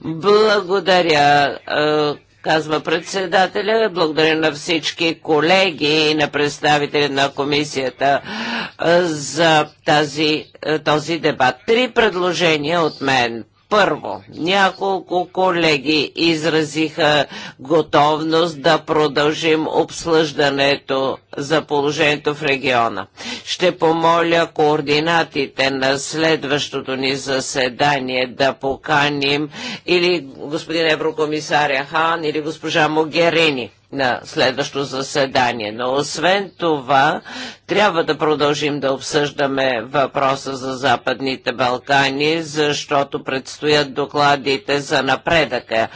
Благодаря казва председателя. Благодаря на всички колеги и на представители на комисията за тази, този дебат. Три предложения от мен. Първо, няколко колеги изразиха готовност да продължим обсъждането за положението в региона. Ще помоля координатите на следващото ни заседание да поканим или господин еврокомисаря Хан или госпожа Могерини на следващо заседание. Но освен това, трябва да продължим да обсъждаме въпроса за Западните Балкани, защото предстоят докладите за напредъка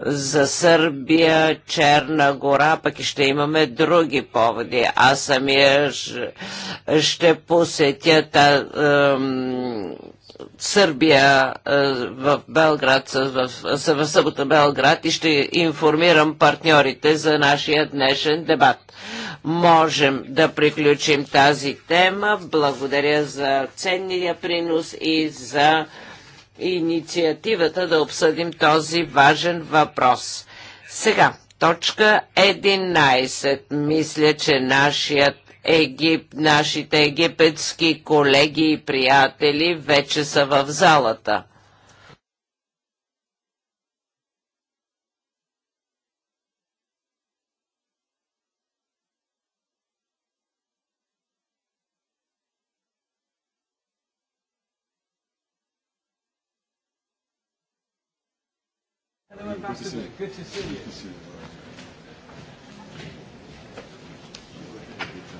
за Сърбия, Черна гора, пък и ще имаме други поводи. Аз самия ще посетя та, Сърбия е, в Белград, в, събота Белград и ще информирам партньорите за нашия днешен дебат. Можем да приключим тази тема. Благодаря за ценния принос и за инициативата да обсъдим този важен въпрос. Сега, точка 11. Мисля, че нашият Егип, нашите египетски колеги и приятели вече са в залата. Good to see you. Good to see you.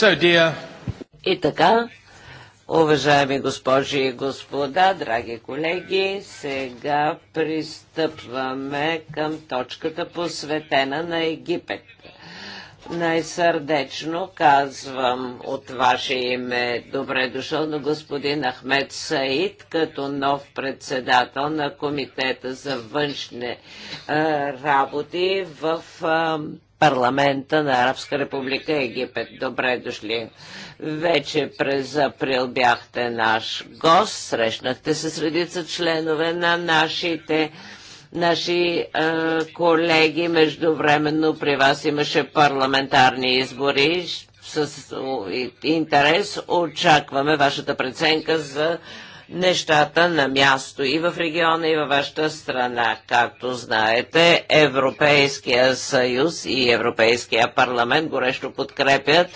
So, dear... И така, уважаеми госпожи и господа, драги колеги, сега пристъпваме към точката посветена на Египет. Най-сърдечно казвам от ваше име добре дошъл на господин Ахмед Саид като нов председател на Комитета за външни а, работи в А, парламента на Арабска република Египет. Добре дошли. Вече през април бяхте наш гост, срещнахте се с редица членове на нашите наши е, колеги. Междувременно при вас имаше парламентарни избори. С интерес очакваме вашата преценка за нещата на място и в региона, и във вашата страна. Както знаете, Европейския съюз и Европейския парламент горещо подкрепят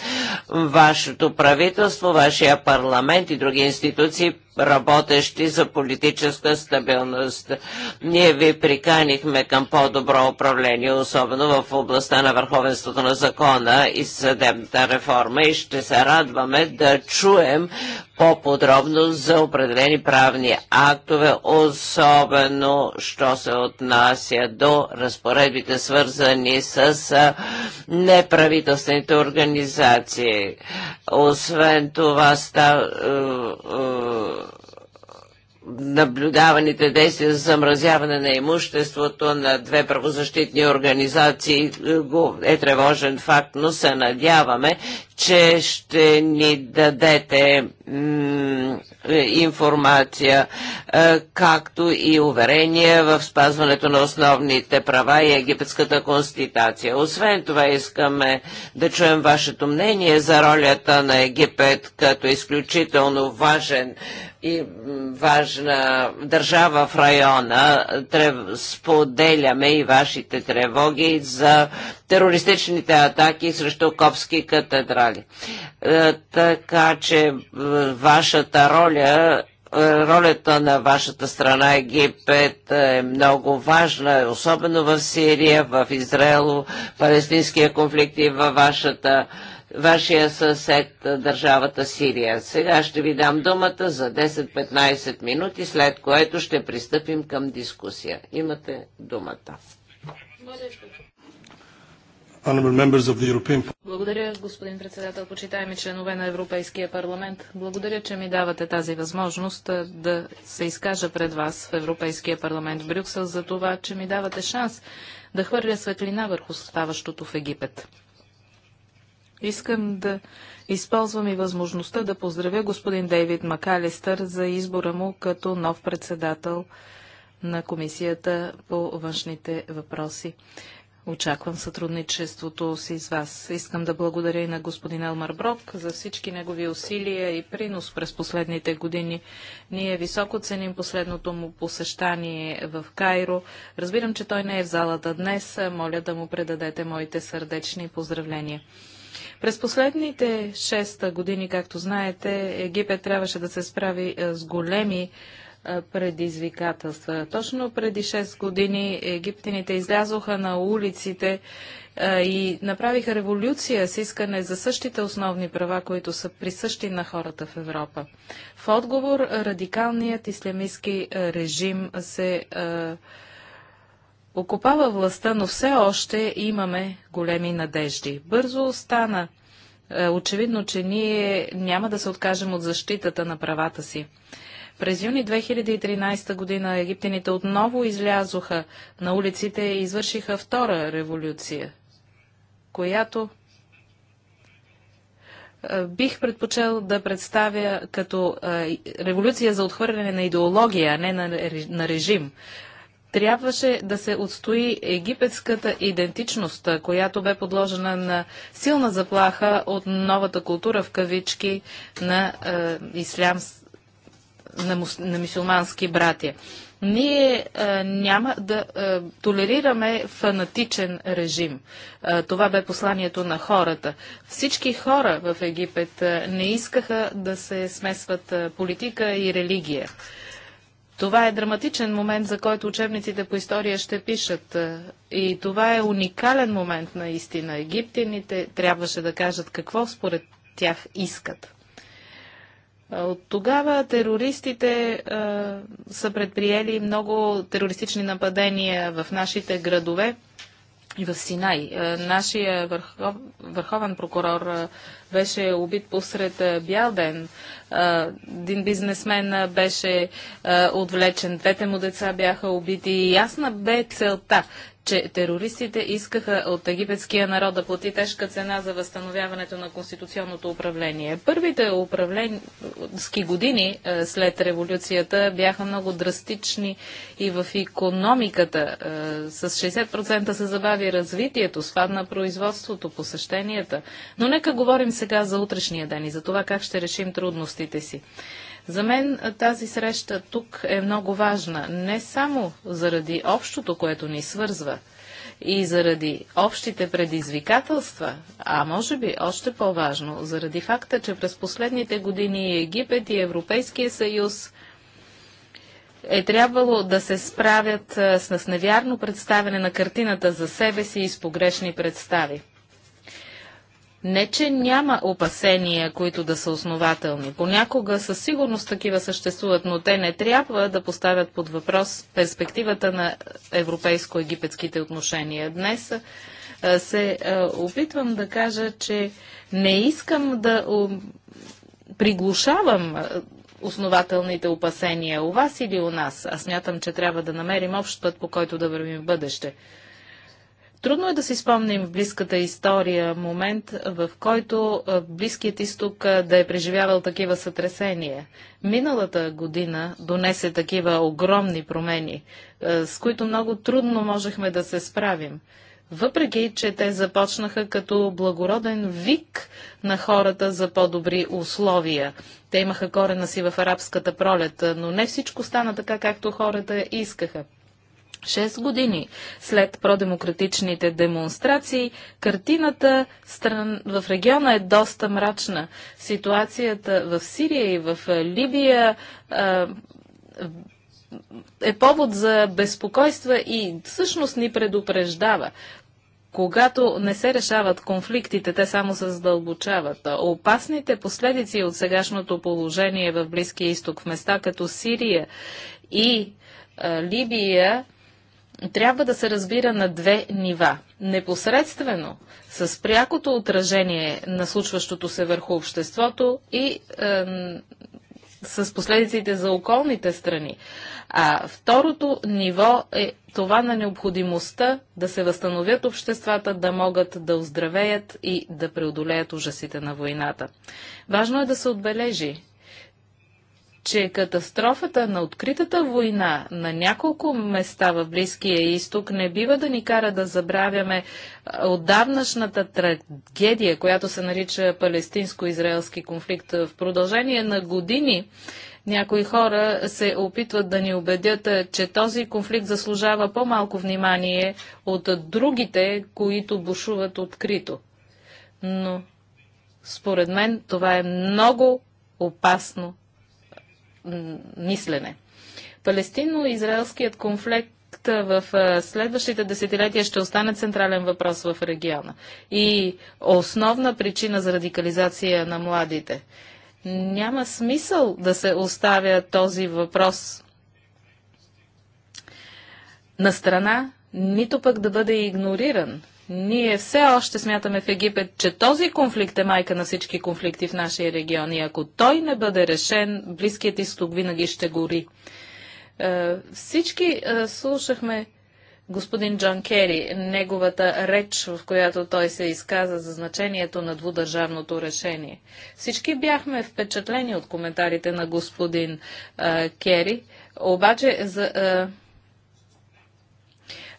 вашето правителство, вашия парламент и други институции работещи за политическа стабилност. Ние ви приканихме към по-добро управление, особено в областта на върховенството на закона и съдебната реформа и ще се радваме да чуем по-подробно за определени правни актове, особено що се отнася до разпоредбите свързани с неправителствените организации. Освен това, ста, е, е, наблюдаваните действия за замразяване на имуществото на две правозащитни организации е, е тревожен факт, но се надяваме, че ще ни дадете е, информация, е, както и уверение в спазването на основните права и египетската конституция. Освен това искаме да чуем вашето мнение за ролята на Египет като изключително важен и важна държава в района. Споделяме и вашите тревоги за терористичните атаки срещу копски катедрали. Е, така че е, вашата роля е, ролята на вашата страна Египет е много важна, особено в Сирия, в Израел, палестинския конфликт и във вашата вашия съсед, държавата Сирия. Сега ще ви дам думата за 10-15 минути, след което ще пристъпим към дискусия. Имате думата. Благодаря, господин председател, почитаеми членове на Европейския парламент. Благодаря, че ми давате тази възможност да се изкажа пред вас в Европейския парламент в Брюксел за това, че ми давате шанс да хвърля светлина върху ставащото в Египет. Искам да използвам и възможността да поздравя господин Дейвид Макалистър за избора му като нов председател на Комисията по външните въпроси. Очаквам сътрудничеството си с вас. Искам да благодаря и на господин Елмар Брок за всички негови усилия и принос през последните години. Ние високо ценим последното му посещание в Кайро. Разбирам, че той не е в залата днес. Моля да му предадете моите сърдечни поздравления. През последните 6 години, както знаете, Египет трябваше да се справи е, с големи е, предизвикателства. Точно преди 6 години египтяните излязоха на улиците е, и направиха революция с искане за същите основни права, които са присъщи на хората в Европа. В отговор радикалният ислямистски режим се окупава властта, но все още имаме големи надежди. Бързо остана е, очевидно, че ние няма да се откажем от защитата на правата си. През юни 2013 година египтяните отново излязоха на улиците и извършиха втора революция, която е, бих предпочел да представя като е, революция за отхвърляне на идеология, а не на режим трябваше да се отстои египетската идентичност, която бе подложена на силна заплаха от новата култура в кавички на е, ислям, на, мус, на мусулмански братия. Ние е, няма да е, толерираме фанатичен режим. Е, това бе посланието на хората. Всички хора в Египет е, не искаха да се смесват е, политика и религия. Е, това е драматичен момент, за който учебниците по история ще пишат. Е, и това е уникален момент наистина. Египтяните трябваше да кажат какво според тях искат. Е, от тогава терористите е, са предприели много терористични нападения в нашите градове и в Синай. нашия върхов, върховен прокурор беше убит посред бял ден. Един бизнесмен беше отвлечен, двете му деца бяха убити и ясна бе целта че терористите искаха от египетския народ да плати тежка цена за възстановяването на конституционното управление. Първите управленски години е, след революцията бяха много драстични и в економиката. Е, с 60% се забави развитието, свадна производството, посещенията. Но нека говорим сега за утрешния ден и за това как ще решим трудностите си. За мен тази среща тук е много важна, не само заради общото, което ни свързва, и заради общите предизвикателства, а може би още по-важно, заради факта, че през последните години Египет и Европейския съюз е трябвало да се справят с невярно представяне на картината за себе си и с погрешни представи. Не, че няма опасения, които да са основателни. Понякога със сигурност такива съществуват, но те не трябва да поставят под въпрос перспективата на европейско-египетските отношения. Днес се опитвам да кажа, че не искам да приглушавам основателните опасения у вас или у нас. Аз смятам, че трябва да намерим общ път, по който да вървим в бъдеще. Трудно е да си спомним в близката история момент, в който Близкият изток да е преживявал такива сътресения. Миналата година донесе такива огромни промени, с които много трудно можехме да се справим. Въпреки, че те започнаха като благороден вик на хората за по-добри условия. Те имаха корена си в арабската пролет, но не всичко стана така, както хората искаха. Шест години след продемократичните демонстрации, картината стран... в региона е доста мрачна. Ситуацията в Сирия и в Либия е повод за безпокойства и всъщност ни предупреждава. Когато не се решават конфликтите, те само се задълбочават. Опасните последици от сегашното положение в Близкия изток, в места като Сирия и Либия, трябва да се разбира на две нива. Непосредствено, с прякото отражение на случващото се върху обществото и е, с последиците за околните страни. А второто ниво е това на необходимостта да се възстановят обществата, да могат да оздравеят и да преодолеят ужасите на войната. Важно е да се отбележи, че катастрофата на откритата война на няколко места в Близкия изток не бива да ни кара да забравяме отдавнашната трагедия, която се нарича палестинско-израелски конфликт. В продължение на години някои хора се опитват да ни убедят, че този конфликт заслужава по-малко внимание от другите, които бушуват открито. Но според мен това е много опасно мислене. Палестино-израелският конфликт в следващите десетилетия ще остане централен въпрос в региона и основна причина за радикализация на младите. Няма смисъл да се оставя този въпрос на страна, нито пък да бъде игнориран. Ние все още смятаме в Египет, че този конфликт е майка на всички конфликти в нашия регион и ако той не бъде решен, Близкият изток винаги ще гори. Е, всички е, слушахме господин Джон Кери, неговата реч, в която той се изказа за значението на двудържавното решение. Всички бяхме впечатлени от коментарите на господин е, Кери, обаче за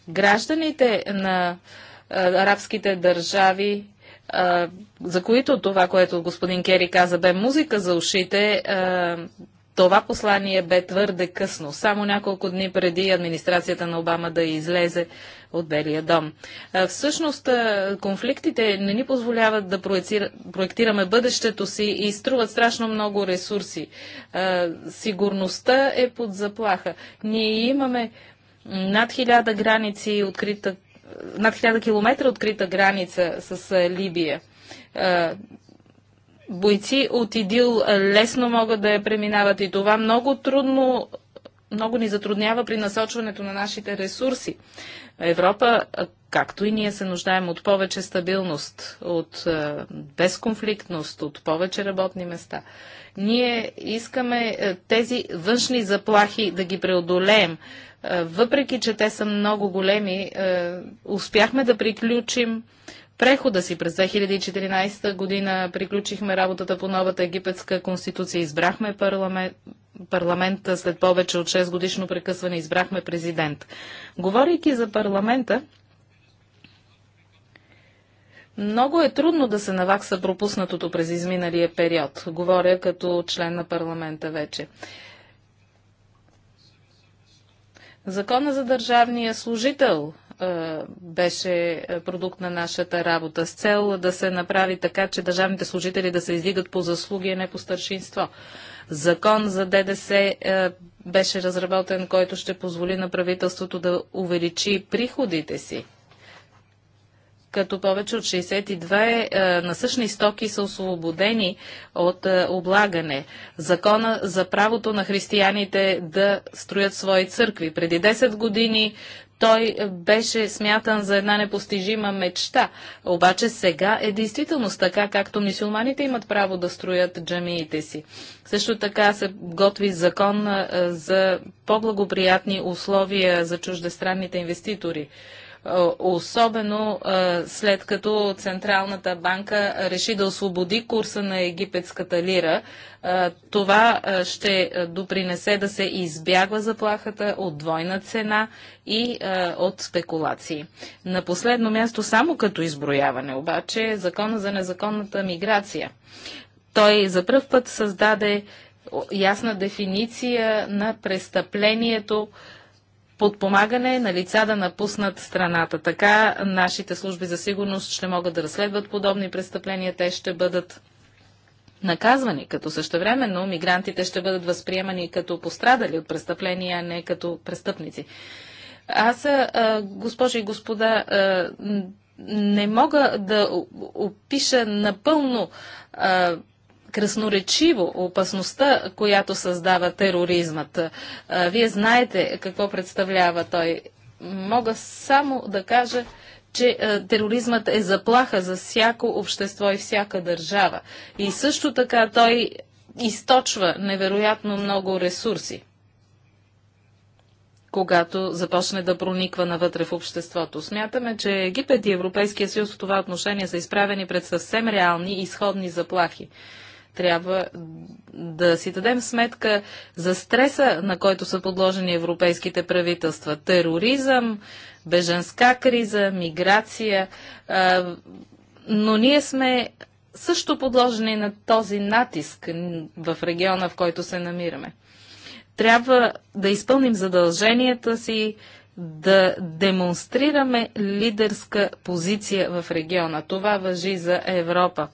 гражданите на арабските държави, за които това, което господин Кери каза, бе музика за ушите, това послание бе твърде късно, само няколко дни преди администрацията на Обама да излезе от Белия дом. Всъщност, конфликтите не ни позволяват да проектираме бъдещето си и струват страшно много ресурси. Сигурността е под заплаха. Ние имаме над хиляда граници, открита над 1000 км открита граница с Либия. Бойци от ИДИЛ лесно могат да я преминават и това много трудно, много ни затруднява при насочването на нашите ресурси. Европа, както и ние се нуждаем от повече стабилност, от безконфликтност, от повече работни места. Ние искаме тези външни заплахи да ги преодолеем. Е, въпреки, че те са много големи, е, успяхме да приключим прехода си през 2014 година. Приключихме работата по новата египетска конституция, избрахме парламент, парламента след повече от 6 годишно прекъсване, избрахме президент. Говорейки за парламента, много е трудно да се навакса пропуснатото през изминалия период. Говоря като член на парламента вече. Закона за държавния служител е, беше е, продукт на нашата работа с цел да се направи така, че държавните служители да се издигат по заслуги, а не по старшинство. Закон за ДДС е, беше разработен, който ще позволи на правителството да увеличи приходите си като повече от 62 е, е, насъщни стоки са освободени от е, облагане. Закона за правото на християните да строят свои църкви. Преди 10 години той беше смятан за една непостижима мечта. Обаче сега е действителност така, както мисюлманите имат право да строят джамиите си. Също така се готви закон за по-благоприятни условия за чуждестранните инвеститори. Е, особено е, след като Централната банка реши да освободи курса на египетската лира. Е, това ще допринесе да се избягва заплахата от двойна цена и от спекулации. На последно място, само като изброяване обаче, закона за незаконната миграция. Той за първ път създаде ясна дефиниция на престъплението подпомагане на лица да напуснат страната. Така нашите служби за сигурност ще могат да разследват подобни престъпления. Те ще бъдат наказвани, като същевременно мигрантите ще бъдат възприемани като пострадали от престъпления, а не като престъпници. Аз, госпожи и господа, не мога да опиша напълно красноречиво опасността, която създава тероризмът. Вие знаете какво представлява той. Мога само да кажа, че тероризмът е заплаха за всяко общество и всяка държава. И също така той източва невероятно много ресурси когато започне да прониква навътре в обществото. Смятаме, че Египет и Европейския съюз в това отношение са изправени пред съвсем реални изходни заплахи. Трябва да си дадем сметка за стреса, на който са подложени европейските правителства. Тероризъм, беженска криза, миграция. Но ние сме също подложени на този натиск в региона, в който се намираме. Трябва да изпълним задълженията си, да демонстрираме лидерска позиция в региона. Това въжи за Европа.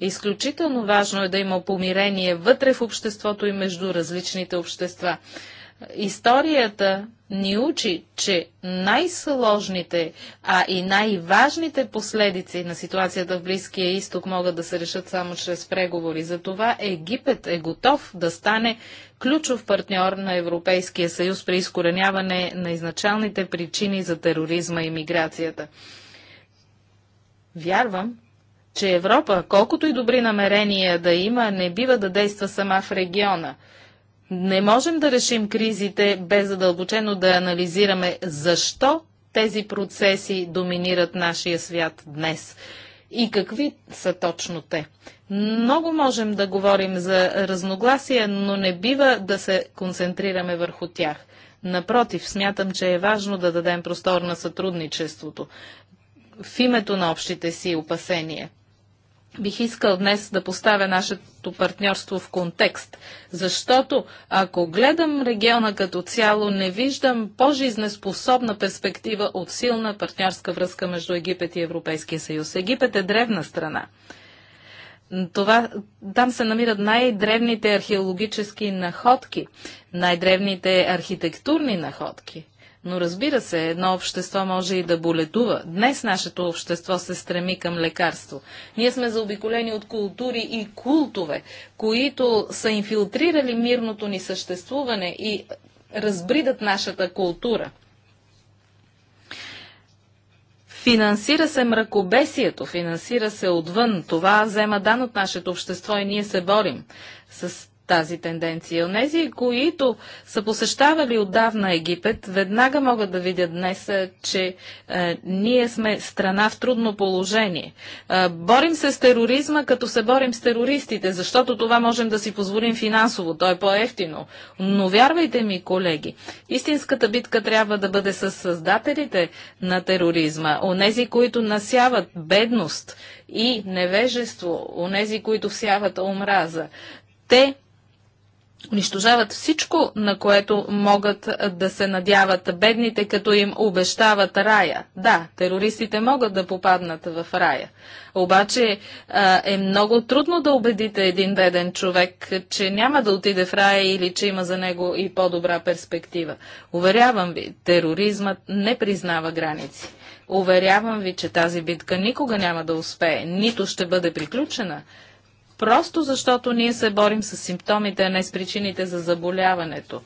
Изключително важно е да има помирение вътре в обществото и между различните общества. Историята ни учи, че най-сложните, а и най-важните последици на ситуацията в Близкия изток могат да се решат само чрез преговори. Затова Египет е готов да стане ключов партньор на Европейския съюз при изкореняване на изначалните причини за тероризма и миграцията. Вярвам, че Европа, колкото и добри намерения да има, не бива да действа сама в региона – не можем да решим кризите без задълбочено да анализираме защо тези процеси доминират нашия свят днес и какви са точно те. Много можем да говорим за разногласия, но не бива да се концентрираме върху тях. Напротив, смятам, че е важно да дадем простор на сътрудничеството в името на общите си опасения – бих искал днес да поставя нашето партньорство в контекст, защото ако гледам региона като цяло, не виждам по-жизнеспособна перспектива от силна партньорска връзка между Египет и Европейския съюз. Египет е древна страна. Това, там се намират най-древните археологически находки, най-древните архитектурни находки. Но разбира се, едно общество може и да болетува. Днес нашето общество се стреми към лекарство. Ние сме заобиколени от култури и култове, които са инфилтрирали мирното ни съществуване и разбридат нашата култура. Финансира се мракобесието, финансира се отвън. Това взема дан от нашето общество и ние се борим. С тази тенденция. Онези, които са посещавали отдавна Египет, веднага могат да видят днес, е, че е, ние сме страна в трудно положение. Е, борим се с тероризма, като се борим с терористите, защото това можем да си позволим финансово, то е по-ефтино. Но вярвайте ми, колеги, истинската битка трябва да бъде с създателите на тероризма, онези, които насяват бедност и невежество, онези, които всяват омраза. Те унищожават всичко, на което могат да се надяват бедните, като им обещават рая. Да, терористите могат да попаднат в рая. Обаче е много трудно да убедите един беден човек, че няма да отиде в рая или че има за него и по-добра перспектива. Уверявам ви, тероризмът не признава граници. Уверявам ви, че тази битка никога няма да успее, нито ще бъде приключена Просто защото ние се борим с симптомите, а не с причините за заболяването.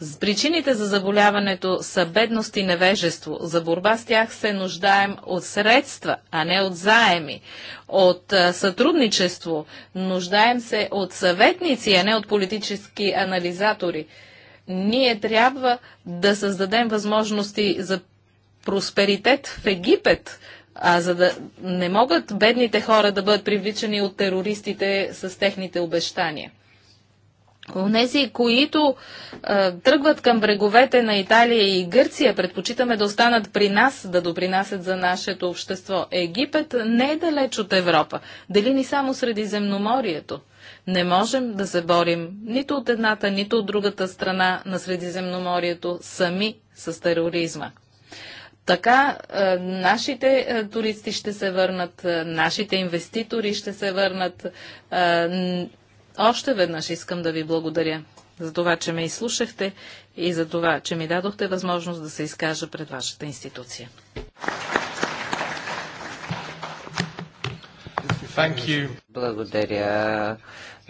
С Причините за заболяването са бедност и невежество. За борба с тях се нуждаем от средства, а не от заеми, от сътрудничество. Нуждаем се от съветници, а не от политически анализатори. Ние трябва да създадем възможности за просперитет в Египет, а за да не могат бедните хора да бъдат привличани от терористите с техните обещания. Онези, които а, тръгват към бреговете на Италия и Гърция, предпочитаме да останат при нас, да допринасят за нашето общество. Египет не е далеч от Европа. Дели ни само Средиземноморието. Не можем да се борим нито от едната, нито от другата страна на Средиземноморието сами с тероризма. Така е, нашите е, туристи ще се върнат, е, нашите инвеститори ще се върнат. Още веднъж искам да ви благодаря за това, че ме изслушахте и за това, че ми дадохте възможност да се изкажа пред вашата институция. Благодаря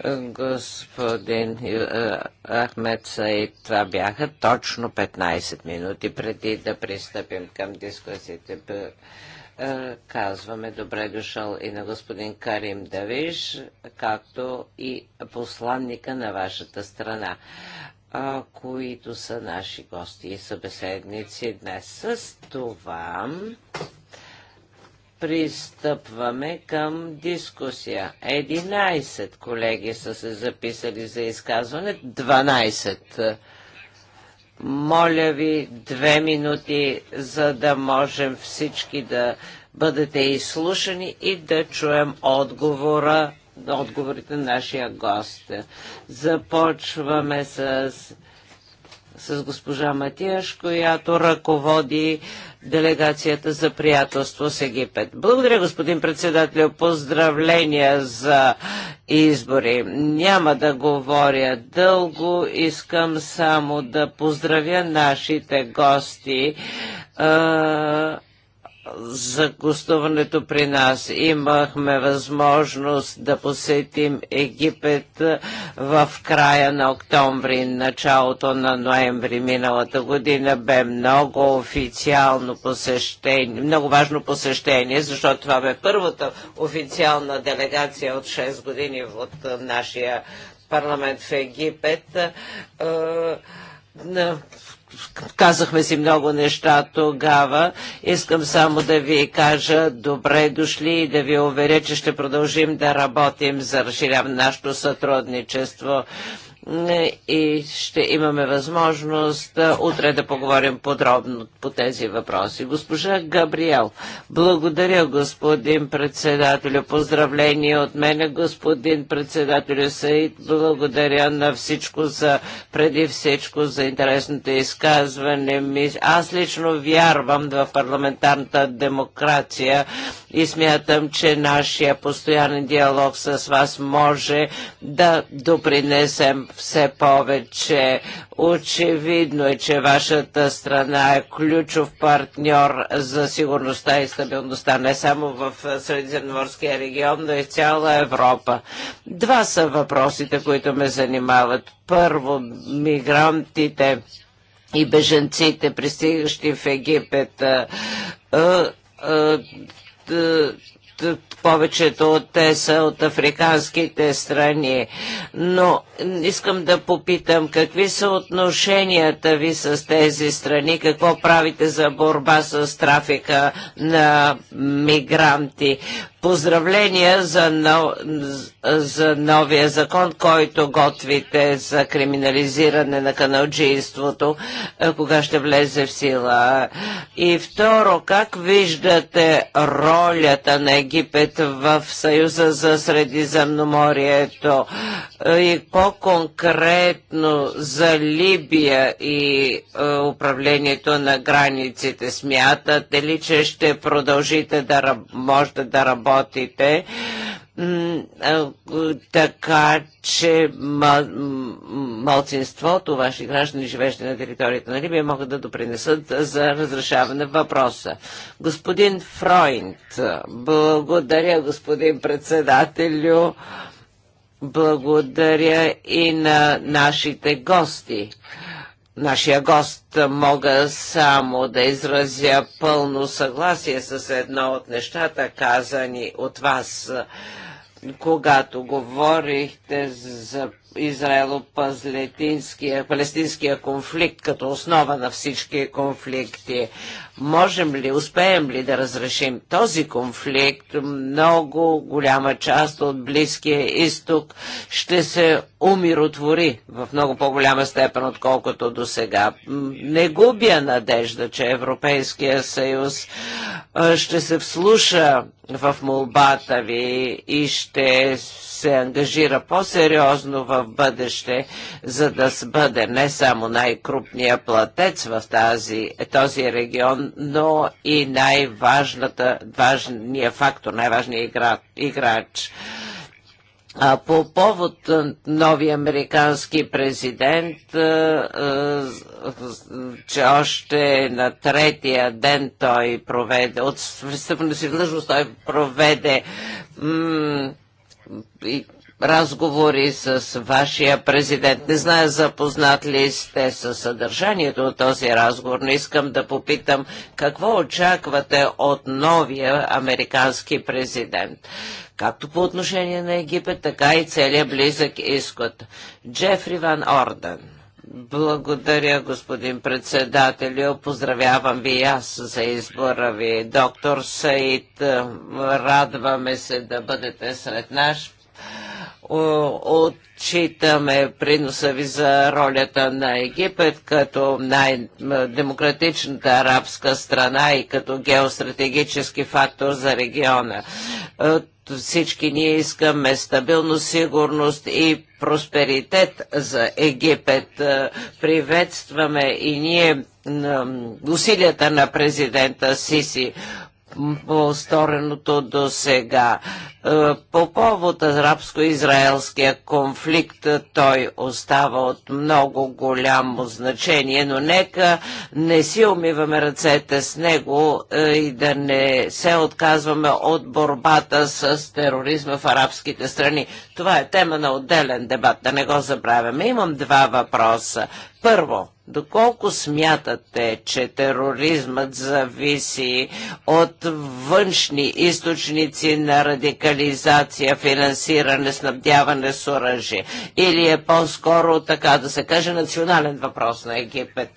Господин е, е, Ахмед Саид, това бяха точно 15 минути преди да пристъпим към дискусите. Е, казваме добре дошъл и на господин Карим Давиш, както и посланника на вашата страна които са наши гости и събеседници днес. С това Пристъпваме към дискусия. 11 колеги са се записали за изказване. 12. Моля ви две минути, за да можем всички да бъдете изслушани и да чуем отговора, отговорите на нашия гост. Започваме с с госпожа Матияш, която ръководи делегацията за приятелство с Египет. Благодаря, господин председател. Поздравления за избори. Няма да говоря дълго. Искам само да поздравя нашите гости за гостуването при нас. Имахме възможност да посетим Египет в края на октомври, началото на ноември миналата година. Бе много официално посещение, много важно посещение, защото това бе първата официална делегация от 6 години от нашия парламент в Египет Казахме си много неща тогава. Искам само да ви кажа добре дошли и да ви уверя, че ще продължим да работим за разширяване нашето сътрудничество и ще имаме възможност утре да поговорим подробно по тези въпроси. Госпожа Габриел, благодаря господин председателю. Поздравление от мене, господин председателю Саид. Благодаря на всичко за, преди всичко за интересното изказване. Аз лично вярвам в парламентарната демокрация и смятам, че нашия постоянен диалог с вас може да допринесем все повече. Очевидно е, че вашата страна е ключов партньор за сигурността и стабилността не само в е, Средиземноморския регион, но и цяла Европа. Два са въпросите, които ме занимават. Първо, мигрантите и беженците, пристигащи в Египет, е, е, повечето от те са от африканските страни. Но искам да попитам какви са отношенията ви с тези страни, какво правите за борба с трафика на мигранти. Поздравления за, нов, за новия закон, който готвите за криминализиране на каналджийството, е, кога ще влезе в сила. И второ, как виждате ролята на Египет в Съюза за Средиземноморието е, и по-конкретно за Либия и е, управлението на границите? Смятате ли, че ще продължите да можете да работите? работите, така че малцинството, ваши граждани, живещи на територията на Либия, могат да допринесат за разрешаване въпроса. Господин Фройнт, благодаря, господин председателю. Благодаря и на нашите гости нашия гост, мога само да изразя пълно съгласие с едно от нещата, казани от вас, когато говорихте за израело-палестинския конфликт като основа на всички конфликти. Можем ли, успеем ли да разрешим този конфликт? Много голяма част от Близкия изток ще се умиротвори в много по-голяма степен, отколкото до сега. Не губя надежда, че Европейския съюз ще се вслуша в молбата ви и ще се ангажира по-сериозно в бъдеще, за да бъде не само най-крупния платец в тази, този регион, но и най-важната, важният фактор, най-важният игра, играч. А по повод нови американски президент, че още на третия ден той проведе, от си длъжност той проведе разговори с вашия президент. Не зная запознат ли сте с съдържанието от този разговор, но искам да попитам какво очаквате от новия американски президент. Както по отношение на Египет, така и целият близък изход. Джефри Ван Орден. Благодаря, господин председателю. Поздравявам ви и аз за избора ви. Доктор Саид, радваме се да бъдете сред нас отчитаме приноса ви за ролята на Египет като най-демократичната арабска страна и като геостратегически фактор за региона. Всички ние искаме стабилност, сигурност и просперитет за Египет. Е, приветстваме и ние усилията на президента Сиси по стореното до сега. Е, по повод арабско-израелския конфликт е, той остава от много голямо значение, но нека не си умиваме ръцете с него е, и да не се отказваме от борбата с тероризма в арабските страни. Това е тема на отделен дебат, да не го забравяме. Имам два въпроса. Първо, Доколко смятате, че тероризмът зависи от външни източници на радикализация, финансиране, снабдяване с оръжие? Или е по-скоро, така да се каже, национален въпрос на Египет?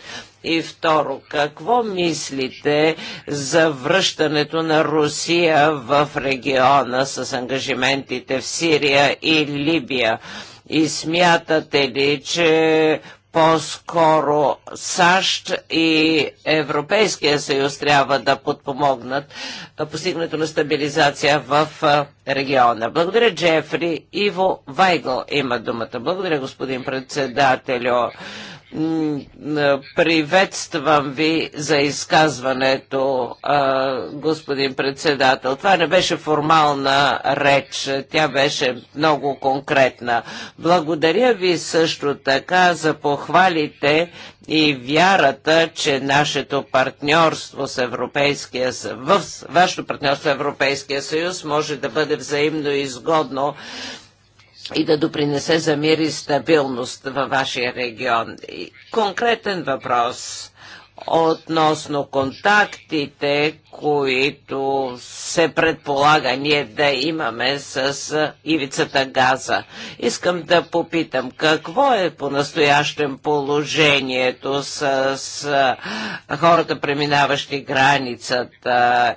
И второ, какво мислите за връщането на Русия в региона с ангажиментите в Сирия и Либия? И смятате ли, че по-скоро САЩ и Европейския съюз трябва да подпомогнат постигането на стабилизация в региона. Благодаря, Джефри. Иво Вайгл има думата. Благодаря, господин председателю. Приветствам ви за изказването, господин председател. Това не беше формална реч, тя беше много конкретна. Благодаря ви също така за похвалите и вярата, че нашето партньорство с Европейския съюз, вашето партньорство с Европейския съюз може да бъде взаимно изгодно и да допринесе за мир и стабилност във вашия регион. Конкретен въпрос относно контактите, които се предполага ние да имаме с ивицата газа. Искам да попитам какво е по настоящем положението с, хората, преминаващи границата.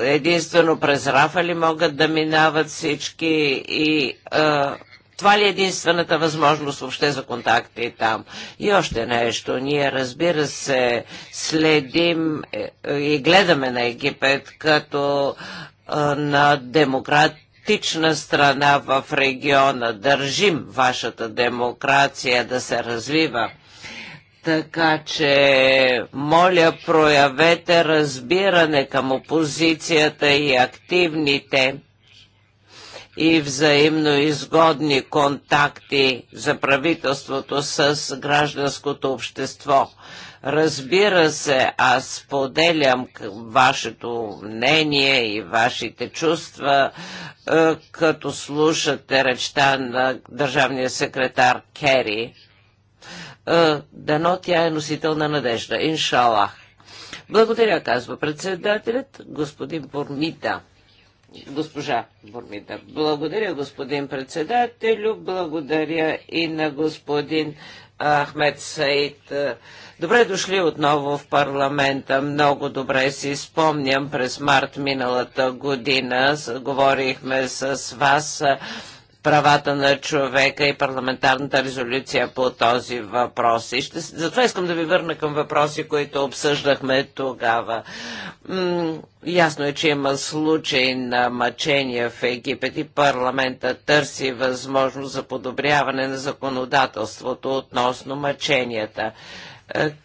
единствено през Рафа ли могат да минават всички и а, това ли е единствената възможност въобще за контакти там? И още нещо. Ние, разбира се, следим е, е, и гледаме на Египет като на демократ демократична страна в региона. Държим вашата демокрация да се развива. Така че, моля, проявете разбиране към опозицията и активните и взаимно изгодни контакти за правителството с гражданското общество. Разбира се, аз поделям вашето мнение и вашите чувства, е, като слушате речта на държавния секретар Кери. Е, дано тя е носител на надежда. Иншалах. Благодаря, казва председателят, господин Бурмита. Госпожа Бурмида. Благодаря, господин председателю. Благодаря и на господин Ахмед Саид. Добре дошли отново в парламента. Много добре си спомням през март миналата година. Говорихме с вас правата на човека и парламентарната резолюция по този въпрос. И ще, затова искам да ви върна към въпроси, които обсъждахме тогава. М- ясно е, че има случай на мъчение в Египет и парламента търси възможност за подобряване на законодателството относно мъченията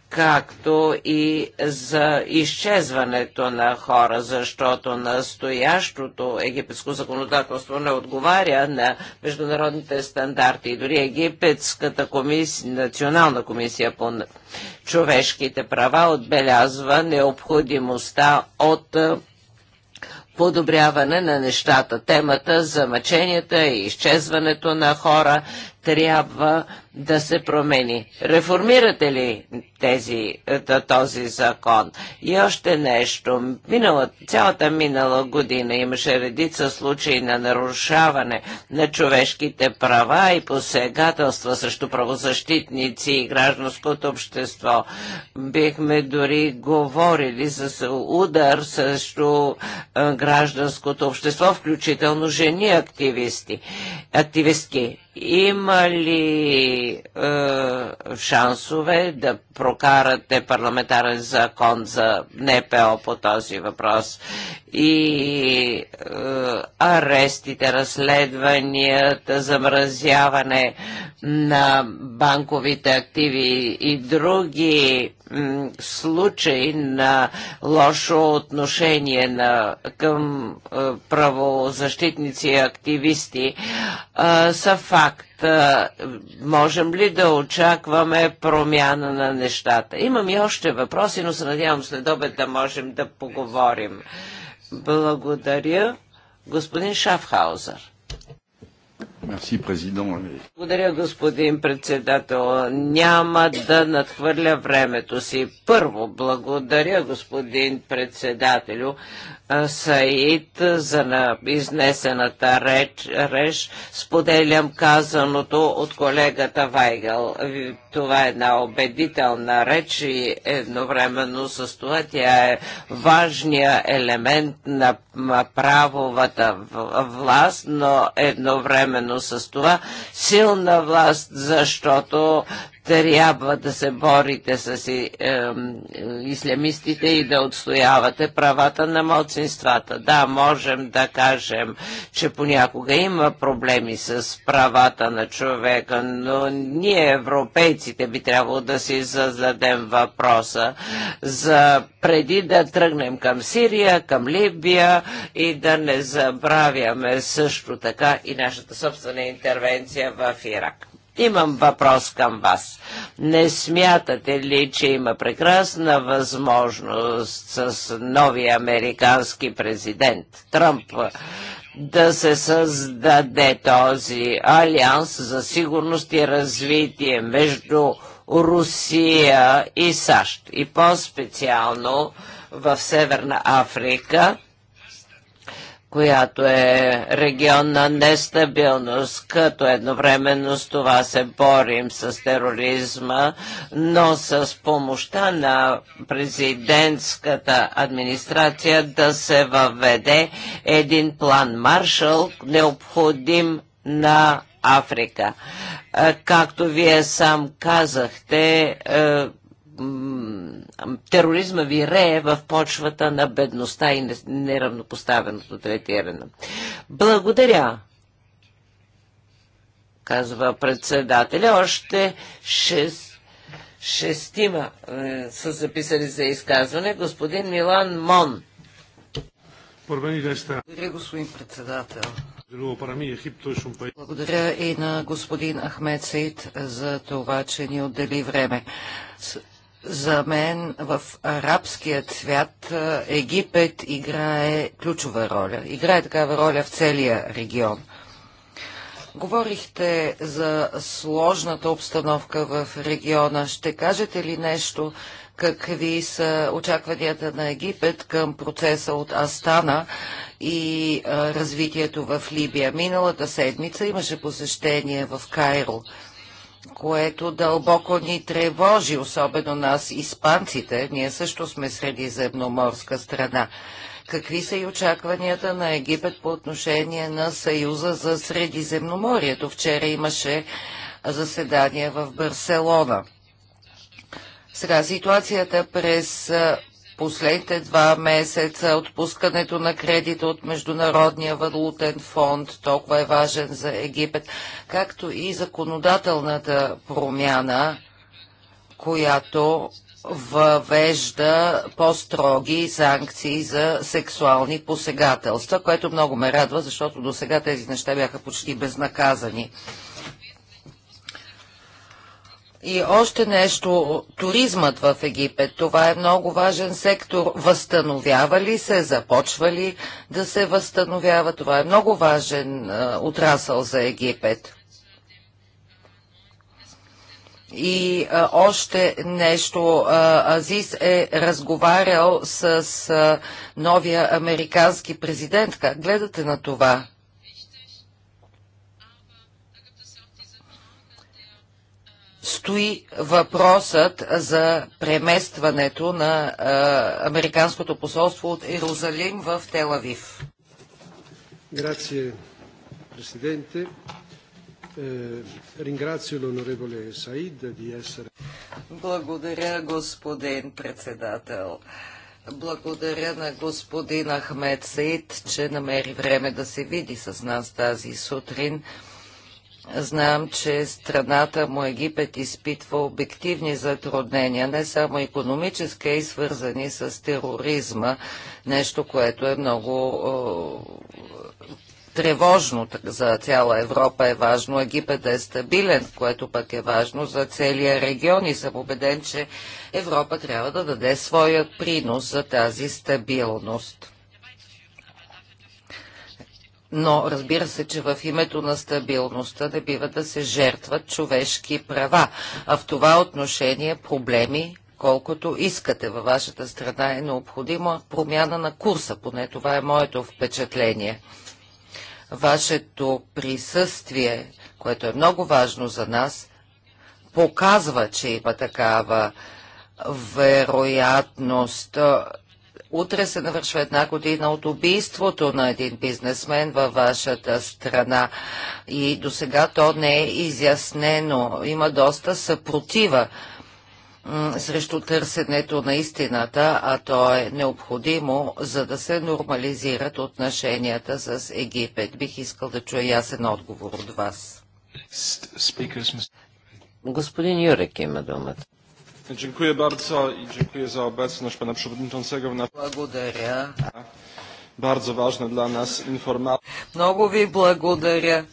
както и за изчезването на хора, защото настоящото египетско законодателство не отговаря на международните стандарти. Дори Египетската комисия, национална комисия по човешките права отбелязва необходимостта от подобряване на нещата. Темата за мъченията и изчезването на хора трябва да се промени. Реформирате ли тези, е, този закон? И още нещо. Минала, цялата минала година имаше редица случаи на нарушаване на човешките права и посегателства срещу правозащитници и гражданското общество. Бихме дори говорили за удар срещу е, гражданското общество, включително жени активисти. Активистки има ли е, шансове да прокарате парламентарен закон за НПО по този въпрос? И е, арестите, разследванията, замразяване на банковите активи и други случай на лошо отношение на, към правозащитници и активисти а, са факт. А, можем ли да очакваме промяна на нещата? Имам и още въпроси, но се надявам след обед да можем да поговорим. Благодаря. Господин Шафхаузер. Благодаря, господин председател. Няма да надхвърля времето си. Първо, благодаря, господин председателю, Саид за на изнесената реч, реч. Споделям казаното от колегата Вайгъл. Това е една убедителна реч и едновременно с това тя е важният елемент на правовата власт, но едновременно с това силна власт, защото трябва да се борите с е, е, ислямистите и да отстоявате правата на младсинствата. Да, можем да кажем, че понякога има проблеми с правата на човека, но ние, европейците, би трябвало да си зададем въпроса за преди да тръгнем към Сирия, към Либия и да не забравяме също така и нашата собствена интервенция в Ирак. Имам въпрос към вас. Не смятате ли, че има прекрасна възможност с новия американски президент Тръмп да се създаде този алианс за сигурност и развитие между Русия и САЩ и по-специално в Северна Африка? която е регион на нестабилност, като едновременно с това се борим с тероризма, но с помощта на президентската администрация да се въведе един план Маршал, необходим на Африка. Както вие сам казахте, е, тероризма вирее в почвата на бедността и неравнопоставеното третиране. Благодаря, казва председателя. Още шест шестима е, са записали за изказване. Господин Милан Мон. Благодаря, господин председател. Благодаря и на господин Ахмед Саид за това, че ни отдели време. За мен в арабският свят Египет играе ключова роля. Играе такава роля в целия регион. Говорихте за сложната обстановка в региона. Ще кажете ли нещо? Какви са очакванията на Египет към процеса от Астана и развитието в Либия? Миналата седмица имаше посещение в Кайро което дълбоко ни тревожи, особено нас, испанците. Ние също сме средиземноморска страна. Какви са и очакванията на Египет по отношение на Съюза за Средиземноморието? Вчера имаше заседание в Барселона. Сега ситуацията през последните два месеца, отпускането на кредит от Международния валутен фонд, толкова е важен за Египет, както и законодателната промяна, която въвежда по-строги санкции за сексуални посегателства, което много ме радва, защото до сега тези неща бяха почти безнаказани. И още нещо, туризмът в Египет, това е много важен сектор. Възстановява ли се, започва ли да се възстановява? Това е много важен а, е, отрасъл за Египет. И а, е, още нещо, а, е, Азис е разговарял с а, новия американски президент. Как гледате на това? стои въпросът за преместването на а, Американското посолство от Иерусалим в Телавив. Грация, президенте. Е, Благодаря, господин председател. Благодаря на господин Ахмед Саид, че намери време да се види с нас тази сутрин. Знам, че страната му Египет изпитва обективни затруднения, не само економически, а и свързани с тероризма, нещо, което е много тревожно за цяла Европа е важно Египет да е стабилен, което пък е важно за целия регион и съм убеден, че Европа трябва да даде своят принос за тази стабилност. Но разбира се, че в името на стабилността не бива да се жертват човешки права, а в това отношение проблеми колкото искате във вашата страна е необходима промяна на курса, поне това е моето впечатление. Вашето присъствие, което е много важно за нас, показва, че има такава вероятност. Утре се навършва една година от убийството на един бизнесмен във вашата страна и до сега то не е изяснено. Има доста съпротива срещу търсенето на истината, а то е необходимо, за да се нормализират отношенията с Египет. Бих искал да чуя ясен отговор от вас. Господин Юрек има думата. Dziękuję bardzo i dziękuję za obecność pana przewodniczącego w naszym. Bardzo ważne dla nas informacje. Много ви благодаря,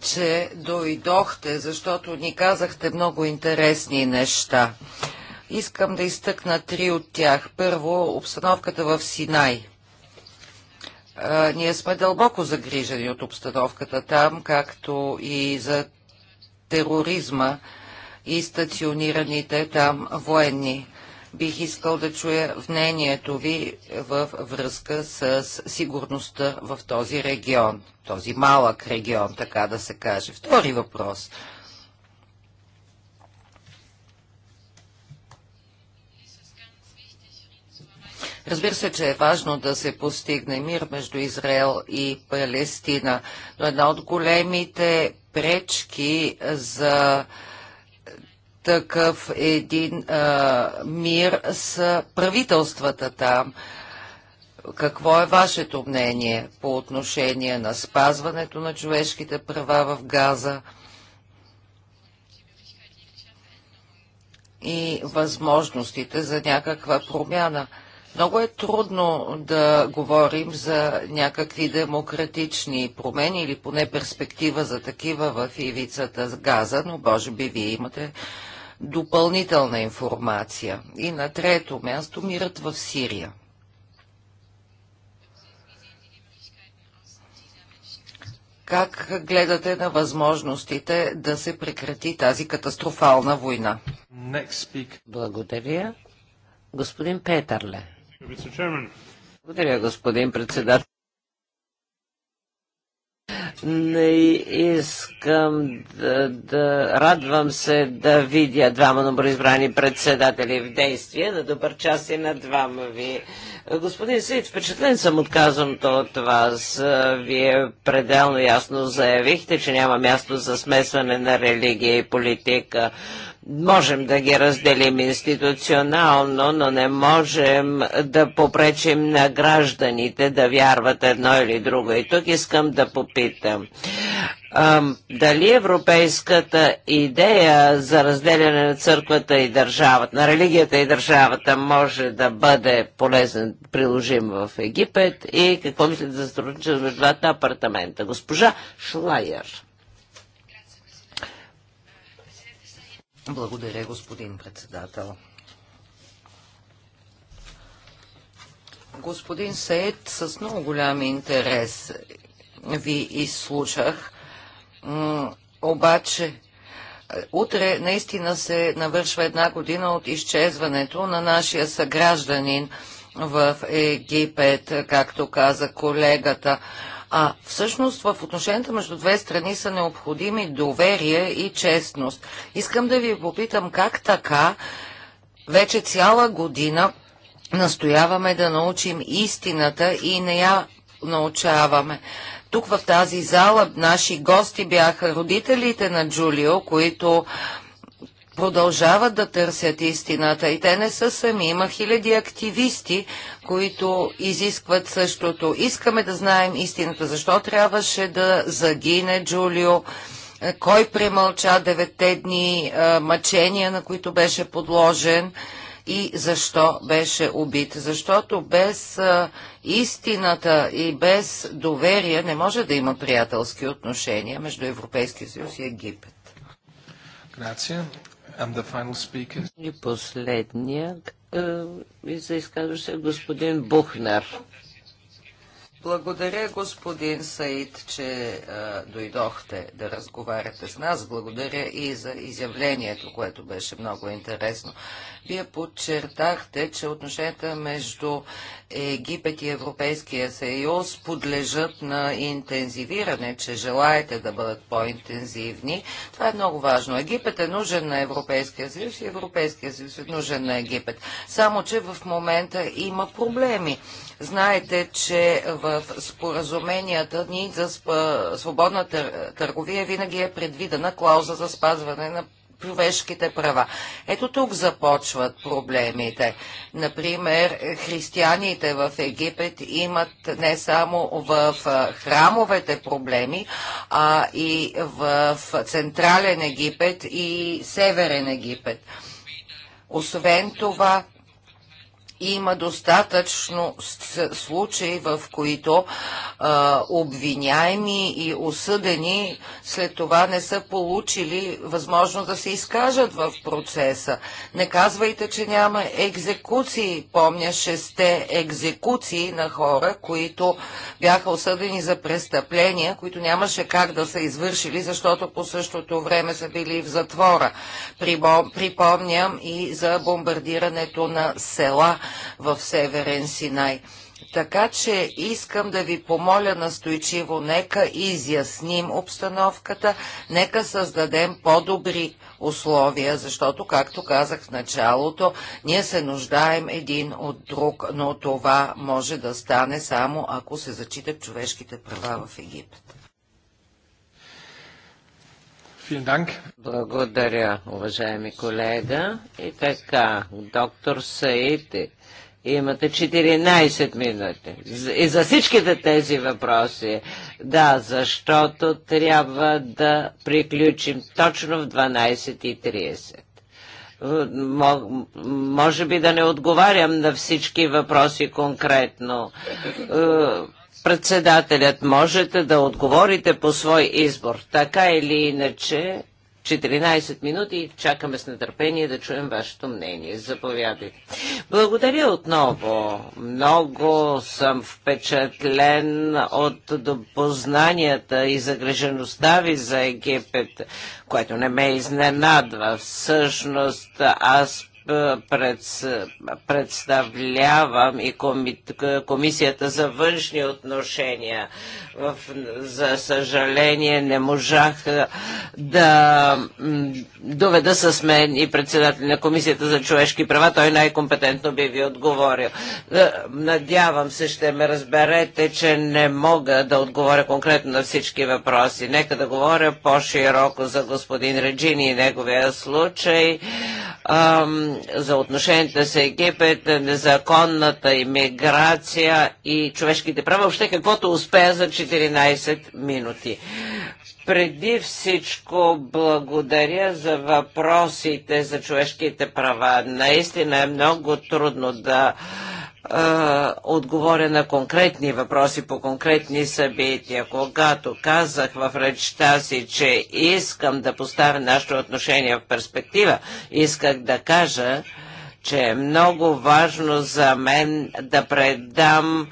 че дойдохте, защото ни казахте много интересни неща. Искам да изтъкна три от тях. Първо, обстановката в Синай. А, ние сме дълбоко загрижени от обстановката там, както и за тероризма, и стационираните там военни. Бих искал да чуя мнението ви във връзка с сигурността в този регион, този малък регион, така да се каже. Втори въпрос. Разбира се, че е важно да се постигне мир между Израел и Палестина, но една от големите пречки за такъв един а, мир с правителствата там. Какво е вашето мнение по отношение на спазването на човешките права в Газа и възможностите за някаква промяна? Много е трудно да говорим за някакви демократични промени или поне перспектива за такива в ивицата с газа, но може би вие имате допълнителна информация. И на трето място мирът в Сирия. Как гледате на възможностите да се прекрати тази катастрофална война? Благодаря. Господин Петърле. Благодаря, господин председател. Не искам да, да радвам се да видя двама новоизбрани председатели в действие. На добър час и на двама ви. Господин Сид, впечатлен съм от казаното от вас. Вие пределно ясно заявихте, че няма място за смесване на религия и политика. Можем да ги разделим институционално, но не можем да попречим на гражданите да вярват едно или друго. И тук искам да попитам. дали европейската идея за разделяне на църквата и държавата, на религията и държавата може да бъде полезен, приложим в Египет и какво мислите за сътрудничество между двата апартамента? Госпожа Шлайер. Благодаря, господин председател. Господин Сейд, с много голям интерес ви изслушах. Обаче, е, утре наистина се навършва една година от изчезването на нашия съгражданин в Египет, както каза колегата. А всъщност в отношенията между две страни са необходими доверие и честност. Искам да ви попитам как така вече цяла година настояваме да научим истината и не я научаваме. Тук в тази зала наши гости бяха родителите на Джулио, които продължават да търсят истината и те не са сами. Има хиляди активисти, които изискват същото. Искаме да знаем истината. Защо трябваше да загине Джулио? Кой премълча девете дни мъчения, на които беше подложен? и защо беше убит. Защото без а, истината и без доверие не може да има приятелски отношения между Европейския съюз и Египет. Грация. И последния е, и за изказващ господин Бухнер. Благодаря, господин Саид, че а, дойдохте да разговаряте с нас. Благодаря и за изявлението, което беше много интересно. Вие подчертахте, че отношенията между Египет и Европейския съюз подлежат на интензивиране, че желаете да бъдат по-интензивни. Това е много важно. Египет е нужен на Европейския съюз и Европейския съюз е нужен на Египет. Само, че в момента има проблеми. Знаете, че в в споразуменията ни за свободна търговия винаги е предвидена клауза за спазване на човешките права. Ето тук започват проблемите. Например, християните в Египет имат не само в храмовете проблеми, а и в Централен Египет и Северен Египет. Освен това, има достатъчно случаи, в които а, обвиняеми и осъдени след това не са получили възможност да се изкажат в процеса. Не казвайте, че няма екзекуции. Помня шесте екзекуции на хора, които бяха осъдени за престъпления, които нямаше как да са извършили, защото по същото време са били в затвора. Припомням и за бомбардирането на села в Северен Синай. Така че искам да ви помоля настойчиво, нека изясним обстановката, нека създадем по-добри условия, защото, както казах в началото, ние се нуждаем един от друг, но това може да стане само ако се зачитат човешките права в Египет. Благодаря, уважаеми колега. И така, доктор Саити Имате 14 минути. И за всичките тези въпроси. Да, защото трябва да приключим точно в 12.30 може би да не отговарям на всички въпроси конкретно. Е, председателят можете да отговорите по свой избор. Така или иначе, 14 минути и чакаме с нетърпение да чуем вашето мнение. Заповядайте. Благодаря отново. Много съм впечатлен от познанията и загрежеността ви за Египет, което не ме изненадва. Всъщност аз представлявам и коми, Комисията за външни отношения. В, за съжаление не можах да доведа с мен и председател на Комисията за човешки права. Той най-компетентно би ви отговорил. Надявам се, ще ме разберете, че не мога да отговоря конкретно на всички въпроси. Нека да говоря по-широко за господин Реджини и неговия случай за отношенията с Египет, незаконната иммиграция и човешките права, въобще каквото успея за 14 минути. Преди всичко благодаря за въпросите за човешките права. Наистина е много трудно да отговоря на конкретни въпроси по конкретни събития. Когато казах в речта си, че искам да поставя нашето отношение в перспектива, исках да кажа, че е много важно за мен да предам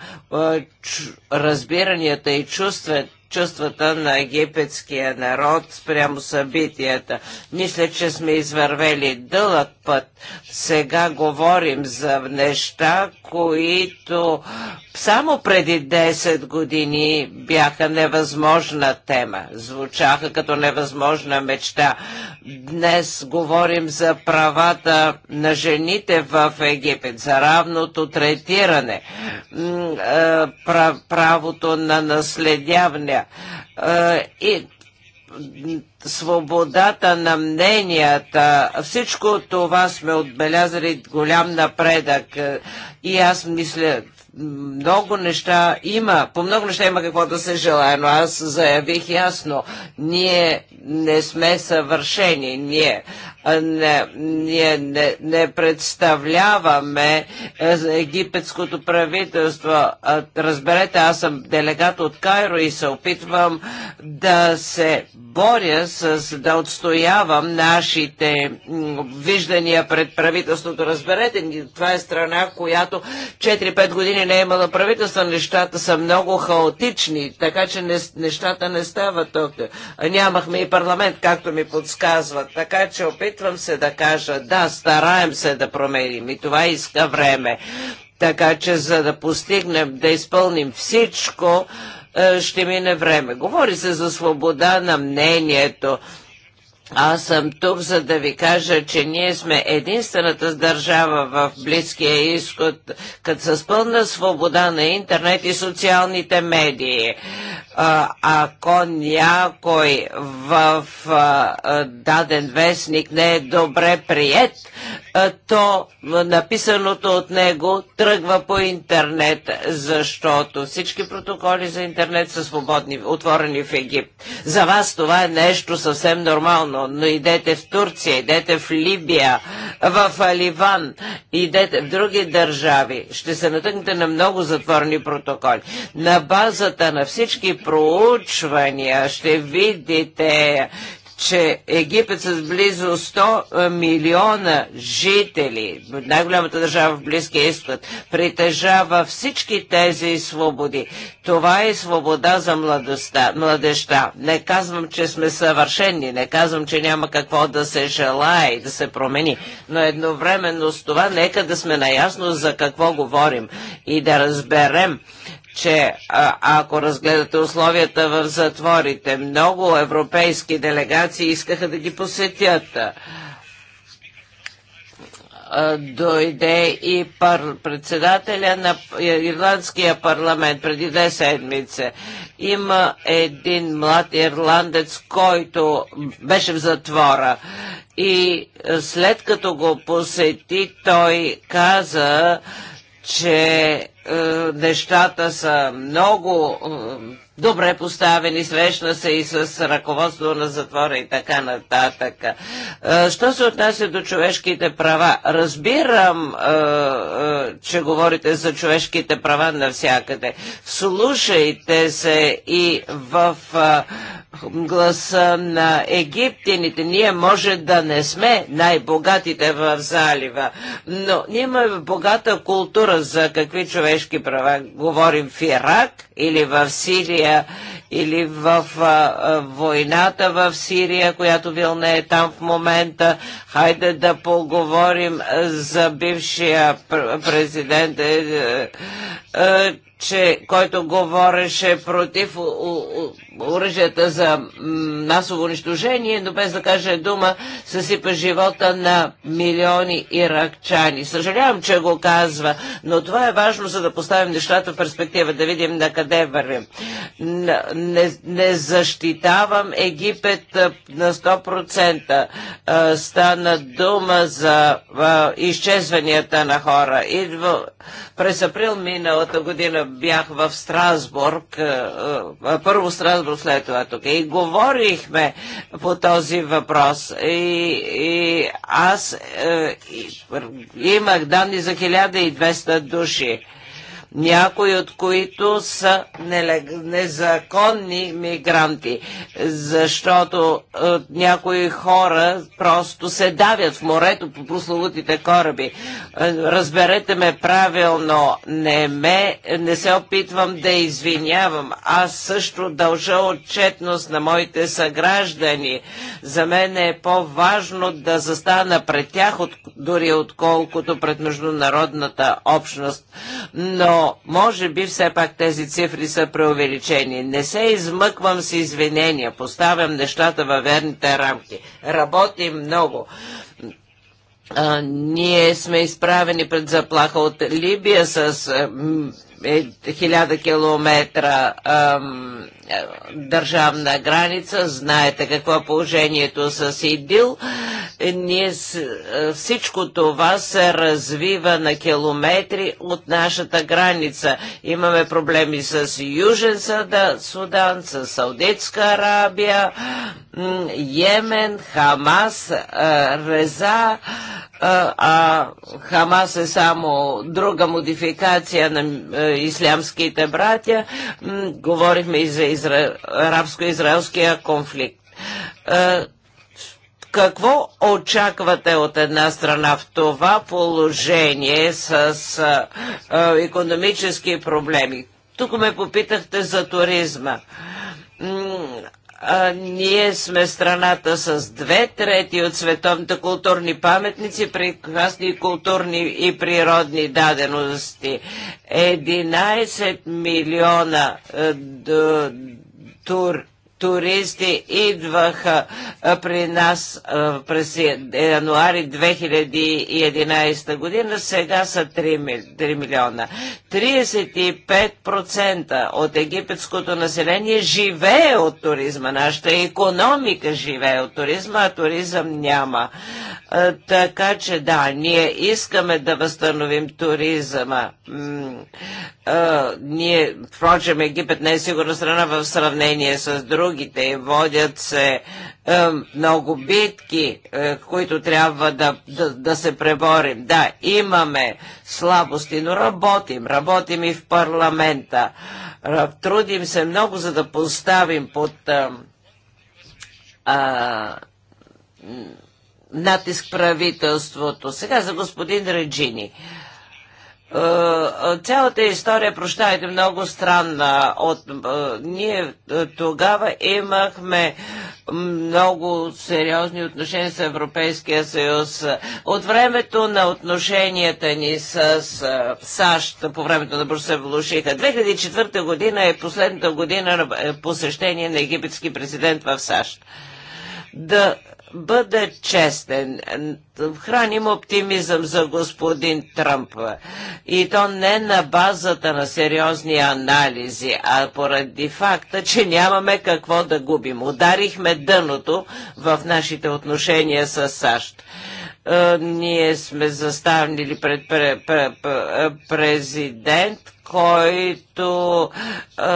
разбиранията и чувствата чувствата на египетския народ спрямо събитията. Мисля, че сме извървели дълъг път. Сега говорим за неща, които само преди 10 години бяха невъзможна тема. Звучаха като невъзможна мечта. Днес говорим за правата на жените в Египет, за равното третиране, правото на наследяване, нея. И свободата на мненията, всичко това сме отбелязали голям напредък. И аз мисля, много неща има, по много неща има какво да се желая, но аз заявих ясно, ние не сме съвършени, ние не, ние не, не представляваме е, египетското правителство. Разберете, аз съм делегат от Кайро и се опитвам да се боря с, да отстоявам нашите виждания пред правителството. Разберете, това е страна, която 4-5 години не е имала правителство, нещата са много хаотични, така че не, нещата не стават тук. Нямахме и парламент, както ми подсказват. Така че опитвам се да кажа, да, стараем се да променим и това иска време. Така че за да постигнем, да изпълним всичко, е, ще мине време. Говори се за свобода на мнението аз съм тук, за да ви кажа, че ние сме единствената държава в Близкия изход, като с пълна свобода на интернет и социалните медии. А, ако някой в а, даден вестник не е добре прият, а, то написаното от него тръгва по интернет, защото всички протоколи за интернет са свободни, отворени в Египет. За вас това е нещо съвсем нормално правилно, но идете в Турция, идете в Либия, в Аливан, идете в други държави, ще се натъкнете на много затворни протоколи. На базата на всички проучвания ще видите, че Египет с близо 100 е, милиона жители, най-голямата държава в Близкия изток, притежава всички тези свободи. Това е свобода за младостта, младеща. Не казвам, че сме съвършени, не казвам, че няма какво да се желае и да се промени, но едновременно с това нека да сме наясно за какво говорим и да разберем, че а, ако разгледате условията в затворите, много европейски делегации искаха да ги посетят дойде и пар... председателя на е, Ирландския парламент преди две седмици. Има един млад ирландец, който беше в затвора. И след като го посети, той каза, че е, нещата са много е, добре поставени, срещна се и с ръководство на затвора и така нататък. Е, що се отнася до човешките права? Разбирам, че говорите за човешките права навсякъде. Слушайте се и в гласа на египтяните. Ние може да не сме най-богатите в залива, но ние имаме богата култура за какви човешки човешки права говорим в Ирак или в Сирия или в а, а, войната в Сирия, която вилне е там в момента. Хайде да поговорим за бившия президент. Е, е, е че, който говореше против оръжията за масово унищожение, но без да каже дума, съсипа живота на милиони иракчани. Съжалявам, че го казва, но това е важно, за да поставим нещата в перспектива, да видим на къде вървим. Не, не защитавам Египет на 100%. Стана дума за изчезванията на хора. Идва, през април миналата година бях в Страсбург, е, е, първо Страсбург, след това тук, и говорихме по този въпрос. И, и аз е, и, имах данни за 1200 души някои от които са незаконни мигранти, защото е, някои хора просто се давят в морето по прословутите кораби. Е, разберете ме правилно, не, ме, не се опитвам да извинявам. Аз също дължа отчетност на моите съграждани. За мен е по-важно да застана пред тях, от, дори отколкото пред международната общност. Но но може би все пак тези цифри са преувеличени. Не се измъквам с извинения, поставям нещата във верните рамки. Работим много. А, ние сме изправени пред заплаха от Либия с е, хиляда километра държавна граница. Знаете какво е положението с ИДИЛ. Ние с, е, всичко това се развива на километри от нашата граница. Имаме проблеми с Южен Судан, с Саудитска Арабия, Йемен, Хамас, е, Реза. А Хамас е само друга модификация на ислямските братя, говорихме и за изра... арабско-израелския конфликт. Е, какво очаквате от една страна в това положение с економически е, проблеми? Тук ме попитахте за туризма а, ние сме страната с две трети от световните културни паметници, прекрасни културни и природни дадености. 11 милиона а, е, тур, туристи идваха при нас през януари 2011 година, сега са 3, милиона. 35% от египетското население живее от туризма. Нашата економика живее от туризма, а туризъм няма. Така че да, ние искаме да възстановим туризма. Ние, впрочем, Египет не е сигурна страна в сравнение с други другите. Водят се е, много битки, е, които трябва да, да, да се преборим. Да, имаме слабости, но работим. Работим и в парламента. Трудим се много, за да поставим под е, е, натиск правителството. Сега за господин Реджини. Е, е, е, цялата история, прощайте, е много странна. От, ние тогава имахме много сериозни отношения с Европейския съюз. От времето на отношенията ни с САЩ, по времето на Брус влушиха. 2004 година е последната година на посещение на египетски президент в САЩ. Да, бъда честен. Храним оптимизъм за господин Тръмп. И то не на базата на сериозни анализи, а поради факта, че нямаме какво да губим. Ударихме дъното в нашите отношения с САЩ е, ние сме заставнили пред президент, който е,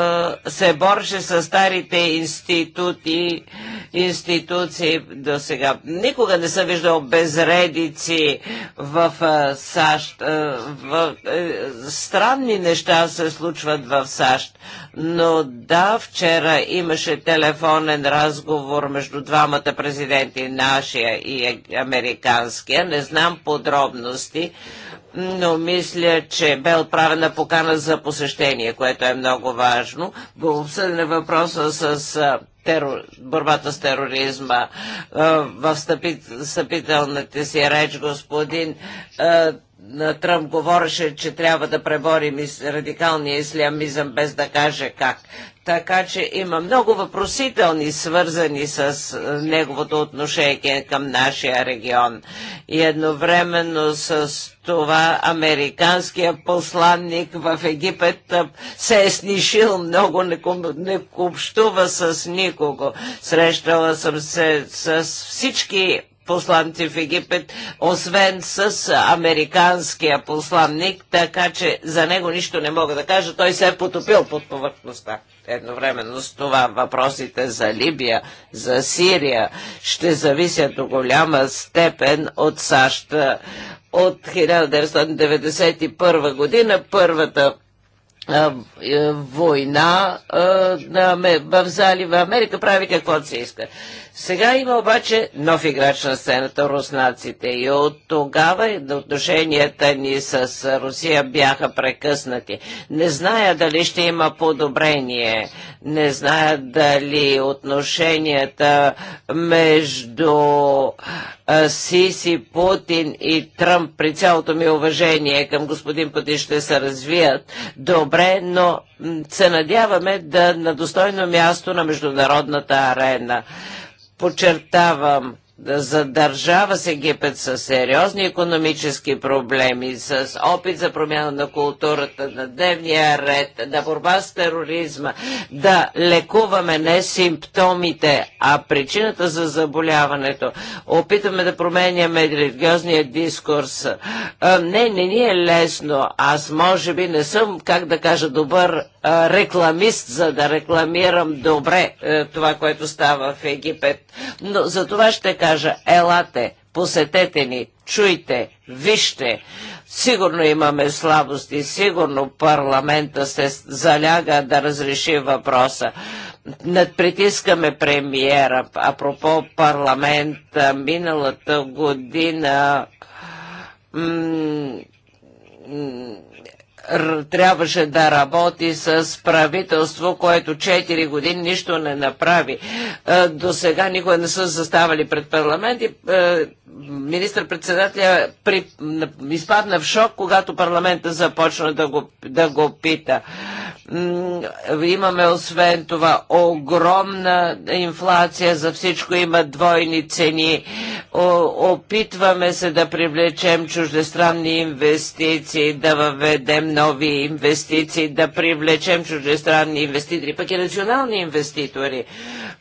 се бореше с старите институти, институции до сега. Никога не съм виждал безредици в е, САЩ. Е, в, е, странни неща се случват в САЩ. Но да, вчера имаше телефонен разговор между двамата президенти, нашия и американския. Не знам подробности но мисля, че бе отправена покана за посещение, което е много важно. Обсъден е въпроса с терор, борбата с тероризма. Е, в встъпителната си реч господин е, Тръмп говореше, че трябва да преборим радикалния ислямизъм, без да каже как. Така че има много въпросителни, свързани с е, неговото отношение към нашия регион. И едновременно с това американския посланник в Египет се е снишил много, не, не общува с никой никого. Срещала съм се с всички посланци в Египет, освен с американския посланник, така че за него нищо не мога да кажа. Той се е потопил под повърхността. Едновременно с това въпросите за Либия, за Сирия ще зависят до голяма степен от САЩ. От 1991 година първата е, война в залива. Америка прави каквото се иска. Сега има обаче нов играч на сцената руснаците и от тогава отношенията ни с Русия бяха прекъснати. Не зная дали ще има подобрение, не зная дали отношенията между Сиси, Путин и Тръмп при цялото ми уважение към господин Путин ще се развият добре, но се надяваме да на достойно място на международната арена. Подчертавам, за държава с Египет с сериозни економически проблеми, с опит за промяна на културата, на дневния ред, на борба с тероризма, да лекуваме не симптомите, а причината за заболяването. Опитваме да променяме религиозния дискурс. не, не ни е лесно. Аз може би не съм, как да кажа, добър рекламист, за да рекламирам добре е, това, което става в Египет. Но за това ще кажа, елате, посетете ни, чуйте, вижте. Сигурно имаме слабости, сигурно парламента се заляга да разреши въпроса. Надпритискаме премиера. Апропо парламента, миналата година трябваше да работи с правителство, което 4 години нищо не направи. Е, до сега никога не са заставали пред парламент и е, министър-председателя при... изпадна в шок, когато парламента започна да го, да го пита. Имаме освен това огромна инфлация, за всичко има двойни цени. Опитваме се да привлечем чуждестранни инвестиции, да въведем нови инвестиции, да привлечем чуждестранни инвеститори, пък и национални инвеститори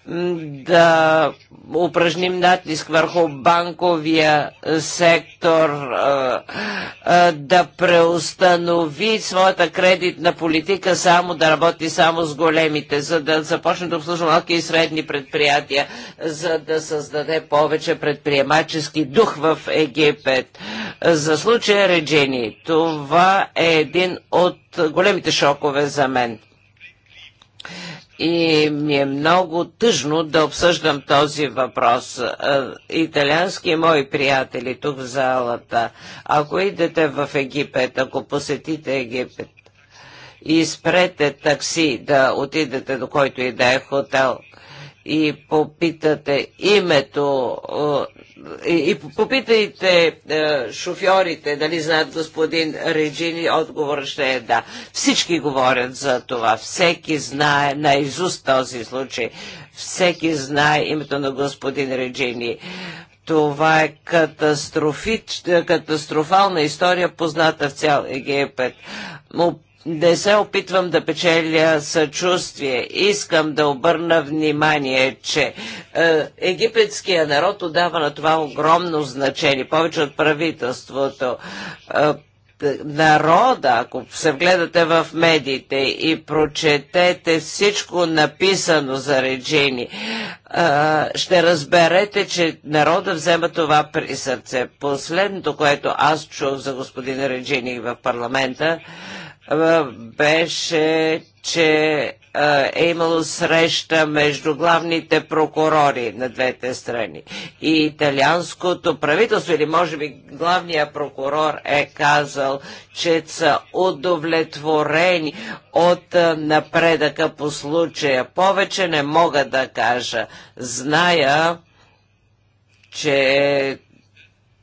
да упражним натиск върху банковия сектор, да преустанови своята кредитна политика само да работи само с големите, за да започне да обслужва малки и средни предприятия, за да създаде повече предприемачески дух в Египет. За случая Реджини, това е един от големите шокове за мен и ми е много тъжно да обсъждам този въпрос. Е, италиански мои приятели тук в залата, ако идете в Египет, ако посетите Египет, и спрете такси да отидете до който и да е хотел и попитате името е, и попитайте е, шофьорите, дали знаят господин Реджини, отговорът ще е да. Всички говорят за това. Всеки знае изуст този случай. Всеки знае името на господин Реджини. Това е катастрофич, катастрофална история, позната в цял Египет. Но не се опитвам да печеля съчувствие. Искам да обърна внимание, че е, египетския народ отдава на това огромно значение, повече от правителството. Е, народа, ако се вгледате в медиите и прочетете всичко написано за Реджини, е, ще разберете, че народа взема това при сърце. Последното, което аз чух за господин Реджини в парламента, беше, че е имало среща между главните прокурори на двете страни. И италианското правителство или може би главният прокурор е казал, че са удовлетворени от напредъка по случая. Повече не мога да кажа. Зная, че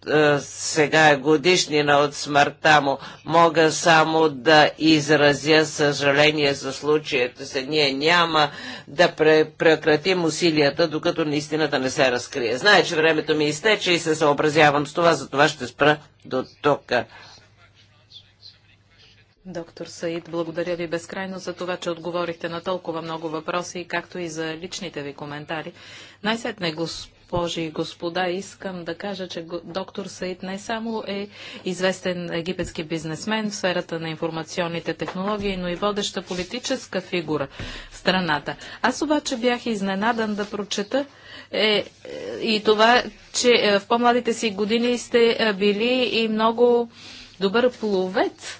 е, сега е годишнина от смъртта му. Мога само да изразя съжаление за случаето се. Ние няма да прекратим усилията, докато истината не се разкрие. Знае, че времето ми изтече и се съобразявам с това, затова ще спра до тук. Доктор Саид, благодаря ви безкрайно за това, че отговорихте на толкова много въпроси, както и за личните ви коментари. Най-сетне, господин госпожи и господа, искам да кажа, че доктор Саид не само е известен египетски бизнесмен в сферата на информационните технологии, но и водеща политическа фигура в страната. Аз обаче бях изненадан да прочета е, е и това, че е, в по-младите си години сте е, били и много добър пловец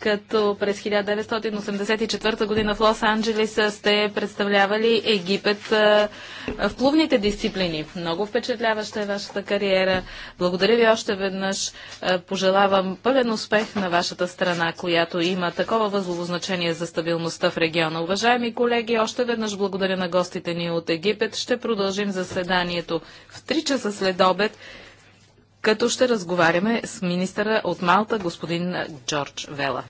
като през 1984 година в Лос-Анджелес сте представлявали Египет в плувните дисциплини. Много впечатляваща е вашата кариера. Благодаря ви още веднъж. пожелавам пълен успех на вашата страна, която има такова възлово значение за стабилността в региона. Уважаеми колеги, още веднъж благодаря на гостите ни от Египет. Ще продължим заседанието в 3 часа след обед като ще разговаряме с министъра от Малта, господин Джордж Вела.